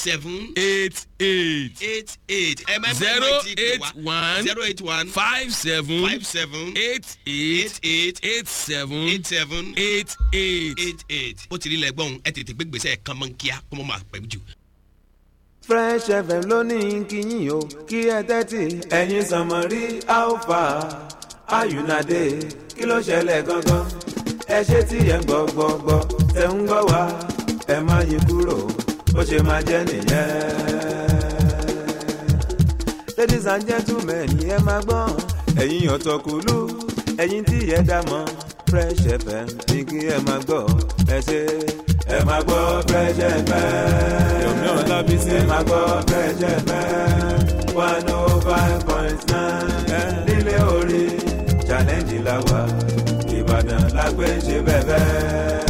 seven eight eight eight eight zero eight one zero eight one five seven five seven eight eight eight eight seven eight seven eight eight eight eight. ó ti rí lẹ́gbọ́n ẹ tètè gbé gbèsè kan mọ́ kíá kó mọ́ máa pẹ̀lú jù. fresh fm ló ní kíyìn o kí ẹ tẹ́tì ẹ̀yin sànmọ́ rí alpha ayùnádé kí ló ṣẹlẹ̀ gangan ẹ ṣe tí ẹ tẹ̀ ń gbọ́ wá ẹ má yí kúrò bó ṣe máa jẹ́ nìyẹn. ladies and gentlemen ẹ máa gbọ́n ẹ̀yin ọ̀tọ̀kùlú ẹ̀yin tí ẹ dá mọ́ fresh fm ní kí ẹ máa gbọ́ ẹ ṣe. ẹ máa gbọ́ fresh fm. yomi ọlábísí. ẹ máa gbọ́ fresh fm. one oh five point nine. nílé orí challenge la wà ìbàdàn la gbé ṣe bẹ́ẹ̀ bẹ́ẹ̀.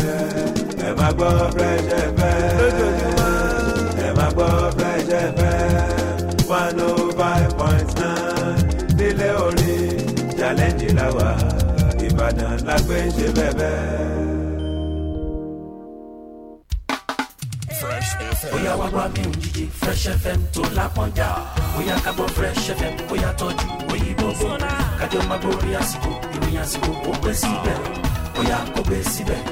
ẹ máa gbọ́ fresh fm. challenge la wà Ìbàdàn la gbé ń ṣe Fresh FM. Bóyá wá wá mi ò yíye Fresh FM tó lápọ́njà. Bóyá ká gbọ́ Fresh FM bóyá tọ́jú òyìnbó. Kájọ máa gbórí àsìkò ìròyìn àsìkò ó pẹ́ síbẹ̀ bóyá kò gbé síbẹ̀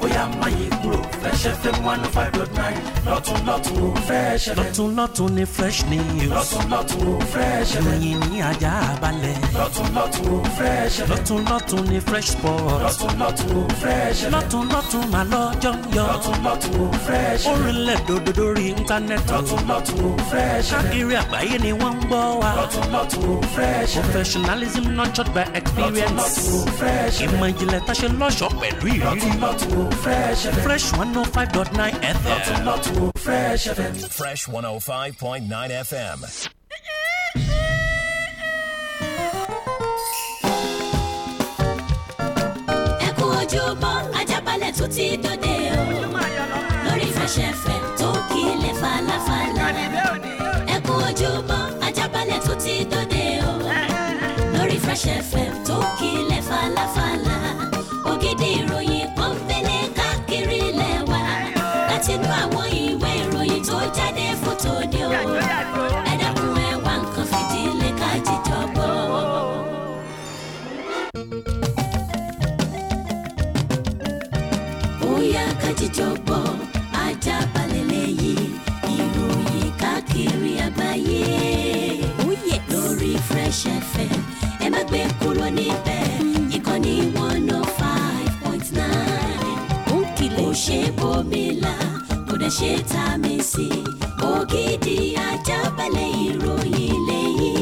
bóyá má kúrò Fresh FM one oh five dot nine lọ́tún lọ́tún ó Fresh FM. lọ́tún lọ́tún ni fresh news. lọ́tún lọ́tún ó Fresh FM. ròyìn ní ajá balẹ̀. lọ́tún lọ́tún ó Fresh FM. lọ́tún lọ́tún ni fresh sports. lọ́tún lọ́tún ó Fresh FM. lọ́tún lọ́tún mà lọ́jọ́ yọ. lọ́tún lọ́tún ó Fresh FM. orílẹ̀ dòdò lórí íńtánẹ́ẹ̀tì. lọ́tún lọ́tún ó Fresh FM. káàkiri àgbáyé ni wọ́n ń gbọ́ wa. lọ́tún lọ́tún ó Fresh FM. professionalism nurtured by experience. lọ́tún lọ́tún ó Fresh FM. ìmọ̀ sọ pẹ̀lú ìrírí. fresh one oh five dot nine fm. fresh one oh five point nine fm. ajábalẹ̀ tó ti dòde o lórí fresh fm tó kílẹ̀ falafala ajábalẹ̀ tó ti dòde o lórí fresh fm tó kílẹ̀ falafala. fresh fm ẹ má gbé kúrò níbẹ̀ ìkànnì one oh five point nine. ó kìlẹ̀ kò ṣe bomi kò dẹ̀ ṣe ta sí ògidì ajábalẹ̀ ìròyìn lẹ́yìn.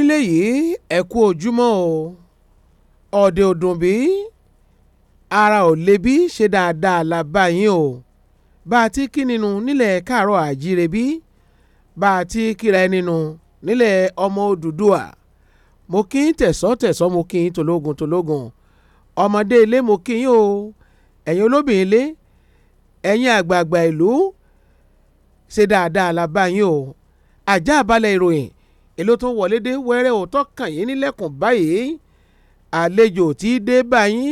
onílé yìí ẹ kú ojúmọ́ o ọ̀dẹ̀ òdùn ara ò lebí ṣe dáadáa la bá yín o bá a ti kí nínú nílẹ̀ káàárọ̀ àjíire bí bá a ti kíra ẹ nínú nílẹ̀ ọmọ Odùduwà mo kí ń tẹ̀sán tẹ̀sán mo kí ń tológun tológun ọmọdé ilé mo kí yín o ẹ̀yin olóbìnrin ilé ẹ̀yin àgbààgbà ìlú ṣe dáadáa la bá o àjá àbálẹ̀ ìròyìn èló tó ń wọlé dé wẹ́rẹ́ òótọ́ kàn yín nílẹ̀kùn báyìí àlejò tí í dé báyìí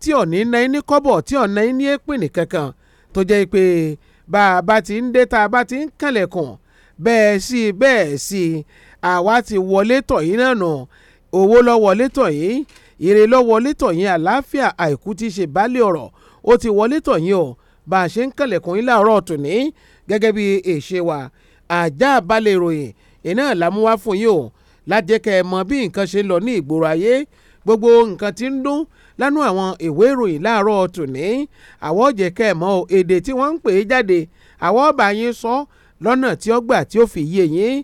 tí ò ní náà ní kọ́bọ̀ tí ò náà ní èpìnì kankan tó jẹ́ pé bá a bá ti ń dé tá a bá ti ń kànlẹ̀kùn bẹ́ẹ̀ sí bẹ́ẹ̀ sí àwa ti wọlé tọ̀ yín náà nù owó lọ wọlé tọ̀ yín ire lọ wọlé tọ̀ yín àlàáfíà àìkú ti ṣe bálé ọ̀rọ̀ ó ti wọlé tọ̀ yín o bá a ṣe ń kànlẹ̀kùn yín láàárọ̀ tòní gẹ́gẹ́ bí èṣe wa àjá àbálẹ̀ ìròyìn iná làmúwá fún yín o lájẹkẹ ẹ mọ bí nǹkan ṣe lọ ní ìgboro ayé gbogbo nǹkan tí ń dún lánú àwọn ìwé ìròyìn láàárọ̀ tòní àwọ̀ jẹ̀kẹ́ ẹ̀ mọ́ èdè tí wọ́n ń pè é jáde àwọ̀ ọba yín sọ lọ́nà tí ó gbà tí ó fi yé yín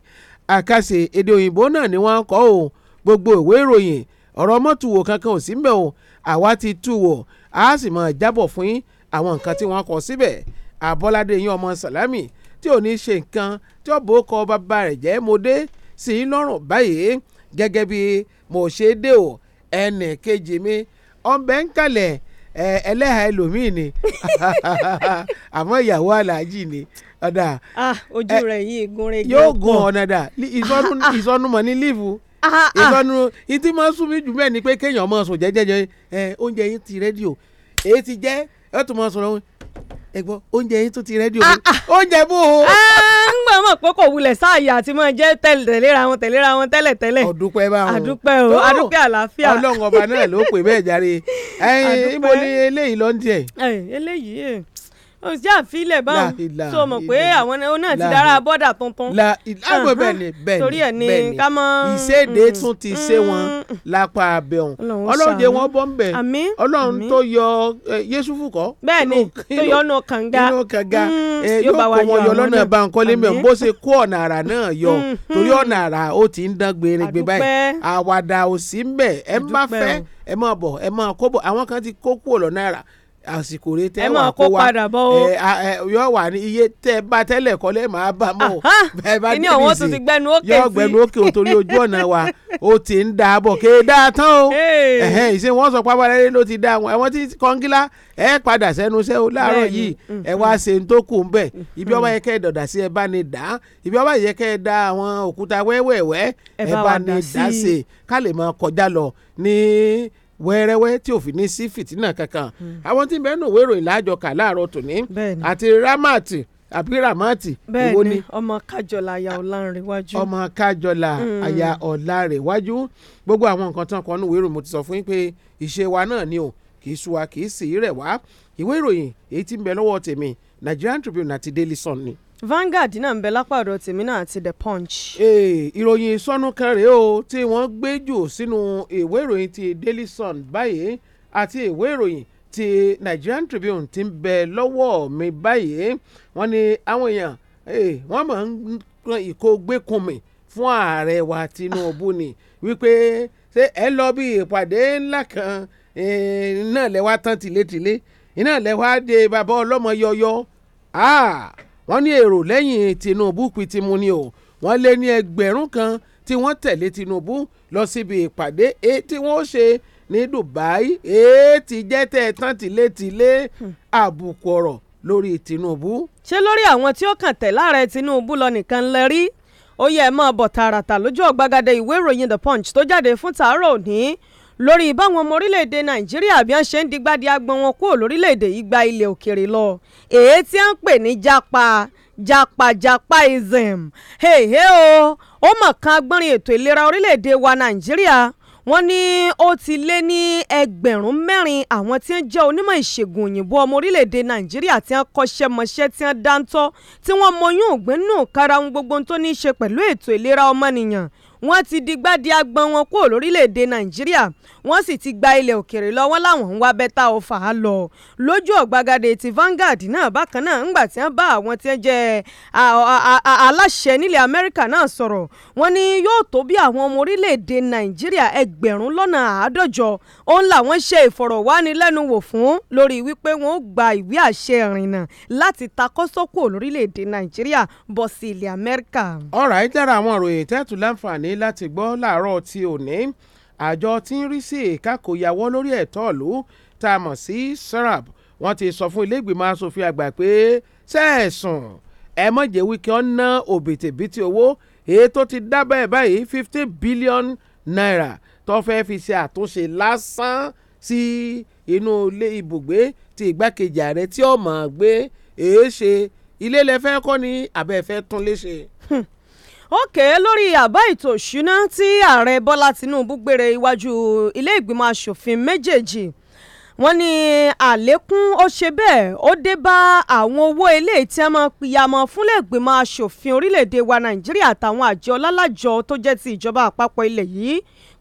àkàsè èdè òyìnbó náà ni wọ́n kọ́ o gbogbo ìwé ìròyìn ọ̀rọ̀ mọ́tòwò kankan ò sí mbẹ̀ o àwa ti tú wò á sì mọ̀ jábọ̀ fún àwọn nǹkan tí wọ́n kọ síbẹ̀ àbọ̀ládé yín ọmọ sàlámì tí ò ní ṣe nǹkan tí ó bò ó kọ bàbá rẹ̀ jẹ́ mo dé sí i lọ́rùn báyìí gẹ́gẹ́ bí mo ṣe dé o ẹnì kejì mi ọbẹ̀ ń kalẹ̀ ẹlẹ́hàá ẹlòmíì ni àmọ́ ìyàwó aláàjì ni ọ̀dà. Ah, ojú rẹ̀ yìí gún régé yóò gún ọ̀nà dà ah, ah. ìsọnùmọ̀ ní líìfù ìsọnù ìtí máa ń sún mi jù bẹ́ẹ̀ ni pé kéèyàn máa sùn jẹ́jẹ́jẹ́ oúnjẹ yín ti rẹ́díò èyí ti jẹ́ ẹ tún máa sọ̀rọ̀ ẹ gbọ́ oúnjẹ yín tún ti rẹ́dí o ah, ah. oúnjẹ bó o. Ah, ń gbọ́ mọ̀ pé kò wulẹ̀ sáàyè àti máa jẹ́ tẹ̀léra wọn tẹ̀léra wọn tẹ́lẹ̀ tẹ́lẹ̀. ọ̀dúpẹ́ bá wọn àdúpẹ́ o àdúpẹ́ àlàáfíà. ọlọ́run ọba náà ló pè bẹ́ẹ̀ járe. àdúpẹ́ ibo ni eléyìí lọ́ndì ẹ̀. eléyìí ọjà àfilẹ̀ báwọn so mọ̀ pé àwọn náà ti dára bọ́dà tuntun. la ìlànà ah, bẹ́ẹ̀ ni bẹ́ẹ̀ ni torí ẹ̀ ni ká mọ. ìséde mm. tún ti ṣe wọn mm. lápá abẹ́ òun ọlọ́run jẹ́ wọn bọ́ ń bẹ̀ ọlọ́run tó yọ yéṣufu kọ́. bẹ́ẹ̀ ni tó yọ ọ̀nà kànga inú kànga mm, yóò kó wọn yọ lọ́nà bankole mẹ́rin bó ṣe kó ọ̀nà àrà náà yọ torí ọ̀nà àrà ó ti ń dán gbèrègbè báyìí àwàdà ò sí ń bẹ̀ ẹ má fẹ́ ẹ má bọ̀ ẹ má kó àwọn kan ti kó kúrò lọ́nà àrà àsìkò rẹ tẹ́ wà kó wa yọ wà ní iye tẹ́ bá tẹ́lẹ̀ kọ́ lẹ́ẹ̀ máa bá mọ́ bẹ́ẹ̀ bá tẹ́lẹ̀ sí yọ gbẹnu òkè o torí ojú ọ̀nà wa o ti ń da bọ̀ kéé dáa tán o ìṣe wọ́n sọ pé abalẹ̀ ló ti dá wọn ẹ̀wọ̀n tí kọ́ńgílá ẹ padà sẹ́nu iṣẹ́ o láàárọ̀ yìí mm-hmm. ẹ wá ṣe ń tó kù ń bẹ̀ mm-hmm. ibi ọba yẹ kẹ́ ẹ dọ̀dà sí ẹ bá ní dá ibi ọba yẹ kẹ́ ẹ dá àwọn òkúta wẹ́wẹ́wẹ́ ẹ bá ní dá ṣe wẹ́rẹ́wẹ́ tí ò fi ní sí fìtínà kankan hmm. àwọn tí bẹ́ẹ̀ nù wérò ìlàjọ kà láàárọ̀ tòní àti ramati àbí ramati ìwo ni ọmọ kájọlá aya ọlárẹ̀wájú ọmọ kájọlá hmm. aya ọlárẹ̀wájú gbogbo àwọn nǹkan tán kan nù wérò mo ti sọ fún yín pé ìṣe wa náà ni o kì í sú kì í sì í rẹ̀ wá ìwé ìròyìn èyí tí ń bẹ lọ́wọ́ tèmi Nigerian Tribune àti Daily Sun ni. Vanguard náà ń bẹ lápá ọ̀dọ̀ tèmi náà àti The Punch. ìròyìn ìsọnù kan rèé o tí wọ́n gbé jù sínú ìwé ìròyìn ti Daily Sun báyìí àti ìwé ìròyìn ti Nigerian Tribune ti ń bẹ lọ́wọ́ mi báyìí wọ́n ní àwọn èèyàn wọ́n máa ń kan ìkó gbẹ́kùnmí fún ààrẹ wa Tinubu ni wípé ṣé ẹ lọ bí ìpàdé ńlá kan náà lẹ́wà tán tìlétìlé iná lẹ́wà dé bàbá ọlọ́mọ yọyọ ah! wọ́n ní èrò lẹ́yìn Tinubu pitimu ni o wọ́n lé ní ẹgbẹ̀rún kan tí wọ́n tẹ̀lé Tinubu lọ síbi ìpàdé èyí tí wọ́n ṣe ní Dubai èyí tí jẹ́ tẹ̀ tán tìlétìlé hmm. àbùkù ọ̀rọ̀ lórí Tinubu. ṣé lórí àwọn tí ó kàn tẹ̀ láàrẹ Tinubu lọ nìkan lẹ rí ó yẹ ẹ máa bọ̀ tààràtà lójú ọ̀gbagadẹ ìwé ìròyìn The Punch tó jáde fún tàárọ̀ òní lórí báwọn ọmọ orílẹ̀-èdè nàìjíríà bí wọ́n ṣe ń digbádi agbọn wọn kúrò lórílẹ̀-èdè yìí gba ilẹ̀ òkèrè lọ èyí tí wọ́n ń pè ní japa japajapa-ism o ó mọ̀ kan agbọ́nrin ètò ìlera orílẹ̀-èdè wa nàìjíríà wọ́n ní ó ti lé ní ẹgbẹ̀rún mẹ́rin àwọn tí ń jẹ́ onímọ̀ ìṣègùn òyìnbó ọmọ orílẹ̀-èdè nàìjíríà tí wọ́n kọ́ṣẹ́ mọṣẹ́ tí wọ́n dáńtọ́ tí wọ́n mọyún ògbénú kára ohun gbogbo tó ní í ṣe pẹ̀lú ètò ìlera ọmọnìyàn wọ́n ti digbá di agbọ̀n wọn kúrò lórílẹ̀‐èdè nàíjíríà wọ́n sì ti gba ilẹ̀ òkèrè lọ wọ́n láwọn ń wá bẹ́tà ọ̀fà á lọ lójú ọ̀gbagadè ti Vanguard náà bákan náà ńgbà tí wọ́n bá àwọn tí wọ́n jẹ́ aláṣẹ nílẹ̀ Amẹ́ríkà náà sọ̀rọ̀ wọ́n ní yóò tó bí àwọn ọmọ orílẹ̀-èdè Nàìjíríà ẹgbẹ̀rún lọ́nà àádọ́jọ òun làwọn ṣe ìfọ̀rọ̀wánilẹ́nuwò fún lórí wípé wọ́n ó gba ìwé àṣẹ ìrìnnà láti takọ́ sọ́kù lórílẹ̀-èdè Nàìjíríà bọ̀ sí ilẹ̀ Amẹ́ríkà. All right, dára àwọn òròyìn tẹ́tù láǹfààní láti gbọ́ láàárọ̀ ti òní àjọ tí ń rí sí ìkákòyàwó lórí ẹ̀tọ́ ìlú tá a mọ̀ sí SRAP wọ́n ti sọ fún iléègbìmọ̀ asòfin àgbà pé sẹ́ẹ̀sùn ẹ mọ̀jẹ̀ wíkẹ́ ọ́ ná òbítíbitì owó èyí tó ti dábàá ẹ̀ báyìí fifteen billion naira tó fẹ́ fi ṣe àtúnṣe lásán sí inú ilé ibùgbé ti ìgbákejì ààrẹ tí ó máa gbé èé ṣe ilé lẹ kọ́ ni àbẹ́ tún lé òkè lórí àbá ètò ìṣúná tí ààrẹ bọ́lá tìǹbù gbére iwájú ilé ìgbìmọ̀ asòfin méjèèjì wọ́n ní àlékún ó ṣe bẹ́ẹ̀ ó dé bá àwọn owó ilé tí a máa pìyàmọ́ fúnlẹ̀ ìgbìmọ̀ asòfin orílẹ̀-èdè wa nàìjíríà àtàwọn àjọ lálàjọ tó jẹ́ ti ìjọba àpapọ̀ ilẹ̀ yìí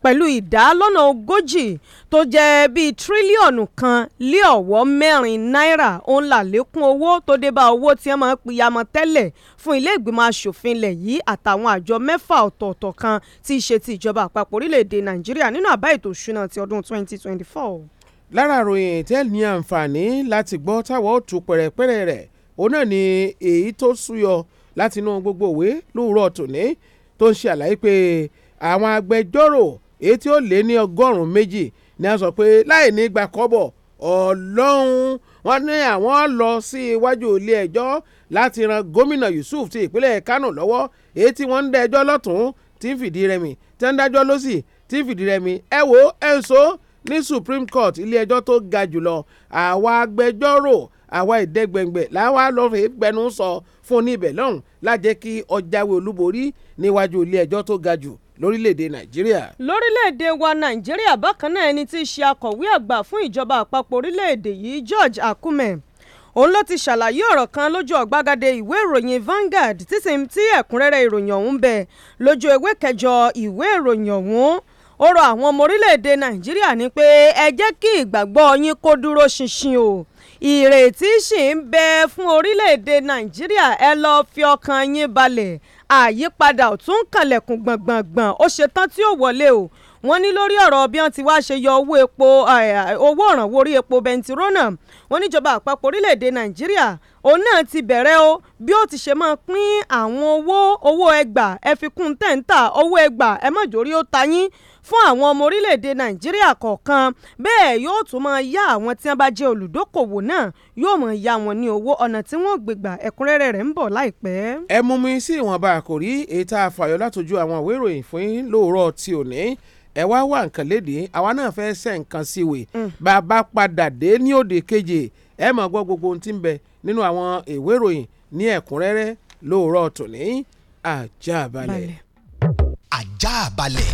pẹ̀lú ìdá lọ́nà ogójì tó jẹ́ bíi tírílíọ̀nù kan lé ọ̀wọ́ mẹ́rin náírà òun làlékún owó tó dé bá owó tí wọ́n máa ń pìyàmọ́ tẹ́lẹ̀ fún ilé ìgbìmọ̀ asòfin ilẹ̀ yìí àtàwọn àjọ mẹ́fà ọ̀tọ̀ọ̀tọ̀ kan tí ṣe ti ìjọba àpapọ̀ orílẹ̀-èdè nàìjíríà nínú àbá ètò ìṣúná ti ọdún 2024. lára àròyìn tẹ́ ní àǹfààní láti gbọ́ táwọn ò tú pẹ̀rẹ̀pẹ̀rẹ̀ rẹ̀ òun náà ni èyí tó súyọ látinú gbogbo òwe lóòrọ̀ tòní tó ń ṣe àlàyé pé àwọn agbẹjọ́rò èyí tí ó lé ní ọgọ́rùn-ún méjì ni a sọ pé láì ní gba kọ́bọ̀ ọlọ́run wọn ní àwọn lọ sí iwájú ilé ẹjọ́ láti ran gómìnà Yusuf ti ìpínlẹ̀ Kánò lọ́wọ́ èyí tí wọ́n ń dẹjọ́ lọ́tún tí ń fìdí rẹmi tí ń dájọ́ lọ́sì tí ń fìdí rẹmi ẹ wo ẹ ń so ní Supreme Court ilé ẹjọ́ tó ga jùlọ àwa agbẹjọ́rò àwa ìdẹ́gbẹ̀ngbẹ̀ làwa lọ rèé gbẹnu sọ fún un níbẹ̀ lọ́hùn lájẹ́ kí ó jáwé olúborí níwájú ilé ẹjọ́ tó ga jù lórílẹ̀‐èdè nàìjíríà. lórílẹ̀‐èdè wa nàìjíríà bákan náà ẹni tí í ṣe akọ̀wé àgbà fún ìjọba àpapọ̀ orílẹ̀‐èdè yìí George Akume òun ló ti ṣàlàyé ọ̀rọ̀ kan lójú ọ̀gbagadé ìwé ìròyìn Vanguard títí tí ẹ̀kúnrẹ́rẹ́ ìròyìn ọ̀hún bẹ lójú ewé kẹjọ ìwé ìròyìn ọ̀hún ó rọ àwọn ọmọ orílẹ̀-èdè nàìjíríà ní pé ẹ jẹ́ kí ìgbàgbọ́ yín kó dúró ṣinṣin o ìrètí sì ń bẹ fún orílẹ̀-èdè nàìjíríà ẹ lọ́ọ́ fi ọkàn yín balẹ̀ àyípadà ò tún kanlẹ̀kùn gbọ̀ngbọ̀ngbọ̀n ó ṣetán tí ó wọlé o wọ́n ní lórí ọ̀rọ̀ bí wọ́n ti wá ṣe yọ owó epo owó ìrànwọ́ orí epo bẹntiró náà wọ́n níjọba àpapọ̀ orílẹ̀-èdè nàìjíríà òun náà ti bẹ̀rẹ̀ o bí ó ti ṣe máa pín àwọn owó owó ẹgbà ẹ fi kún tẹ́ǹtà owó ẹgbà ẹ má jórí ó ta yín fún àwọn ọmọ orílẹ̀-èdè nàìjíríà kọ̀ọ̀kan bẹ́ẹ̀ yóò tún máa yá àwọn tí wọ́n bá jẹ́ olùdókòwò náà yóò máa yá wọn ní owó ọ̀nà tí wọ́n gbégbà ẹ̀kúnrẹ́rẹ́ rẹ̀ ń bọ̀ láìpẹ́. ẹ mú mi sí ìwọ̀nba àkòrí èyí tá a fàyọ látòjú àwọn ìwé ìròyìn lóòrọ̀ tí ò ẹ wá wá nǹkan léde àwa náà fẹ́ ṣe nǹkan sí wè bá a bá padà dé ní òde keje ẹ máa gbọ́ gbogbo ohun tí ń bẹ nínú àwọn ìwé ìròyìn ní ẹ̀kúnrẹ́rẹ́ lóòrọ̀ tòní àjàbalẹ̀. àjàbalẹ̀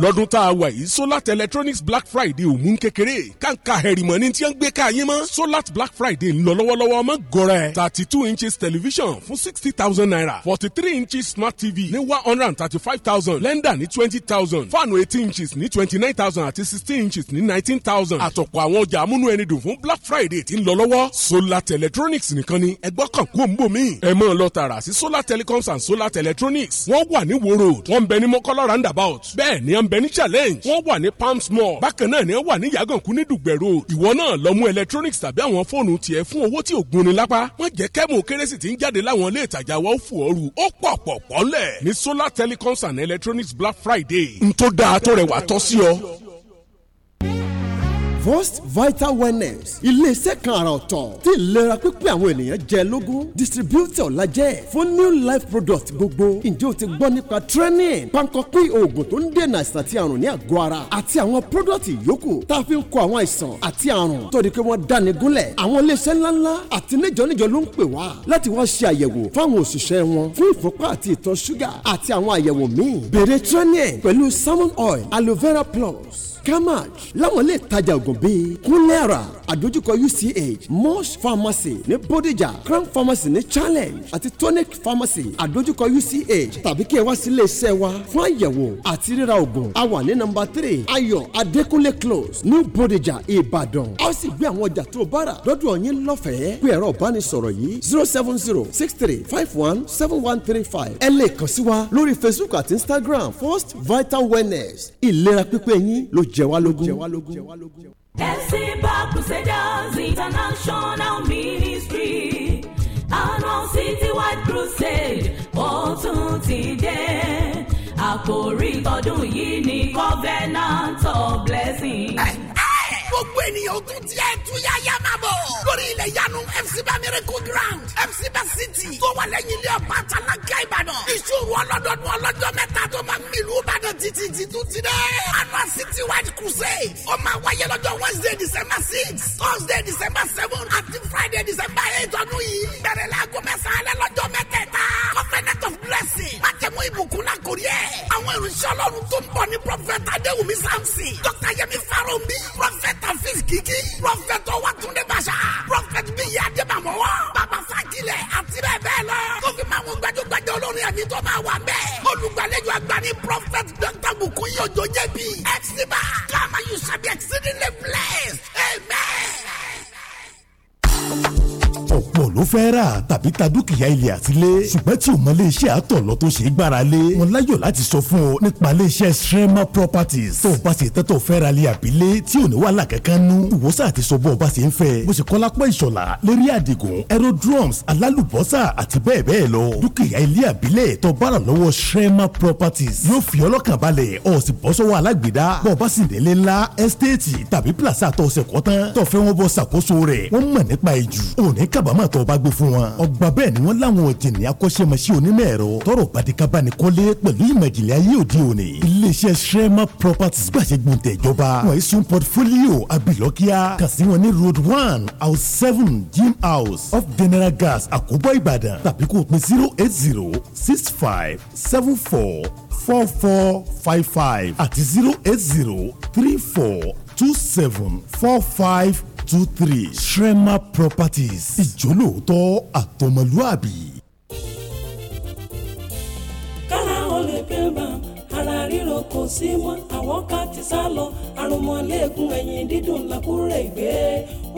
lọ́dún tá a wà yìí solat electronics black friday ò mú kékeré kàǹkà hẹ̀rìmọ̀ ni tí wọ́n gbé káyé mọ́ solat black friday ń lọ lọ́wọ́lọ́wọ́ ọmọ gọ̀rẹ́ thirty two inches television fún sixty thousand naira forty three inches smart tv ní one hundred and thirty five thousand blender ní twenty thousand fáànù eighteen inches ní twenty nine thousand àti sixteen inches ní nineteen thousand àtọ̀pọ̀ àwọn ọjà amúnú ẹni dùn fún black friday tí ń lọ lọ́wọ́ solat electronics nìkan ni ẹgbọ́ kan kú òǹbò mi ẹ mọ̀ lọ tààrà sí solar telecoms and solar electronics wọ́n wà ní wo road wọ́n ń bẹ ní mọ́kọ́lá roundabout bẹ́ẹ̀ ni ń challenge wọ́n wà ní palms mall bákan náà ni wọ́n wà ní yàgànkú ní dùgbẹ̀rọ ìwọ náà lọ mú electronics tàbí àwọn fóònù tiẹ̀ fún owó tí ò gbóni lápá wọ́n jẹ́ kẹ́mù kérésì tí ń jáde láwọn ilé ìtajà wa ó fò ooru ó pọ̀ pọ̀ pọ̀ lẹ̀ ní solar telecoms and electronics black friday ń tó dáa tó rẹwà tọ́ sí ọ. Vost Vital Wellness iléeṣẹ́ kan àrà ọ̀tọ̀ tí ìlera pípé àwọn ènìyàn jẹ lógún distributor lajẹ́ fún New Life product gbogbo ǹjẹ́ o ti gbọ́ nípa training pankọ́pì oògùn tó ń dènà àìsàn àti àrùn ní àgọ́ ara àti àwọn product yòókù tá a fi ń kọ àwọn àìsàn àti àrùn tó di pé wọ́n dáni gúnlẹ̀ àwọn iléeṣẹ́ ńláńlá àti níjọ́níjọ́ ló ń pè wá láti wá ṣe àyẹ̀wò fáwọn òṣìṣẹ́ wọn fún ìfúnpá àti ìtọ̀ ṣúgà àti àwọn àyẹ̀wò míì bèrè training pẹ̀lú salmon oil aloe vera plus kamac láwọn ilé ìtajà ògùn bíi kúnlẹ́ra àdójúkọ uch mosh pharmacy ní bódìjà crown pharmacy ní challenge àti tonic pharmacy àdójúkọ uch tàbí kí ẹ wá sí ilé iṣẹ́ wa fún àyẹ̀wò àti ríra ògùn a wà ní nọ́mbà three ayọ̀ adékúnlé close ní bódìjà ìbàdàn a ó sì gbé àwọn ọjà tó bára lọ́dọ̀ yín lọ́fẹ̀ẹ́ pé ẹ̀rọ ìbánisọ̀rọ̀ yìí zero seven zero six three five one seven one three five ẹ lè kàn sí wa lórí facebook àti instagram first vital wellness ìlera pípé yín ló j jẹ wá lógún. fc bar crusaders international ministry àná city wide crusade ó tún ti dé àkòrí tọdún yìí ni covenant of gbogbo ènìyàn tó tiẹ̀ tú yáyá máa bọ̀. lórí ilẹ̀ yanu fc bá miracle ground fc bá city tó wà lẹ́yìn ilé ọba àtàlákà ìbàdàn. ìṣòro ọlọ́dọọdún ọlọ́jọ́ mẹ́ta tó máa mílù ìbàdàn títí títú ti dẹ́. anua city wide crusade ó máa wáyé lọ́jọ́ wednesday december six thursday december seven àti friday december eight ọdún yìí. bẹ̀rẹ̀ láago mẹ́sàn-án alẹ́ lọ́jọ́ mẹ́tẹ̀ẹ̀ta covenant of blessing májẹ̀mú ìbùkún lákòrí ẹ̀. àwọn ìrìnsẹ̀ ọlọ́run tó ń bọ̀ ní prophet adéwùmí samson dr yemi faromi prophet afi Prophet kiki prọfẹtọ Wàtúndé Bàṣà prọfẹtì bí yé adébàmọ́wọ́ bàbá fagilẹ̀ àti bẹ́ẹ̀ bẹ́ẹ̀ lọ tó fi máa ń gbajúgbajà olórin ẹ̀mí tó máa wà bẹ́ẹ̀ olùgbàlejò àgbà ní prọfẹtì dọ́kítà bùkún yọjọ jẹbi ẹ̀sìnbà kàmá you exceedingly blessed amen ọ̀pọ̀ ló fẹ́ rà tàbí ta dúkìá ilẹ̀ àtìlé ṣùgbọ́n tí o mọ iléeṣẹ́ àtọ̀lọ́ tó ṣe é gbára lé wọn láyọ̀ láti sọ fún ọ nípa iléeṣẹ́ Shrema Properties tó o bá ṣe tẹ́tọ̀ fẹ́ ra ilé àbílé tí ò ní wàhálà kankan nú ìwọ́sà àti sọ bọ́ ṣe ń fẹ́ bó ṣe kọ́lápọ̀ ìṣọ̀lá lérí àdìgún aerodromes alálùbọ́sà àti bẹ́ẹ̀ bẹ́ẹ̀ lọ dúkìá ilé àbílẹ̀ tó bára lọ́wọ́ Shrema Properties yóò fi ọlọ́kàn balẹ̀ ọ̀ bọ́ sọ́wọ́ alágbèédá bọ́ ọ sì délé ńlá ẹ́stéètì tàbí pílàsà tó ṣe kọ́ wọn bọ́ ṣàkóso rẹ̀ wọ́n mọ̀ nípa ìjù òní kábàámọ̀ tó bá gbé fún wọn. ọgbà bẹ́ẹ̀ ni wọ́n láwọn òjìní akọ́ṣẹ́mọṣẹ́ onímọ̀ ẹ̀rọ tọrọ bàdìkábàní kọ́lé pẹ̀lú ìmọ̀jìnlẹ̀ ayé òde òní. iléeṣẹ́ sẹ́mà properties gbàṣẹ gbòǹtẹ̀ wọ́n yìí sun portfolio abilọ́kíá kà wọn ní road one house seven gym house of general gas àkóbọ̀ ìbàdàn tàbí kò pin zero eight zero six five seven four four four five five àti zero eight zero three four two seven four five two three Shrema Properties ìjólóòótọ́ àtọmọlúàbí. kára ó lè pè bá ara ríro kò sí mọ́ àwọn ká ti sá lọ àrùn mọ́lẹ́gùn ẹ̀yìn dídùn làkúrẹ́ ìgbé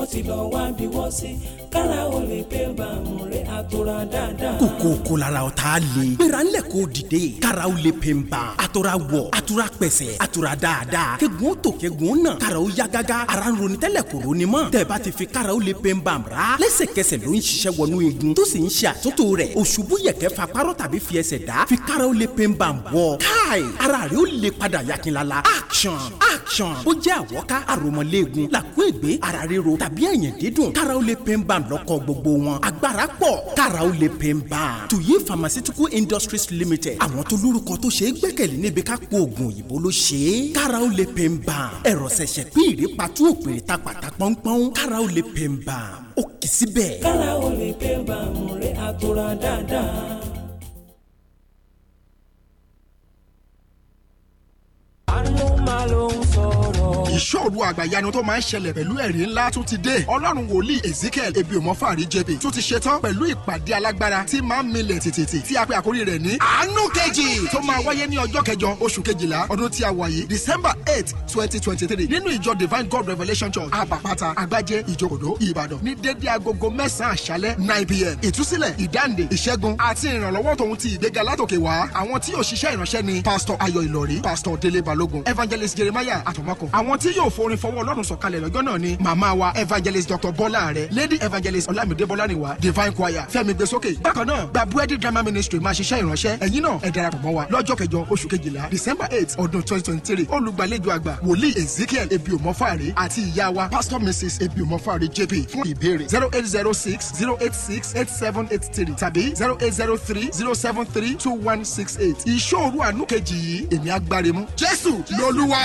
ó ti lọ wá bí wọ́n sí kára o lè pé bàmù rẹ̀ àtòrà dáadáa. kòkó kò lára ọ̀tá le gbéra ńlẹ̀ kò dìde kára o lè pè ń bà àtòrà wọ̀ àtòrà pẹ̀sẹ̀ àtòrà dáadáa kẹ́gun tó kẹ́gun náà kára o yá gágá ara ń ronú tẹ́lẹ̀ kò ronú mọ́ tẹ̀bá ti fi kára o lè pè ń bà rà lẹ́sẹ̀kẹsẹ̀ ló ń ṣiṣẹ́ wọnú igun tó sì ń ṣe àtúntò rẹ̀ òṣùbù yẹ̀kẹ́ fa párọ̀ tàbí fi ẹsẹ̀ dá fi kára o lè pè ń bà wọ̀ action action ó jẹ́ àwọ̀ká àròmọ̀lẹ́gun làkúègbé ara ríro tàb dàbí ẹ̀yìn dídùn karaw le pain ban lọ́kọ̀ gbogbo wọn agbára pọ̀ karaw le pain ban tuyi pharmaceutical industries limited àwọn tó lórúkọ tó ṣe é gbẹ́kẹ̀lé níbi ká po oògùn òyìnbó ló ṣe é karaw le pain ban ẹ̀rọ ṣẹ̀ṣẹ̀ pín ìrèpàtú òpèrè ta pàtà pọ́npọ́n karaw le pain ban ó kì í síbẹ̀. karaw le pain ban mo rí àtúrà dáadáa iṣẹ́ òru àgbàyanu tó máa ń ṣẹlẹ̀ pẹ̀lú ẹ̀rí ńlá tún ti dé ọlọ́run wòlíì ezekiel ebiomofari jebe tún ti ṣetán pẹ̀lú ìpàdé alágbára tí máa ń milẹ̀ tìtìtì tí a pè àkórí rẹ̀ ní àánú kejì tó máa wáyé ní ọjọ́ kẹjọ oṣù kejìlá ọdún tí a wà yìí december eight twenty twenty three nínú ìjọ divine god revelation church àbàpàtà àgbájé ìjòkòdó ìbàdàn ní dédé agogo mẹ́sàn-án àṣálẹ́ nine pm ìtúsílẹ̀ ìdáǹdè ìṣẹ́gun àti ìrànlọ́wọ́ tòun ti ìgbéga látòkè wá àwọn tí yóò ṣiṣẹ́ ìránṣẹ́ ni pastor ayọ̀ ìlọrí pastor délé bal balógun evangelist jeremiah àtọmọkọ àwọn tí yóò forin fọwọ́ ọlọ́run sọ̀kalẹ̀ lọ́jọ́ náà ni màmá wa evangelist dr bọ́lá rẹ̀ lady evangelist Olamide ọlámídé bọ́lárìnwá divine choir fẹ́mi gbèsókè bákan náà gbabuẹ́dì drama ministry máa ṣiṣẹ́ ìránṣẹ́ ẹ̀yin náà ẹ darapọ̀ mọ́ wa lọ́jọ́ kẹjọ oṣù kejìlá december eight ọdún twenty twenty three olùgbàlejò àgbà wòlíì ezekiel ebiomofari àti ìyá wa pastor mrs ebiomofari jp fún ìbéèrè zero eight zero six zero eight six eight seven eight three tàbí zero eight zero three zero seven three two one six eight ìṣòro àánú kejì yìí èmi agbárimú jésù jésù lolúwa.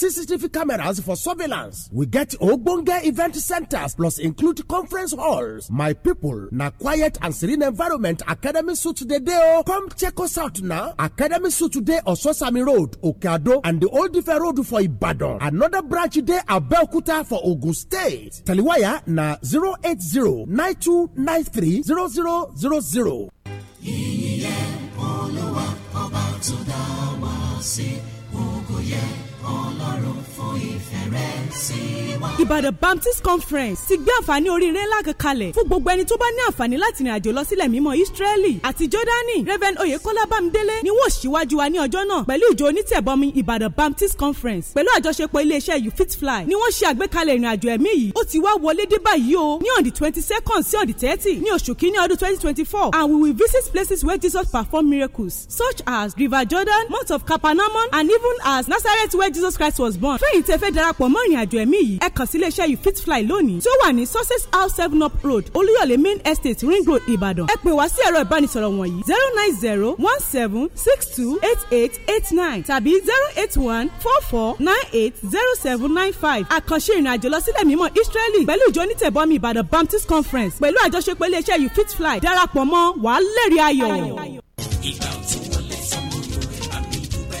CCTV cameras for surveillance. We get Ogbonge event centers plus include conference halls. My people, na quiet and serene environment Academy Suit today o. Oh. Come check us out now. Academy Suit today Ososami Road, Okeado and the Old Ife Road for Ibadan. Another branch today Abeokuta for Ogun State. Taliwaya na zero Yìnyín yẹ Olúwa ọba tó dá wá sí ògo yẹ ọlọ́run fún Ìbàdàn Baptist Conference ti gbé àǹfààní oríire ńlá kan kalẹ̀ fún gbogbo ẹni tó bá ní àǹfààní láti rìn àjò lọ sílẹ̀ mímọ́ Ísírẹ́lì àti Jọ́dánì Reverend Oyekola Bámidélé ni wọ́n ṣíwájú wa ní ọjọ́ náà pẹ̀lú ìjọ onítẹ̀bọmi Ìbàdàn Baptist Conference pẹ̀lú àjọṣepọ̀ iléeṣẹ́ You Fit Fly ni wọ́n ṣe àgbékalẹ̀ ìrìn àjò ẹ̀mí yìí ó ti wá wọlé dé báyìí o ní on the twenty second sí on the thirty ní oṣù kínní twenty twenty four and we will visit places where Jesus performed miracles such as River Jordan, Mount of Capernaum and even as Nazareth where Jesus Christ was born fẹ́yìn tẹ́ fẹ́ darapọ̀ mọ́ ìrìn àjò ẹ̀mí yìí ẹ kàn sí iléeṣẹ́ you fit fly lónìí tí ó wà ní success house seven up road olúyọ̀lé main estate ring road ìbàdàn ẹ pè wá sí ẹ̀rọ ìbánisọ̀rọ̀ wọ̀nyí zero nine zero one seven six two eight eight eight nine tàbí zero eight one four four nine eight zero seven nine five àkànṣe ìrìn àjò lọ sílẹ̀ mímọ́ israeli pẹ̀lú ìjọ onítẹ̀bọmi ìbàdàn baptist conference pẹ̀lú àjọṣepọ̀ iléeṣẹ́ you fit fly darapọ̀ mọ́ wàá lẹ́rìí ayọ̀. ìgbà òtún wọlé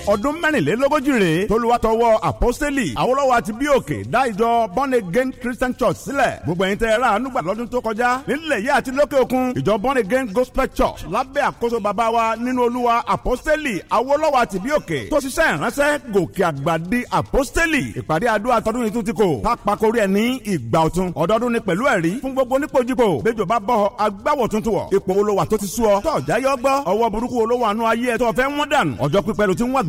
ọdún mẹ́rìnlélógójì rèé tolúwàtọwọ́ àpọ́sẹ́lì Awólọ́wọ̀ àti bí òkè dá ìjọ born again Christian Church sílẹ̀ gbogbo ẹ̀yin tẹ́ ẹ rà ànúgbà lọ́dún tó kọjá nílẹ̀ yìí àti lókè òkun ìjọ born again gospel church lábẹ́ àkóso bàbá wa nínú olúwa àpọ́sẹ́lì Awólọ́wọ̀ àti bí òkè tó ṣiṣẹ́ ìránṣẹ́ gòkè àgbà di àpọ́sẹ́lì ìpàdé àdúrà tọdún yìí tún ti kò tá pàkórí ẹ̀ ní ìgbà ọ̀tun ọ̀dọ́dún ni pẹ̀lú ẹ̀rí fún gbogbo onípojúpo bẹ́jọ bá bọ̀ agbáwọ̀ tuntun wọ̀ ipò olówà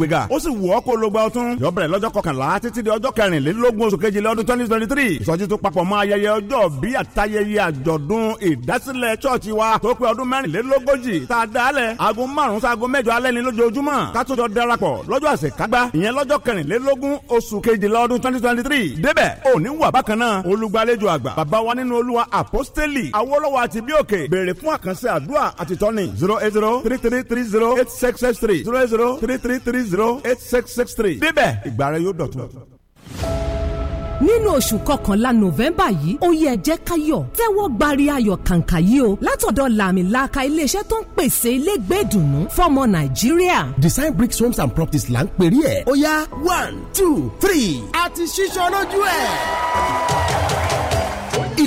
ìgbéga ó sì wù ọ́ kó lo gba ọtún yóò bẹ̀rẹ̀ lọ́jọ́ kọkànlá títí di ọjọ́ kẹrìnlélógún oṣù kejìlá ọdún twenty twenty three ìsọjí tó papọ̀ mọ́ ayẹyẹ ọjọ́ bí àtayẹyẹ àjọ̀dún ìdásílẹ̀ chọ́ọ̀chì wa tó pé ọdún mẹ́rìnlélógójì tá a dálẹ̀ aago márùn-ún sáago mẹ́jọ alẹ́ ni lójoojúmọ́ ká tó jọ darapọ̀ lọ́jọ́ àṣekágbá ìyẹn lọ́jọ́ kẹrìnlélógún oṣù kejìlá ọdún twenty twenty three débẹ̀ òní wà bákan náà olùgbàlejò àgbà bàbá wa nínú olúwa àpọ́stélì awólọ́wọ̀ àti bí òkè béèrè fún àkànṣe àdúrà àti tọ́ni zero eight zero three three three zero eight six six three zero zero three three three zero eight six six three. níbẹ̀ ìgbà rẹ yóò dọ̀tun nínú oṣù kọkànlá nọ́vẹ́mbà yìí ó yẹ jẹ́ káyọ̀ tẹ́wọ́ gbari ayọ̀ kàǹkà yìí o látọ̀dọ̀ làmìlaka iléeṣẹ́ tó ń pèsè ilégbè dùnú fọmọ nàìjíríà. design bricks homes and properties là ń pèrè ẹ̀ ó one two three àti ṣíṣọ́ lójú ẹ̀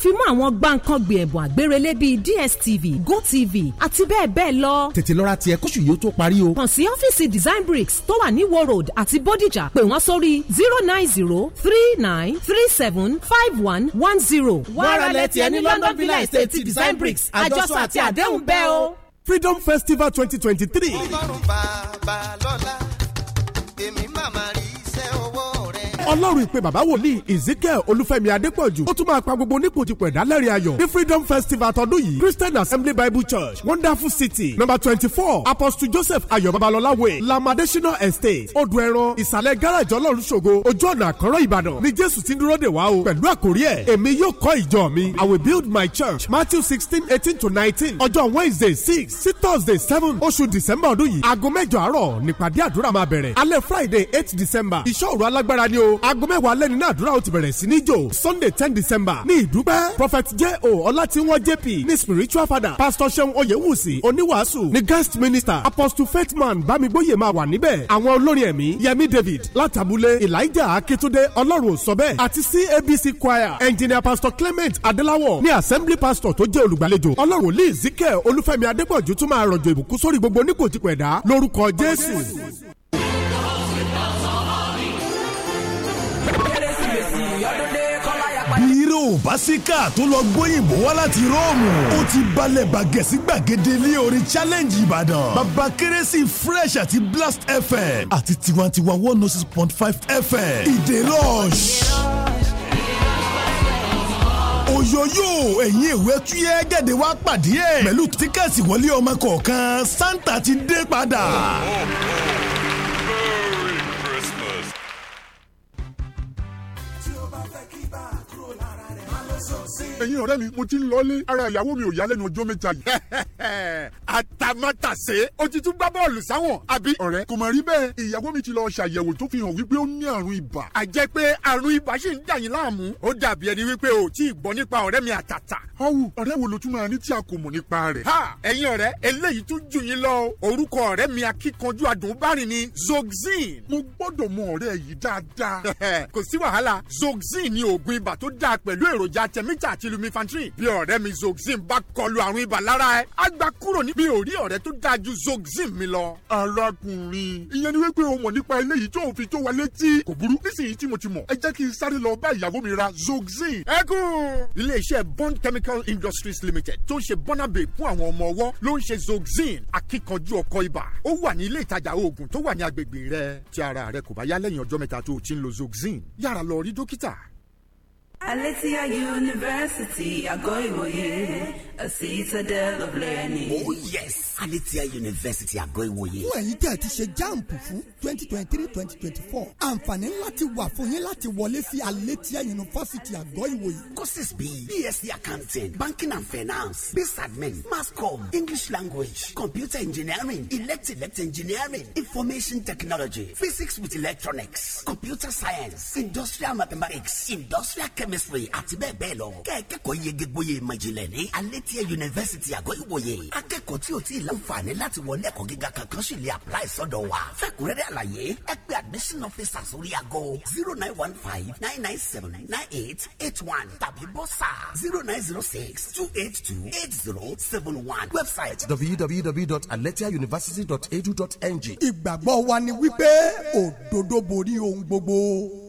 fi mú àwọn gbàǹkangbè ẹ̀bùn àgbérelé bíi DSTV GoTV àti bẹ́ẹ̀ bẹ́ẹ̀ lọ. tètè lọ ra tiẹ̀ kóṣù yìí tó parí o. kàn sí ọ́fíìsì Design Bricks tó wà ní Iwo Road àti Bódìjà pè wọ́n sórí zero nine zero three nine three seven five one one zero. wàrálẹ̀ tiẹ̀ ní London Villa Estate Design Bricks àjọṣọ àti àdéhùn bẹ́ẹ̀ o. Freedom Festival twenty twenty three ọlọ́run ìpè bàbá wòlíì ezekiel olúfẹ́mi adépọ̀jù ó tún máa pa gbogbo onípojúpọ̀ ìdálẹ́rìn ayọ̀ ní freedom festival tọdún yìí christian assembly bible church wonderful city number twenty four apostle joseph ayọ̀ babalọ́lá way lamadesina estate odò ẹran ìsàlẹ̀ gáràjì ọlọ́run ṣògo ojú ọ̀nà àkọ́rọ́ ìbàdàn ni jésù ti ń dúró dè wá o pẹ̀lú àkórí ẹ̀ èmi yóò kọ́ ìjọ mi i will build my church matthew sixteen eighteen to nineteen ọjọ́ wednesday six sí thursday seven oṣù december ọdún yìí aago mẹ́jọ àárọ̀ nípàdé friday eight december ìṣọ́ òru alágbára o aago mẹ́wàá lẹ́ni náà àdúrà ó ti bẹ̀rẹ̀ sí ní jò sunday ten december ní ìdúpẹ́ prophet j o ọlátiwọn jp ní spiritual father pastor seun oyewusi oníwàásù ní guest minister apostle faithman bámigbóyè máa wà níbẹ̀ àwọn olórin ẹ̀mí yẹmi david látàbúlé elijah akitunde ọlọ́run sọ bẹ́ẹ̀ àti cabc choir engineer pastor clement adelawo ní assembly pastor tó jẹ́ olùgbàlejò ọlọ́run lee zikẹ́ olúfẹ́mi adépọ̀jù tún máa rọ̀jò ìbùkún sórí gbogbo oníkòtìpẹ̀dá lórúkọ jésù. ló bá sí káà tó lọ gbóyìnbó wá láti róòmù ó ti balẹ̀ bàgẹ́ gbàgede ilé orin challenge ìbàdàn bàbá kérésì fresh àti blast fm àti tiwantiwa one oh six point five fm ìdè rush oyoyo ẹ̀yin ìwé túyẹ́ gẹ̀dẹ̀ wá pàdé ẹ̀ pẹ̀lú tíkẹ́ẹ̀tì wọlé ọmọ kọ̀ọ̀kan santa ti dé padà. Oh, oh, oh. ẹ̀yin ọ̀rẹ́ mi mo ti ń lọlé ara ìyàwó mi ò yá lẹ́nu ọjọ́ mẹ́ta yìí. àtàmátàsé o ti tún gbá bọ́ọ̀lù sáwọn àbí. ọ̀rẹ́ kò mà rí bẹ́ẹ̀ ìyàwó mi ti lọ ṣàyẹ̀wò tó fi hàn wípé ó ní àrùn ibà. a jẹ́ pé àrùn ibà ṣì ń dà láàmú. ó dàbí ẹni wípé o tí ì gbọ́ nípa ọ̀rẹ́ mi àtàtà. ọ̀wù ọ̀rẹ́ wo ló tún máa ní tí a kò mọ̀ nípa rẹ̀. ha ẹ̀yin ọ̀rẹ́ eléyìí tún jù yín lọ orúkọ ọ̀rẹ́ mi akíkanjú adùnbárìn ni zoxyn. mo gbọ́dọ̀ mọ ọ̀rẹ́ yìí dáadáa. kò sí ni oògùn ibà tó dáa pẹ̀lú àtẹ̀míjà àti lumifantrin. bí ọ̀rẹ́ mi zoxyn bá kọlu àrùn ibà lára ẹ. a gba kúrò ní. mi ò rí ọ̀rẹ́ tó dáa ju zoxyn mi lọ. arákùnrin ìyẹn ni wípé o mọ̀ nípa eléyìí tó o fi tó wa létí. kò burú nísìnyìí tí mo ti mọ̀. ẹ jẹ́ kí n sáré lọ bá ìyàwó mi ra zoxyn. ẹ kún. iléeṣẹ́ bond chemical industries limited tó ń ṣe bọ́nàbè fún àwọn ọmọ ọwọ́ ló ń ṣe zoxyn akíkanjú ọkọ ibà. ó wà ní ilé ìtajà oògùn tó wà ní agbègbè rẹ. tí ara rẹ kò bá yá lẹ́yìn mẹ́ta tó o ti ń lo zoxyn yára lọ rí dókítà Alicia University, Agoiwoye, a citadel of learning. Oh yes! Alicia University, Agoiwoye. Fún ẹ̀yin tí ẹ ti ṣe jáàmpù fún twenty twenty three twenty twenty four, àǹfààní ńlá ti wà fún yín láti wọlé sí Alicia University, Agoiwoye. Courses bíi BSc Accounting, Banking and Finance, Business Admin, Mass English Language, Computer Engineering, Elect-Elect Engineering, Information Technology, Physics with Electronics, Computer Science, Industrial Mathematics, Industrial Chemistry. chemistry àti bẹ́ẹ̀ bẹ́ẹ̀ lọ. kẹ́ẹ̀kẹ́kọ̀ọ́ yege gboyè ìmọ̀ ìjìnlẹ̀ ní Alétíẹ̀ yunifásitì àgọ́ ìwòye. akẹ́kọ̀ọ́ tí o ti láǹfààní láti wọlé ẹ̀kọ́ gíga kankan sì lè apply sọ́dọ̀ wa. fẹ́kúnrẹ́rẹ́ àlàyé ẹ pè admission officer sórí aago zero nine one five nine nine seven nine eight eight one tàbí bọ́sà zero nine zero six two eight two eight zero seven one website www.aletiauniversity.edu.ng. ìgbàgbọ́ wa ni wípé òdodo borí ohun gbogbo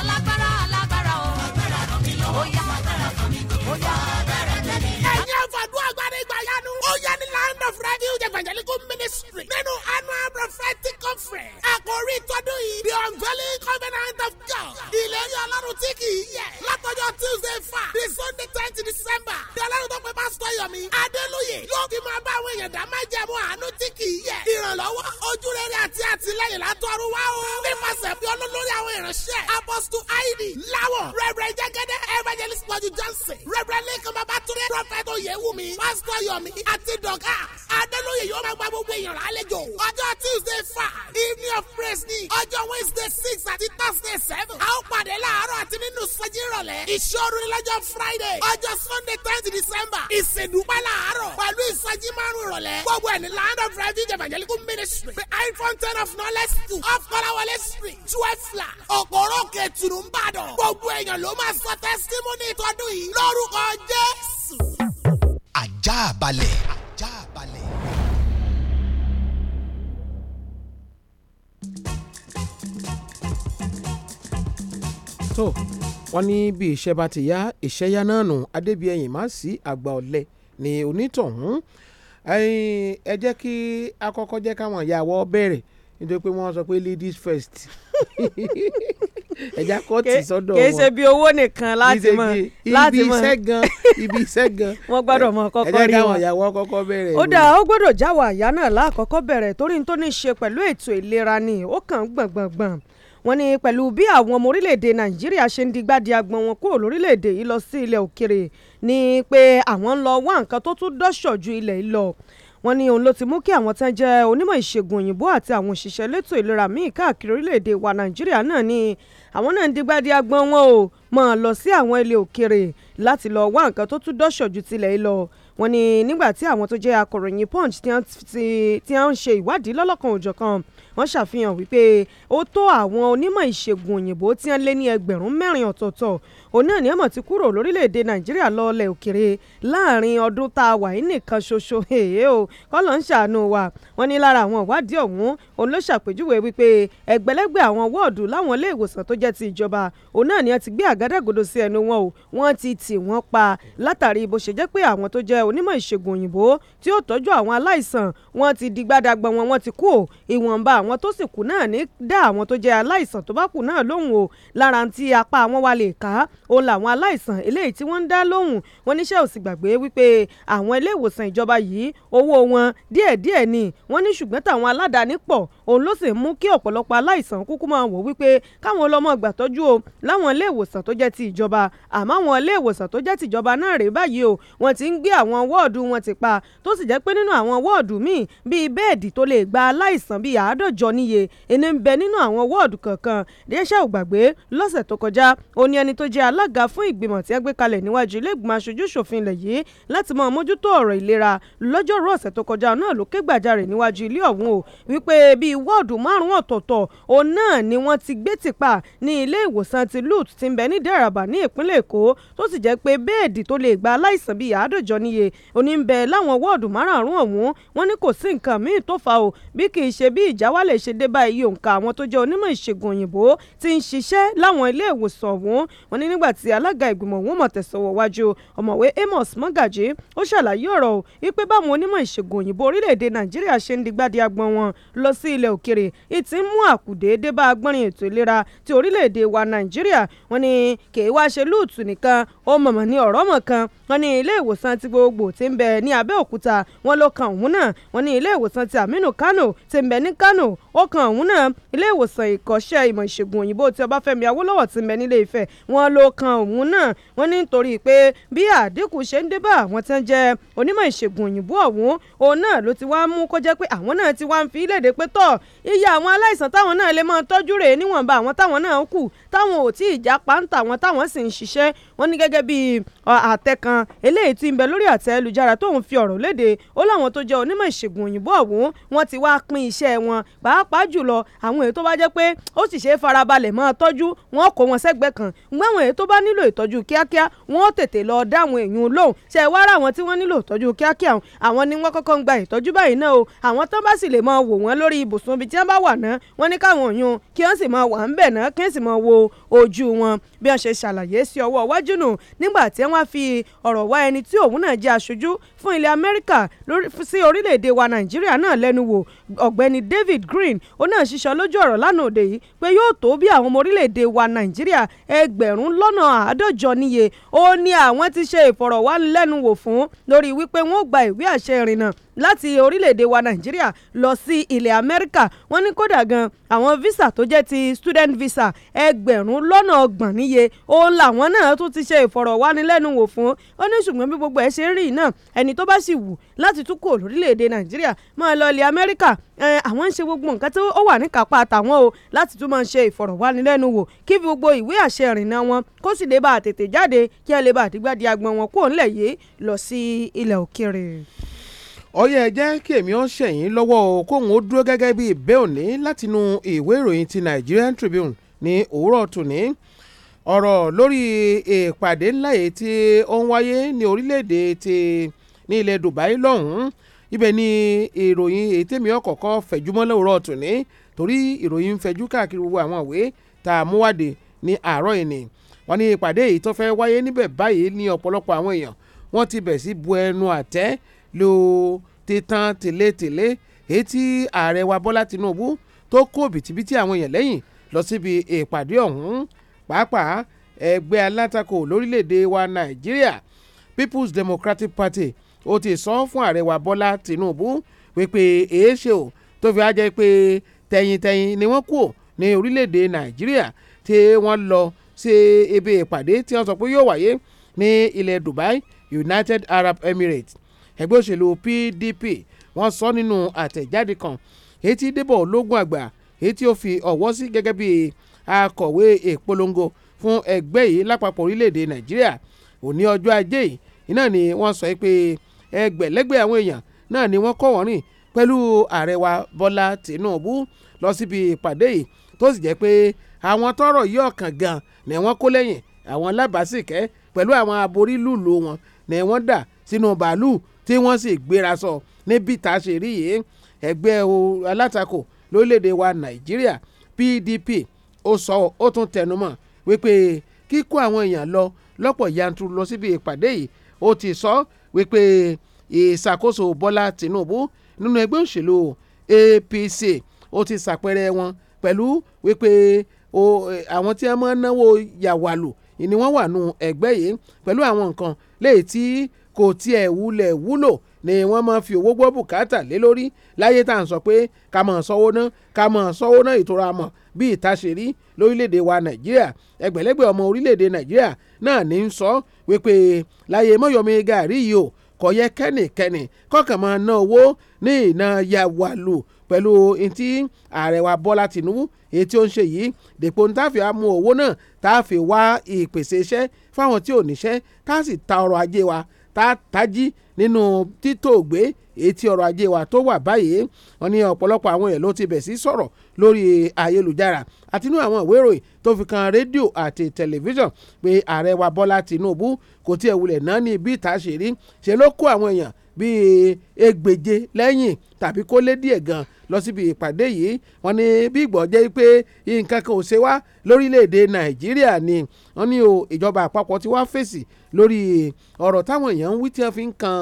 alágbára alágbára o. agbára ràn mí lọ́wọ́ agbára ràn mí lọ́wọ́ agbára tẹ̀lé. ẹ̀yin àfàdúrà gbàdégbà yanu. ó yẹ ní land of refuge evangelical ministry nínú annual prophetic conference àkòrí tọdún yìí the unveiling covenant of God ìlérí ọlọ́run tí kì í yẹ látọjọ́ tuesday fà the sunday tenth december ní ọlọ́run tó pe pásítọ̀ yọ̀mí adélóye yóò fi máa bá àwọn èèyàn dá máa jẹ̀mú àánú tí kì í yẹ ìrànlọ́wọ́ ojúrere àti àtìlẹ́yìn látọ̀run wá o nípasẹ̀ bí olólórí àwọn ìránṣẹ́ apostle aidi lawọ reverend jẹgẹdẹ evangelist pọ̀jù johnson reverend lẹ́kàn babatunde prophet oyewumi pásítọ̀ yọ̀mí àti dọ̀gá adélóye yóò máa gba gbogbo èèyàn lálejò. ọjọ́ tuesday five evening of praise ni ọjọ́ wednesday six àti thursday seven. a ó pàdé láàárọ̀ àti nínú sẹ́jí ìrọ̀lẹ́. ìṣòro ni lọ́jọ́ friday ọjọ́ sunday twenty december ìsèdúpẹ́ láàárọ̀ pẹ̀lú ìsọjí márùn-ún ìrọ̀lẹ́. gbogbo ẹ̀ ní land of refuge evangelical ministry the high fountain of knowledge school off kọ́láwọlé street twelve flat òpòrò kẹtùrú ń bàdàn. gbogbo èèyàn ló máa sọ testimony tọdún yìí lórúkọ jésù. ajá balẹ̀. ajá balẹ̀. tó wọ́n ní bí iṣẹ́ bá ti yá iṣẹ́ yá náà nù adébíyẹ̀yìn má sí àgbà ọ̀lẹ ní onítọ̀hún ẹ jẹ́ kí akọ́kọ́ jẹ́ káwọn ìyàwó bẹ̀rẹ̀ nítorí pé wọ́n sọ pé ladies first ẹ̀já kọ́ọ̀tì sọ́dọ̀ wọn kì í ṣe bí owó nìkan láti mọ̀ láti mọ̀ ibi iṣẹ́ gan wọ́n gbọ́dọ̀ mọ kọ́kọ́ rí wọn ẹ̀jẹ̀ káwọn ìyàwó kọ́kọ́ bẹ̀rẹ̀. ó dáa ó gbọ́dọ̀ jáwọ́ àyá náà láàkọ́kọ́ bẹ̀rẹ̀ torí tó ní ṣe pẹ̀lú ètò ìlera ni ó kàn gbọ̀ngbọ̀ngbọ̀n wọ́n ní pẹ̀lú bí àwọn ọmọ orílẹ̀-èdè nàìjíríà ṣe ń digbádi agbọ̀n wọn kúrò lórílẹ̀-èdè yìí lọ sí ilẹ̀ òkèrè ni pé àwọn ń lọ wá nǹkan tó tún dọ́ṣọ̀ ju ilẹ̀ yìí lọ wọ́n ní òun ló ti mú kí àwọn tán jẹ́ onímọ̀ ìṣègùn òyìnbó àti àwọn òṣìṣẹ́ elétò ìlera míì káàkiri orílẹ̀-èdè wa nàìjíríà náà ni àwọn náà ń digbádi agbọ̀n wọn o máa lọ sí àwọn ilẹ̀ òkèrè láti lọ wá nǹkan tó tún dọ́ṣọ̀ ju tilẹ̀ yìí lọ wọ́n ní nígbà tí àwọn tó jẹ́ akọ̀ròyìn punch ti ń ṣe ìwádìí lọ́lọ́kan òjọ̀kan wọ́n ṣàfihàn wípé ó tó àwọn onímọ̀ ìṣègùn òyìnbó tí wọ́n lé ní ẹgbẹ̀rún mẹ́rin ọ̀tọ̀ọ̀tọ̀ òun náà ni ọmọ ti kúrò lórílẹ̀‐èdè nàìjíríà lọ́ọ́lẹ̀ òkèrè láàrin ọdún tá a wà yìí nìkan ṣoṣo èyí o kọ́lọ̀ ń ṣàánú wa wọ́n ní lára àwọn ìwádìí ọ̀hún òun ló ṣàpèjúwe wípé ẹgbẹ̀lẹ́gbẹ̀ àwọn wọ́ọ̀dù láwọn ilé ìwòsàn tó jẹ́ ti ìjọba òun náà ni wọ́n ti gbé àgádágodo sí ẹnu wọn o wọ́n ti tì wọ́n pa látàrí bó ṣe jẹ́ pé àwọn tó jẹ́ onímọ̀ ìṣègùn òyìnbó tí ó tọ́jú àwọn aláìsàn wọ́n ti di gbádàgbọ́ wọn wọ́n ti kú o ìwọ̀nba àwọn tó sì kù náà ní dá àwọn tó jẹ́ aláìsàn tó bá kù náà lóhùn o lára ti apá àwọn wa lè ká ó làwọn aláìsàn eléyìí tí wọ́n ń dá lóhùn wọn níṣẹ́ ò sì gbàgbé wípé àwọn ilé ìwòsàn ìjọba yìí owó wọn díẹ̀díẹ̀ ni wọ́n ní ṣùgbọ́n táwọn aládàáni pọ̀ òun ló sì mú kí ọ̀pọ̀lọpọ̀ aláìsàn kúkú máa wò wípé káwọn ọlọ́mọ gbà tọ́jú o láwọn ilé ìwòsàn tó jẹ́ ti ìjọba àmọ́ àwọn ilé ìwòsàn tó jẹ́ ti ìjọba náà rèé báyìí o wọ́n ti ń gbé àwọn wọ́ọ̀dù wọn ti pa tó sì jẹ́ pé nínú àwọn wọ́ọ̀dù míì bíi bẹ́ẹ̀dì tó lè gba aláìsàn bíi àádọ́jọ níye ẹni ń bẹ nínú àwọn wọ́ọ̀dù kọ̀ọ̀kan déṣà ò lọ́sẹ̀ tó kọjá ó ẹni tó jẹ́ alá alága fún ìgbìmọ̀ tí a gbé kalẹ̀ níwájú ilé ìgbìmọ̀ aṣojú ṣòfin ilẹ̀ yìí láti máa mójútó ọ̀rọ̀ ìlera lọ́jọ́rú ọ̀sẹ̀ tó kọjá náà ló ké gbàjarè níwájú ilé ọ̀hún o wípé bíi wọ́ọ̀dù márùn-ún ọ̀tọ̀ọ̀tọ̀ òun náà ni wọ́n ti gbé tìpa ní ilé ìwòsàn ti lut ti ń bẹ ní Dẹ́rẹ́bà ní ìpínlẹ̀ Èkó tó sì jẹ́ pé bẹ́ẹ̀dì tó lè gba aláìsàn bíi àádọ́jọ níye òní ń bẹ láwọn wọ́ọ̀dù márùn-ún ọ̀hún wọ́n ní kò sí nǹkan míì tó fa o bí kì í ṣe bí ìjáwálẹ̀ ṣe dé bá iye òǹkà àwọn tó jẹ́ onímọ̀ ìṣègùn òyìnbó ti ń ṣiṣẹ́ láwọn ilé ìwòsàn ọ̀hún wọ́n ní nígbà tí alága ìgbìmọ̀ ọ̀hún mọ̀tẹ́sọ̀wọ̀ wájú ọ̀mọ̀wé Amos Mọ́gàjí ó ṣàlàyé ọ̀rọ̀ wípé báwọn onímọ̀ ìṣègùn òyìnbó orílẹ̀-èdè Nàìjíríà ṣe ń digbá agbọ̀n wọn lọ sí ilẹ̀ òkèrè ìtì ń mú àkùdé dé bá agbọ́nrin ètò ìlera ti orílẹ̀-èdè wa Nàìjíríà wọ́n ní kèé wá ṣe lóòtù nìkan ó mọ̀mọ̀ ní ọ̀rọ̀ mọ̀ wọ́n ní ilé ìwòsàn ti gbogbo tí ń bẹ ní Abẹ́òkúta wọ́n ló kan òun náà wọ́n ní ilé ìwòsàn ti Aminu Kano tí ń bẹ ní Kano ó kan òun náà ilé ìwòsàn ìkọ́ṣẹ́ ìmọ̀ ìṣègùn òyìnbó ti Ọbáfẹ́mi Awólọ́wọ̀ tí ń bẹ nílé Ifẹ̀ wọ́n ló kan òun náà wọ́n ní nítorí pé bí àdínkù ṣe ń débà wọ́n ti ń jẹ onímọ̀ ìṣègùn òyìnbó ọ̀hún òun náà ló ti wá mú kó jẹ́ pé àwọn náà ti wá ń fi léde pé tọ̀ iye àwọn aláìsàn táwọn náà lè máa tọ́jú rèé níwọ̀nba àwọn táwọn náà kù táwọn ò tí ì jápa ń wọn táwọn sì ń ṣiṣẹ́ ó ní gẹ́gẹ́ bí àtẹ kan eléyìí tí ń bẹ lórí àtẹ ayélujára tóun fi ọ̀rọ̀ léde ó láwọn tó jẹ́ onímọ̀ ìṣègùn òyìnbó ọ̀hún wọ́n ti wá pín iṣẹ́ wọn pàápàá jùlọ àwọn èyí tó bá jẹ́ pé ó sì ṣe é farabalẹ̀ mọ́ tọ́jú wọn kó wọn sẹ́gbẹ́ kan ǹgbọ́n àwọn èyí tó bá nílò ìtọ́jú kíákíá wọn ó tètè lọ dá àwọn èèyàn lóhùn ṣe é wára àwọn tí wọ́n nílò ìtọ́jú kíákíá àwọn ni wọ́n kọ́kọ́ ń gba ìtọ́jú báyìí náà o àwọn tán bá sì lè máa wò wọ́n lórí ibùsùn ibi tí wọ́n bá wà náà wọ́n ní káwọn òyìn kí wọ́n sì máa wà ń bẹ̀ náà kí wọ́n sì máa wo ojú wọn bí wọ́n ṣe ṣàlàyé sí ọwọ́ iwájú síwájú nù nígbà tí wọ́n fi ọ̀rọ̀ wá ẹni tí òun náà jẹ́ aṣojú fún ilẹ̀ Amẹ́ríkà sí orílẹ̀-èdè wa Nàìjíríà náà lẹ́nu wò ọ̀gbẹ́ni David Green ó náà ṣiṣọ́ lójú ọ̀rọ̀ lánàá òde yìí pé yóò tó bí àwọn ọmọ orílẹ̀-èdè wa Nàìjíríà ẹgbẹ̀rún lọ́nà àádọ́jọ níye ó ní àwọn ti ṣe ìfọ̀rọ̀wánilẹ́nuwò fún lórí wípé wọ́n gba ìwé àṣẹ ìrìnnà láti orílẹ̀-èdè wa nàìjíríà lọ sí ilẹ̀ amẹ́ríkà wọ́n ní kódà gan àwọn visa tó jẹ́ ti student visa ẹgbẹ̀rún lọ́nà ọgbọ̀n níye òun làwọn náà tún ti ṣe ìfọ̀rọ̀wánilẹ́nuwò fún ó ní ṣùgbọ́n bí gbogbo ẹ̀ ṣe ń rí náà ẹni tó bá sì wù láti tún kò lórílẹ̀-èdè nàìjíríà máa lọ ilẹ̀ amẹ́ríkà àwọn ń ṣe gbogbo nǹkan tí ó wà níkápá àtàwọn o láti tún máa ṣe ìfọ̀rọ̀wánilẹ́nuwò kí gbogbo ìwé àṣẹ ìrìnnà wọn kó sì lè bá tètè jáde kí ẹ lè bá àdígbàdì agbọ̀n wọn kúrò ńlẹ̀ yìí lọ sí ilẹ̀ òkèèrè ọyẹ ẹ jẹ́ kí èmi ó ṣẹ̀yìn lọ́wọ́ kóun ó dúró gẹ́gẹ́ bí ìbẹ́ òní látinú ìwé ìròyìn ti Nigerian Tribune ní òwúrọ̀ tòní ọ̀rọ̀ lórí ìpàdé ńlá yìí tí ó ń wáyé ní orílẹ̀-èdè ti ní ilẹ̀ Dubai lọ́hùn-ún ibẹ̀ ni ìròyìn èyí tèmi ọ̀kọ̀ọ̀kọ̀ fẹ̀júmọ́ lówùrọ̀ tòní torí ìròyìn ń fẹ̀jú káàkiri gbogbo àwọn ìwé tá a mú wáde ní àárọ̀ ìní wọ́n ní ìpàdé yìí tó fẹ́ wáyé níbẹ̀ báyìí ní ọ̀pọ̀lọpọ̀ àwọn èèyàn wọ́n ti bẹ̀ sí bu ẹnu àtẹ́ lo titan tẹ́lẹ̀tẹ́lẹ̀ èyí tí ààrẹ wa Bọ́lá Tinubu tó kó bìtìbìtì àwọn èèyàn lẹ́yìn lọ síbi ìpàdé ọ̀hún pàápàá ẹgbẹ́ alátakò lórílẹ̀‐èdè wa Nàìjíríà People's Democratic Party ó ti sọ fún ààrẹ wa Bọ́lá Tinubu wípé èéṣe o tó fi á jẹ́ pé tẹ̀yìntẹ̀yìn ni wọ́n kú ní orílẹ̀‐èdè Nàìjíríà tí wọ́n lọ sí ibi ìpàdé tí wọ́n sọ pé yóò wáyé ní ilẹ̀ Dubai United Arab Emirates ẹgbẹ́ òṣèlú PDP wọ́n sọ nínú àtẹ̀jáde kan etí débọ̀ ológun àgbà etí ó fi ọ̀wọ́ sí gẹ́gẹ́ bí akọ̀wé ìpolongo fún ẹgbẹ́ yìí lápapọ̀ orílẹ̀-èdè Nàìjíríà òní ọjọ́ ajé yìí iná ni wọ́n sọ pé ẹgbẹ̀lẹ́gbẹ̀ àwọn èèyàn náà ni wọ́n kọ́ wọ́n rìn pẹ̀lú ààrẹ wa Bọ́lá Tinubu lọ síbi ìpàdé yìí tó sì jẹ́ pé àwọn tọ́rọ̀ yìí ọ̀kàn gan ni wọ́n kó lẹ́yìn àwọn alábàásìkẹ́ pẹ̀lú àwọn aborí lùlù wọn ni wọ́n dà sínú bàálù tí wọ́n sì gbéra sọ ní bíta ṣe rí yìí ẹgbẹ́ alátakò lórílẹ̀‐èdè wa nàìjíríà PDP ó sọ ó tún tẹnumọ́ wípé kíkó àwọn èèyàn lọ lọ́pọ̀ yanturu lọ síbi ìpàdé yìí ó ti sọ wípé ìṣàkóso Bọ́lá Tinubu nínú ẹgbẹ́ òṣèlú APC ó ti ṣàpẹẹrẹ wọn pẹ̀lú wípé àwọn tí wọ́n máa ń náwó yàwàlù ni wọ́n wà nù ẹgbẹ́ yìí pẹ̀lú àwọn nǹkan léyìí tí kò tiẹ̀ wulẹ̀ wúlò ni wọ́n máa fi owó gbọ́ bùkátà lé lórí láyé tá à ń sọ pé ká máa sanwó ná ká máa sanwó ná ìtura mọ̀ bí ìta ṣe rí lórílẹ̀‐èdè wa nàìjíríà ẹgbẹ̀lẹ́gbẹ̀ ọmọ orílẹ̀‐èdè nàìjíríà náà ní ń sọ wípé láyé mọ́yọ́mí gàrí yìí o kò yẹ kẹ́nìkẹ́nì kọ́kàn máa ná owó ní ìná yàwálù pẹ̀lú ntí ààrẹ wa bọ́lá tìǹbù èyí tí ó ń ṣe yìí dèpò ní táàfin amú owó náà táàfin wá ìpèsè iṣẹ́ fáwọn tí ò níṣẹ́ tá sì ta ọrọ̀ ajé wa tá a tají nínú títògbé etí ọrọ̀ ajé wa tó wà báyìí wọ́n ní ọ̀pọ̀lọpọ̀ àwọn èèyàn ló ti bẹ̀ sí sọ̀rọ̀ lórí ayélujára àti inú àwọn ìwé ìròyìn tó fi kan rédíò àti tẹlifíṣàn pé ààrẹ wa Bọ́lá Tinubu kò tí ẹ̀ wulẹ̀ náà ní ibi ìta ṣe rí ṣe ló kó àwọn èèyàn bíi ẹgbẹ̀je lẹ́yìn tàbí kó lé díẹ̀ gan-an lọ síbi ìpàdé yìí wọ́n ní bí ìgbọ́ jẹ́ pé nǹkan kan ò ṣe wá lórílẹ̀‐èdè nàìjíríà ni wọ́n ní o ìjọba àpapọ̀ ti wá fèsì lórí ọ̀rọ̀ táwọn èèyàn ń wí tí wọ́n fi ń kan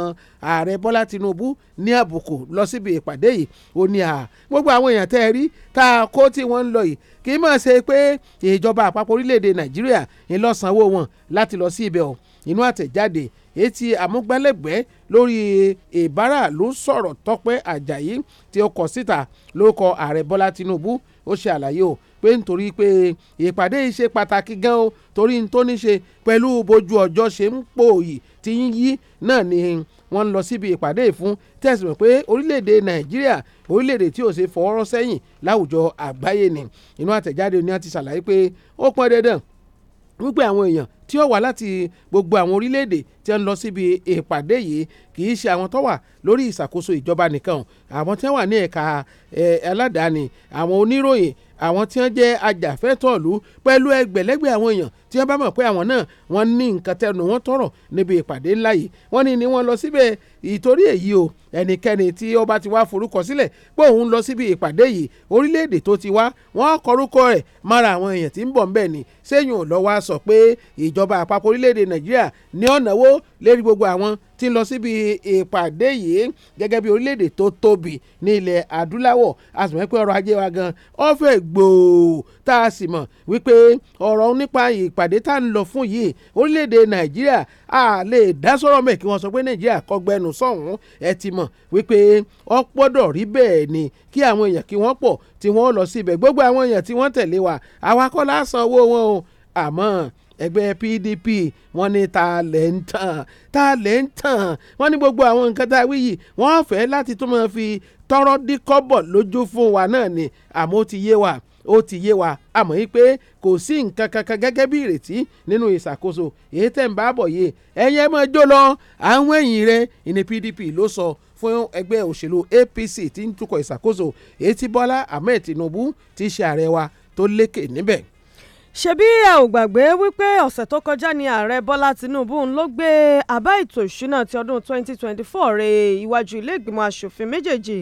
ààrẹ bọ́lá tinubu ní àbùkù lọ síbi ìpàdé yìí ó ní à gbogbo àwọn èèyàn tẹ́ ẹ rí tá a kó tí wọ́n ń lọ yìí kì í mọ̀ ṣe pé ìjọba àpapọ̀ orílẹ̀‐èdè nàìjíríà ń lọ sanwó wọn láti lọ sí ibẹ̀ ọ̀ inú àtẹ̀jáde etí amúgbálẹ́gbẹ̀ẹ́ lórí ìbára ló sọ̀rọ̀ Tọ́pẹ́ Àjàyí tí ó kọ síta ló kọ ààrẹ Bọ́lá Tinubu ó ṣe àlàyé o pé nítorí pé ìpàdé yìí ṣe pàtàkì gan o torí n tó ní ṣe pẹ̀lú bójú ọjọ́ ṣe ń pòòyì tí ń yí náà ni wọ́n ń lọ síbi ìpàdé ìfún tẹ̀sán pé orílẹ̀-èdè nàìjíríà orílẹ̀-èdè tí ò ṣe fọwọ́rọ́ sẹ́yìn láwùjọ àgbáyé ni inú àtẹ̀jáde ni a ti ṣàlàyé pé ó pọn dandan wípé àwọn èèyàn tí ó wá láti gbogbo àwọn orílẹ̀-èdè tí ó ń lọ síbi ìpàdé yìí kì í ṣe àwọn tó wà lórí ìṣàkóso ìjọba nìkan o àwọn tí wọ́n wà ní ẹ̀ka aládàáni àwọn oníròyìn àwọn tí wọ́n jẹ́ ajàfẹ́tọ̀ọ̀lú pẹ̀lú ẹgbẹ̀lẹ́gbẹ̀ àwọn èèyàn tí wọ́n bá mọ̀ pé àwọn náà wọ́n ní nǹkan tẹnu wọn tọrọ níbi ìpàdé ńlá yìí wọ́n ní ni wọ́n lọ síbẹ̀ ìtorí èyí o ẹnikẹ́ni tí ó bá ti wá forúkọ sílẹ̀ pé òun lọ síbi ìpàdé yìí orílẹ̀-èdè tó ti wá wọ́n kọrúkọ rẹ̀ mara àwọn èèyàn tí ń bọ̀ ńbẹ̀ ni sẹ́yìn ò lọ wá sọ pé ìjọba àpapọ̀ orílẹ̀-èdè nàìjíríà ní ọ̀nàwó lérí gbogbo àwọn tí ń lọ síbi ìpàdé yìí gẹ́gẹ́ bí orílẹ̀-èdè tó tóbi ní ilẹ̀ adúláwọ̀ a sì mọ̀ pé ọrọ̀ ajé wa gan ó fẹ́ gbòò tá a sì mọ̀ wípé ìpàdé tá à ń lọ fún yìí orílẹ̀-èdè nàìjíríà a lè dá sọ̀rọ̀ mẹ́ kí wọ́n sọ pé nàìjíríà kọgbẹ́nu sọ̀hún ẹ ti mọ̀ wípé ó gbọ́dọ̀ rí bẹ́ẹ̀ ni kí àwọn èèyàn kí wọ́n pọ̀ tí wọ́n lọ síbẹ̀ gbogbo àwọn èèyàn tí wọ́n tẹ̀lé wa àwa kọ́ la owó wọn o àmọ́ ẹgbẹ́ PDP wọ́n ní ta lẹ̀ ń tàn ta lẹ̀ ń tàn wọ́n ní gbogbo àwọn nǹkan tá a wí yìí wọ́n fẹ́ láti tún máa fi tọrọ díkọ́bọ̀ lójú fún wa náà ni àmọ́ ó ti yé wa ó ti yé wa àmọ́ yìí pé kò sí nǹkan kankan gẹ́gẹ́ bí ìrètí nínú ìṣàkóso èyí tẹ̀ ń bá bọ̀ yìí ẹ̀yẹ́ mọ́ jó lọ àwọn ẹ̀yìn rẹ̀ ìní PDP ló sọ fún ẹgbẹ́ òṣèlú APC tí ń tukọ̀ ìṣàkóso èyí tí Bọ́lá Ahmed Tinubu ti ṣe ààrẹ wa tó lékè níbẹ̀ ṣebí ẹ ò gbàgbé wípé ọ̀sẹ̀ tó kọjá ni ààrẹ bọ́lá tinubu ń ló gbé àbá ètò ìṣúná ti ọdún 2024 rè iwájú ilé ìgbìmọ̀ asòfin méjèèjì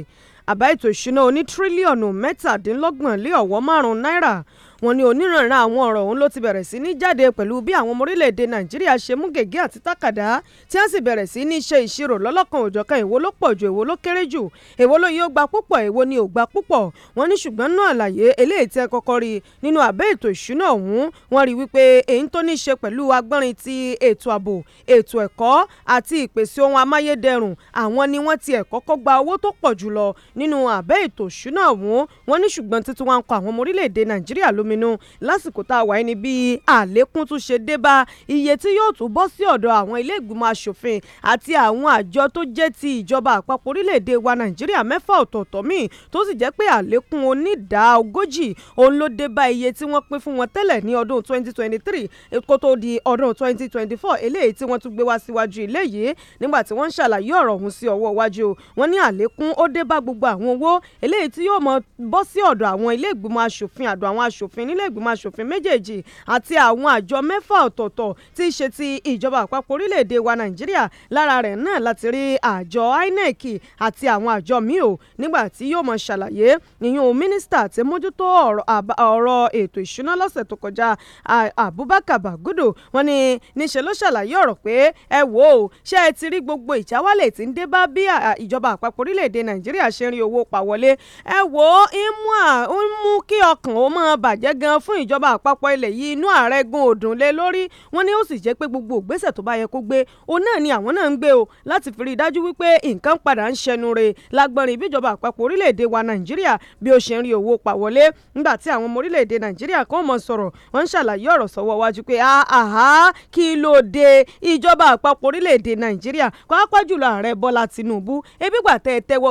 àbá ètò ìsúná oní tírílíọ̀nù mẹ́tàdínlọ́gbọ̀n lé ọ̀wọ́ márùn-ún náírà wọ́n ní onírànra àwọn ọ̀rọ̀ ọ̀hún ló ti bẹ̀rẹ̀ sí ní jáde pẹ̀lú bí àwọn ọmọ orílẹ̀-èdè nàìjíríà ṣe mú gègé àti tákàdá tí wọ́n sì bẹ̀rẹ̀ sí ní ṣe ìṣirò lọ́lọ́kan òjọ̀kan èwo ló pọ̀ ju èwo ló kéré jù èwo ló yóò gba púpọ̀ èwo ni ò gba púpọ̀ wọ́n ní ṣùgbọ́n náà àlàyé eléyìí tẹ́ kọ́kọ́ rí nínú àbẹ́ ètò ìṣúná ọ̀hún wọ́n rí wípé èyí tó ní ṣe pẹ̀lú ni wọ́n ti ẹ̀kọ́ kó gba owó tó pọ̀ jùlọ nínú àbẹ́ ètò ìṣúná gómìnà lásìkò tá a wà ní bí àlékún tún ṣe dé bá iye tí yóò tún bọ́ sí ọ̀dọ̀ àwọn ilé ìgbìmọ̀ asòfin àti àwọn àjọ tó jẹ́ ti ìjọba àpapọ̀ orílẹ̀-èdè wa nàìjíríà mẹ́fà ọ̀tọ̀ọ̀tọ̀ míì tó sì jẹ́ pé àlékún onídà ogójì òun ló dé bá iye tí wọ́n pín fún wọn tẹ́lẹ̀ ní ọdún 2023 kó tó di ọdún 2024 eléyìí tí wọ́n tún gbé wá síwájú ilé yìí nígbà tí wọ́n ń ṣàlàyé ọ̀rọ̀ ọ̀hún sí ọwọ́ iwájú wọn ní àlékún ó dé bá gbogbo àwọn owó eléyìí tí yóò mọ bọ́ sí ọ̀dọ̀ àwọn ilé ìgbìmọ̀ asòfin àdó àwọn asòfin asòfin nílẹ̀ ìgbìmọ̀ asòfin méjèèjì àti àwọn àjọ mẹ́fà ọ̀tọ̀ọ̀tọ̀ tí í ṣe ti ìjọba àpapọ̀ orílẹ̀-èdè wa nàìjíríà lára rẹ̀ náà láti rí àjọ inec àti àwọn àjọ míì o nígbà tí yóò mọ ṣàlàyé ìyún mínísítà tí mójútó ọ̀rọ̀ ètò ìṣúná lọ́sẹ̀ tó kọjá abubakar bagudu wọ́n ní níṣẹ́ ló ṣàlàyé ọ̀rọ̀ pé ẹ wò ó ṣé ẹ ti rí gbogbo ìjáwálẹ̀ tí ń dé bá bí ìjọba àpapọ̀ orílẹ̀-èdè nàìjíríà ṣe ń rí owó pa wọlé ẹ wò ó ń mú kí ọkàn ó máa bàjẹ́ jẹ́ gan fún ìjọba àpapọ̀ ilẹ̀ yìí inú ààrẹ gun òdùn lé lórí wọn ni ó sì jẹ́ pé gbogbo ògbésẹ̀ tó bá yẹ kó gbé òun náà ni àwọn náà ń gbé o láti fi rí i dájú wípé nǹkan padà ń ṣẹnu re lágbọ́nrin bíjọba àpapọ̀ orílẹ̀-èdè wa nàìjíríà bí ó ṣe ń rí owó pa wọlé nígbà tí àwọn ọmọ orílẹ̀-èdè nàìjíríà kan mọ̀ sọ̀rọ̀ wọ́n ń ṣàlàyé ọ̀rọ̀ sọ́wọ́ wájú pé àhá kí ló dé ìjọba àpapọ̀ orílẹ̀-èdè nàìjíríà pàápàá jùlọ ààrẹ bọ́lá tinubu ebi gbà tẹ́ ẹ tẹ́wọ́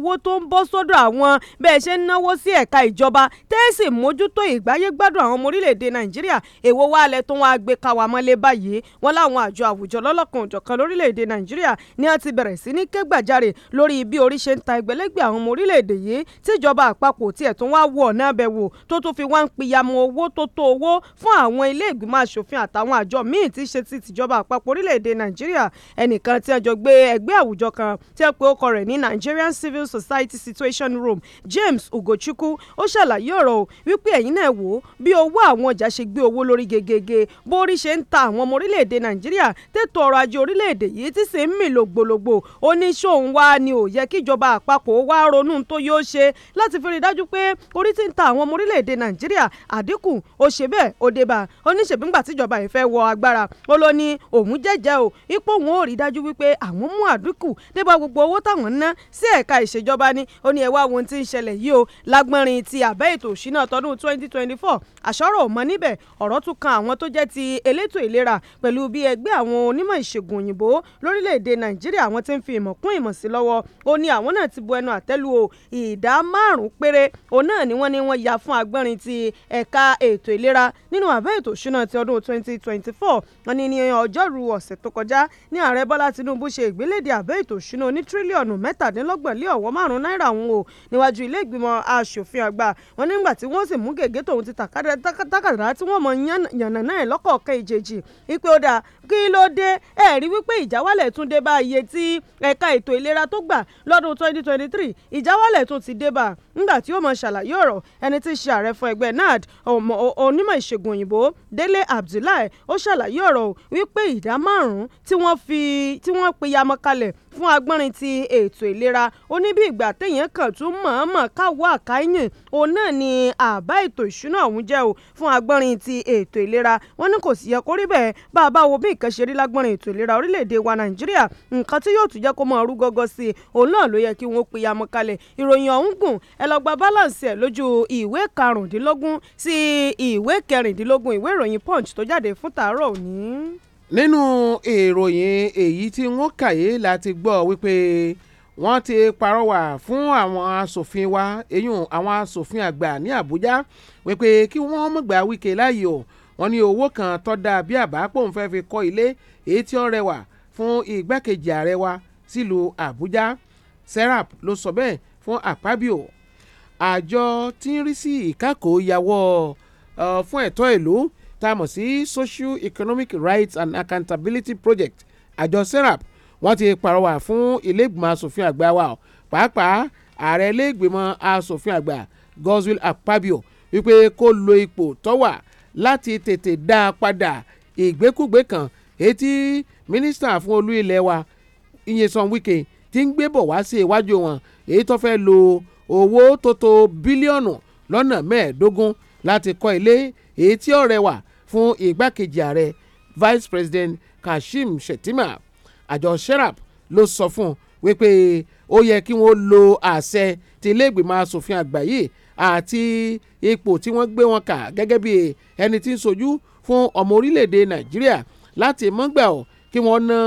owó tó ń bọ́ sọ́dọ̀ àwọn bẹ́ẹ̀ ṣe ń náwó sí ẹ̀ka ìjọba tẹ́sí mójútó ìgbáyégbádùn àwọn ọmọ orílẹ̀-èdè nàìjíríà èwo wa alẹ́ tó wọn gbé káwa mọ́lé báyìí wọn láwọn àjọ àwùjọ lọ́lọ́kan òjọ̀kan lórílẹ̀-èdè nàìjíríà ni wọ́n ti bẹ̀rẹ̀ sí ní ké gbàjarè lórí bí orí ṣe ń ta ẹgbẹ̀lẹ́gbẹ̀ àwọn ọmọ orílẹ̀-èdè yìí tíjọba àpapọ̀ tiẹ̀ tún wá wọ̀ náà bẹ̀ wò tó tún fi wá ń piyamọ owó tó tó owó fún àwọn ilé ìgbìmọ̀ asòfin àtàwọn àjọ míì tí ṣe ti tìjọba àpapọ̀ orílẹ̀-èdè nàìjíríà ẹnìkan tí security situation room James Ugochukwu ó ṣàlàyé ọ̀rọ̀ o wípé ẹ̀yin náà wò ó bí owó àwọn ọjà ṣe gbé owó lórí gegege bórí ṣe ń ta àwọn ọmọ orílẹ̀-èdè Nàìjíríà tètò ọrọ̀ ajé orílẹ̀-èdè yìí ti sì ń mì lògbòlògbò ó ní ṣóun wá ni ò yẹ kíjọba àpapọ̀ wá ronú tó yóò ṣe láti fi rí i dájú pé orí ti ń ta àwọn ọmọ orílẹ̀-èdè Nàìjíríà àdínkù ó ṣe bẹ́ẹ̀ ó dé bá oníṣègbíngbà tíjọba yìí fẹ́ wọ agbára ó lọ ní òun jẹ́jẹ́ o ipò òun ò rí i dájú wípé àwọn mú àdínkù débà gbogbo owó ni ní ó ní ẹ wá wo ohun tí ń ṣẹlẹ̀ yìí o lágbọ́nrin ti àbẹ́ ètò òṣìnà tọdún 2024 àṣọ́rọ̀ mọ́ níbẹ̀ ọ̀rọ̀ tún kan àwọn tó jẹ́ ti elétò ìlera pẹ̀lú bí ẹgbẹ́ àwọn onímọ̀ ìṣègùn òyìnbó lórílẹ̀‐èdè nàìjíríà àwọn ti ń fi ìmọ̀ kún ìmọ̀ sí lọ́wọ́ ó ní àwọn náà ti bu ẹnu àtẹ́lu o ìdá márùn-ún péré òun náà ni wọ́n ní wọ́n ya fún agbọ́nrin ti ẹ̀ka ètò ìlera nínú àbẹ́ ètò òṣìnà ti ọdún 2024 wọn ní ní ọjọ́rú ọ̀sẹ̀ tó kọjá ní ààrẹ bọ́lá tinubu ṣe ìgbéléde àbẹ́ ètò òṣìnà oní tírílíọ̀nù mẹ́tàdínlọ́gbọ̀n lé ọ̀wọ́ márùn náírà ọ̀hún o níwájú ilé ìgbìmọ̀ asòfin àgbà wọn nígbà tí wọ́n sì mú gègé tòun ti tàkàdá tí wọ́n mọ̀ yànnà náà lọ́kọ̀ọ̀kan ìjèjì wípé ó kí ló dé ẹ̀ rí wípé ìjáwálẹ̀ tún dé bá iye tí ẹ̀ka ètò ìlera tó gbà lọ́dún 2023 ìjáwálẹ̀ tún ti dé bá nígbà tí ó mọ̀ ṣàlàyé ọ̀rọ̀ ẹni tí í ṣe ààrẹ fún ẹgbẹ́ NAD onímọ̀ ìṣègùn òyìnbó Délé Abdullahi ó ṣàlàyé ọ̀rọ̀ wípé ìdá márùn-ún tí wọ́n fi tí wọ́n pe yamọ kalẹ̀ fún agbọ́nrin ti ètò ìlera ó ní bí ìgbà téèyàn kàn tún mọ̀ọ́mọ̀ káwọ́ àkáyìn òun náà ni àbá ètò ìṣúná ọ̀hún jẹ́ o fún agbọ́nrin ti ètò ìlera wọn ní kò sì yẹ kó rí bẹ́ẹ̀ bá a bá wo bí nǹkan ṣe rí lágbọ́nrin ètò ìlera orílẹ̀-èdè wa nàìjíríà nǹkan tí yóò tún jẹ́ kó mọ̀ ọrú gọ́gọ́ sí i òun náà ló yẹ kí wọ́n pe yamọ kalẹ̀ ìròyìn ọ̀hún gùn ẹ lọ gba balance ẹ̀ lójú ìwé karùndínlógún sí ìwé kẹrìndínlógún ìwé ìròyìn punch tó jáde fún tàárọ̀ òní nínú ìròyìn èyí tí wọ́n kàyé láti gbọ́ wípé wọ́n ti parọ́wà fún àwọn asòfin wa eyín àwọn asòfin àgbà ní Àbújá wípé kí wọ́n mọ̀gbà Wike láàyè o wọ́n ní owó kan tó da bí àbá pòun fẹ́ fi kọ́ ilé èyí tí ó rẹwà fún igbákejì ààrẹ wa sílùú Àbújá Serap ló sọ bẹ́ẹ̀ fún Akpabio àjọ tí ń rí sí ìkákòó yàwọ̀ fún ẹ̀tọ́ ìlú tá a mọ̀ sí social economic rights and accountability project àjọ serap wọ́n ti pàrọwà fún iléègbìmọ̀ asòfin àgbà wa ọ̀ pàápàá ààrẹ iléègbìmọ̀ asòfin àgbà Godswill Akpabio wípé kó lo ipò tọ́wà láti tètè dá a padà ìgbékúgbé kan etí mínísítà fún olú ilẹ̀ wa Nyesom Wike ti ń gbé bọ̀ wá sí iwájú wọn èyí tó fẹ́ lo owó tó tó bílíọ̀nù lọ́nà mẹ́ẹ̀ẹ́dógún láti kọ́ ilé èyí tí ó rẹwà fún igbákejì ààrẹ vice president kashim shettima àjọ sherap ló sọ fún un wípé ó yẹ kí wọ́n lo àṣẹ ti iléègbèmọ̀ asòfin àgbà yìí àti ipò tí wọ́n gbé wọn kà gẹ́gẹ́ bí ẹni tí ń sojú fún ọmọ orílẹ̀-èdè nàìjíríà láti mọ́gbà ọ̀ kí wọ́n ná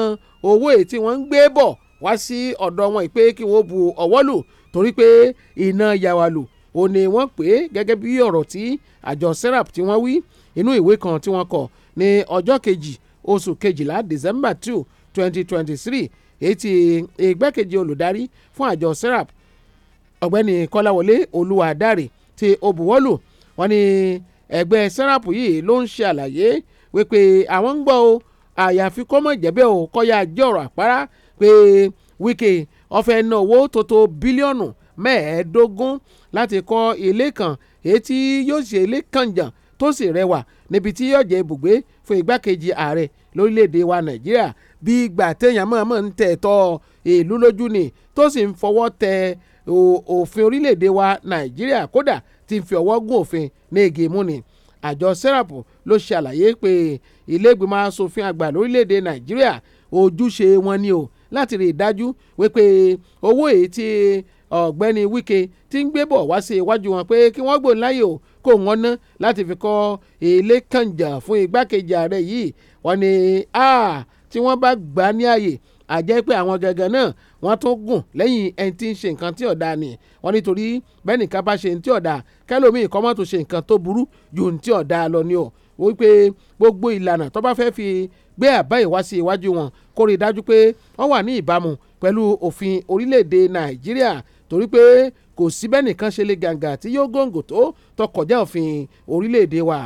owó èyí tí wọ́n ń gbé bọ̀ wá sí ọ̀dọ̀ wọn pé kí wọ́n bu ọwọ́ lù torí pé iná yàwálù ò ní wọ́n pè é gẹ́gẹ́ bí ọ̀rọ̀ tí àjọ serap tí wọ́n wí inú ìwé kan tí wọ́n kọ ní ọjọ́ kejì oṣù kejìlá december two twenty twenty three èyí tí ìgbẹ́kejì olùdarí fún àjọ serap ọ̀gbẹ́ni kọ́láwọlé olúwadáre ti òbúwọ́lù wọn ni ẹgbẹ́ serap yìí ló ń ṣe àlàyé wípé àwọn ń gbọ́ o àyàfi kọ́mọ̀ ìjẹ́bẹ́ o kọ́yà jẹ́ ọ̀rọ̀ àpárá pé wíkẹ́ ọ̀fẹ́ ná owó tó tó bílíọ̀nù mẹ́ẹ̀ẹ́dógún láti kọ́ ilé kan èyí tí yóò ṣe ilé kànjàn tó sì rẹwà níbi tí yóò jẹ́ ibùgbé fún igbákejì ààrẹ lórílẹ̀‐èdè wa nàìjíríà bí ìgbà téèyàn mọ̀ọ́mọ̀ ń tẹ̀ tọ́ ìlú lójú ni tó sì ń fọwọ́ tẹ òfin orílẹ̀‐èdè wa nàìjíríà kódà ti fi ọwọ́ gún òfin ní igi mú ni àjọ serap ló ṣe àlàyé pé ilé-ìgbìmọ̀ asòfin àgbà lórílẹ̀‐èdè nàìjíríà ojúṣe wọn ni o láti rí i dájú wípé owó èyí tí ọ̀gbẹ́ni wike ti ń gbé bọ̀ wá sí iwájú wọn pé kí wọ́n gbòó láyè kó wọn ná láti fi kọ́ ilé kànjà fún igbákejì ààrẹ yìí wọ́n ní tí wọ́n bá gbà ní àyè àjẹ́ pé àwọn gangan náà wọ́n tún gùn lẹ́yìn ẹni tí ń ṣe nǹkan tí ọ̀dà ni wọ́n nítorí bẹ́ẹ̀ nìkan bá ṣe ti ọ̀dà kẹlòmíì kọ́ mọ́tò ṣe nǹkan tó burú ju ti ọ̀dà lọ ni o wípé gbogbo ìlànà tó bá fẹ́ fi gbé àbá ìwá sí iwájú wọn kó rí i dájú pé wọ́n wà ní ìbámu pẹ̀lú òfin orílẹ̀-èdè nàìjíríà torí pé kò sí bẹ́nìkan ṣe lè gàǹgà tí yóò gòǹgò tó tọkọjá òfin orílẹ̀-èdè wa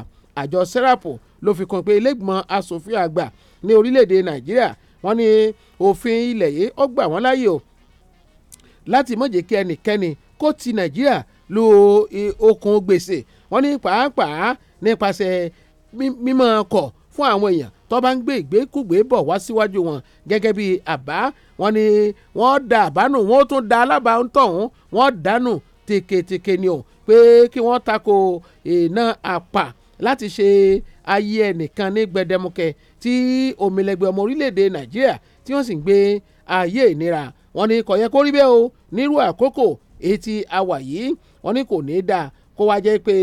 àjọ sẹ́rápù ló fi kún pé ilégbèmọ̀ asòfin àgbà ní orílẹ̀-èdè nàìjíríà wọ́n ní òfin ilẹ̀ yìí ó gbà wọ́n láyè o láti má jẹ́ kí ẹnikẹ́ni kó ti nàìjíríà lu e, okùn gbèsè wọ́n ní pàápàá nípasẹ̀ mímọ́ ọkọ̀ fún àwọn èèyàn tó bá ń gbé ìgbékùgbé bọ̀ wá síwájú wọn gẹ́gẹ́ bí àbá wọn ni wọ́n da àbá nù wọ́n tún da alábàántọ̀hún wọ́n dànù tìkètìkè ni o pé kí wọ́n tako iná àpà láti ṣe ayé ẹnìkan ní gbẹdẹmukẹ tí òmìnlẹ̀gbẹ̀ ọmọ orílẹ̀-èdè nàìjíríà tí wọ́n sì ń gbé ayé ìnira wọn ni kò yẹ o nírú àkókò etí awà yìí wọn ni kò ní í dáa kó wá jẹ́ pé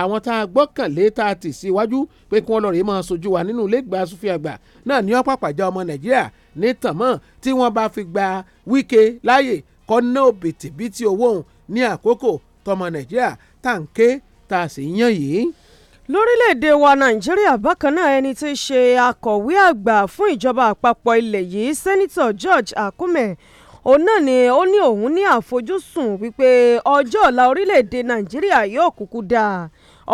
àwọn tá a gbọ́kànlé tá a tì síwájú pé kí wọ́n lọ rèé máa sojú wa nínú ilé ìgbà asòfin àgbà náà ní ọ̀pàpàjà ọmọ nàìjíríà ní tànmọ́ tí wọ́n bá fi gba wíkẹ́ láàyè kọ́ ná òbítíbitì owó òun ní àkókò tọmọ nàìjíríà tá à ń ké tá a sì ń yìí lórílẹ̀‐èdè wa nàìjíríà bákan náà ẹni tí í ṣe akọ̀wé àgbà fún ìjọba àpapọ̀ ilẹ̀ yìí sẹ́nitọ̀ George Akume òun náà ni ó ní òun ní àfojúsùn wípé ọjọ́ ọ̀la orílẹ̀-èdè nàìjíríà yóò kúkú dáa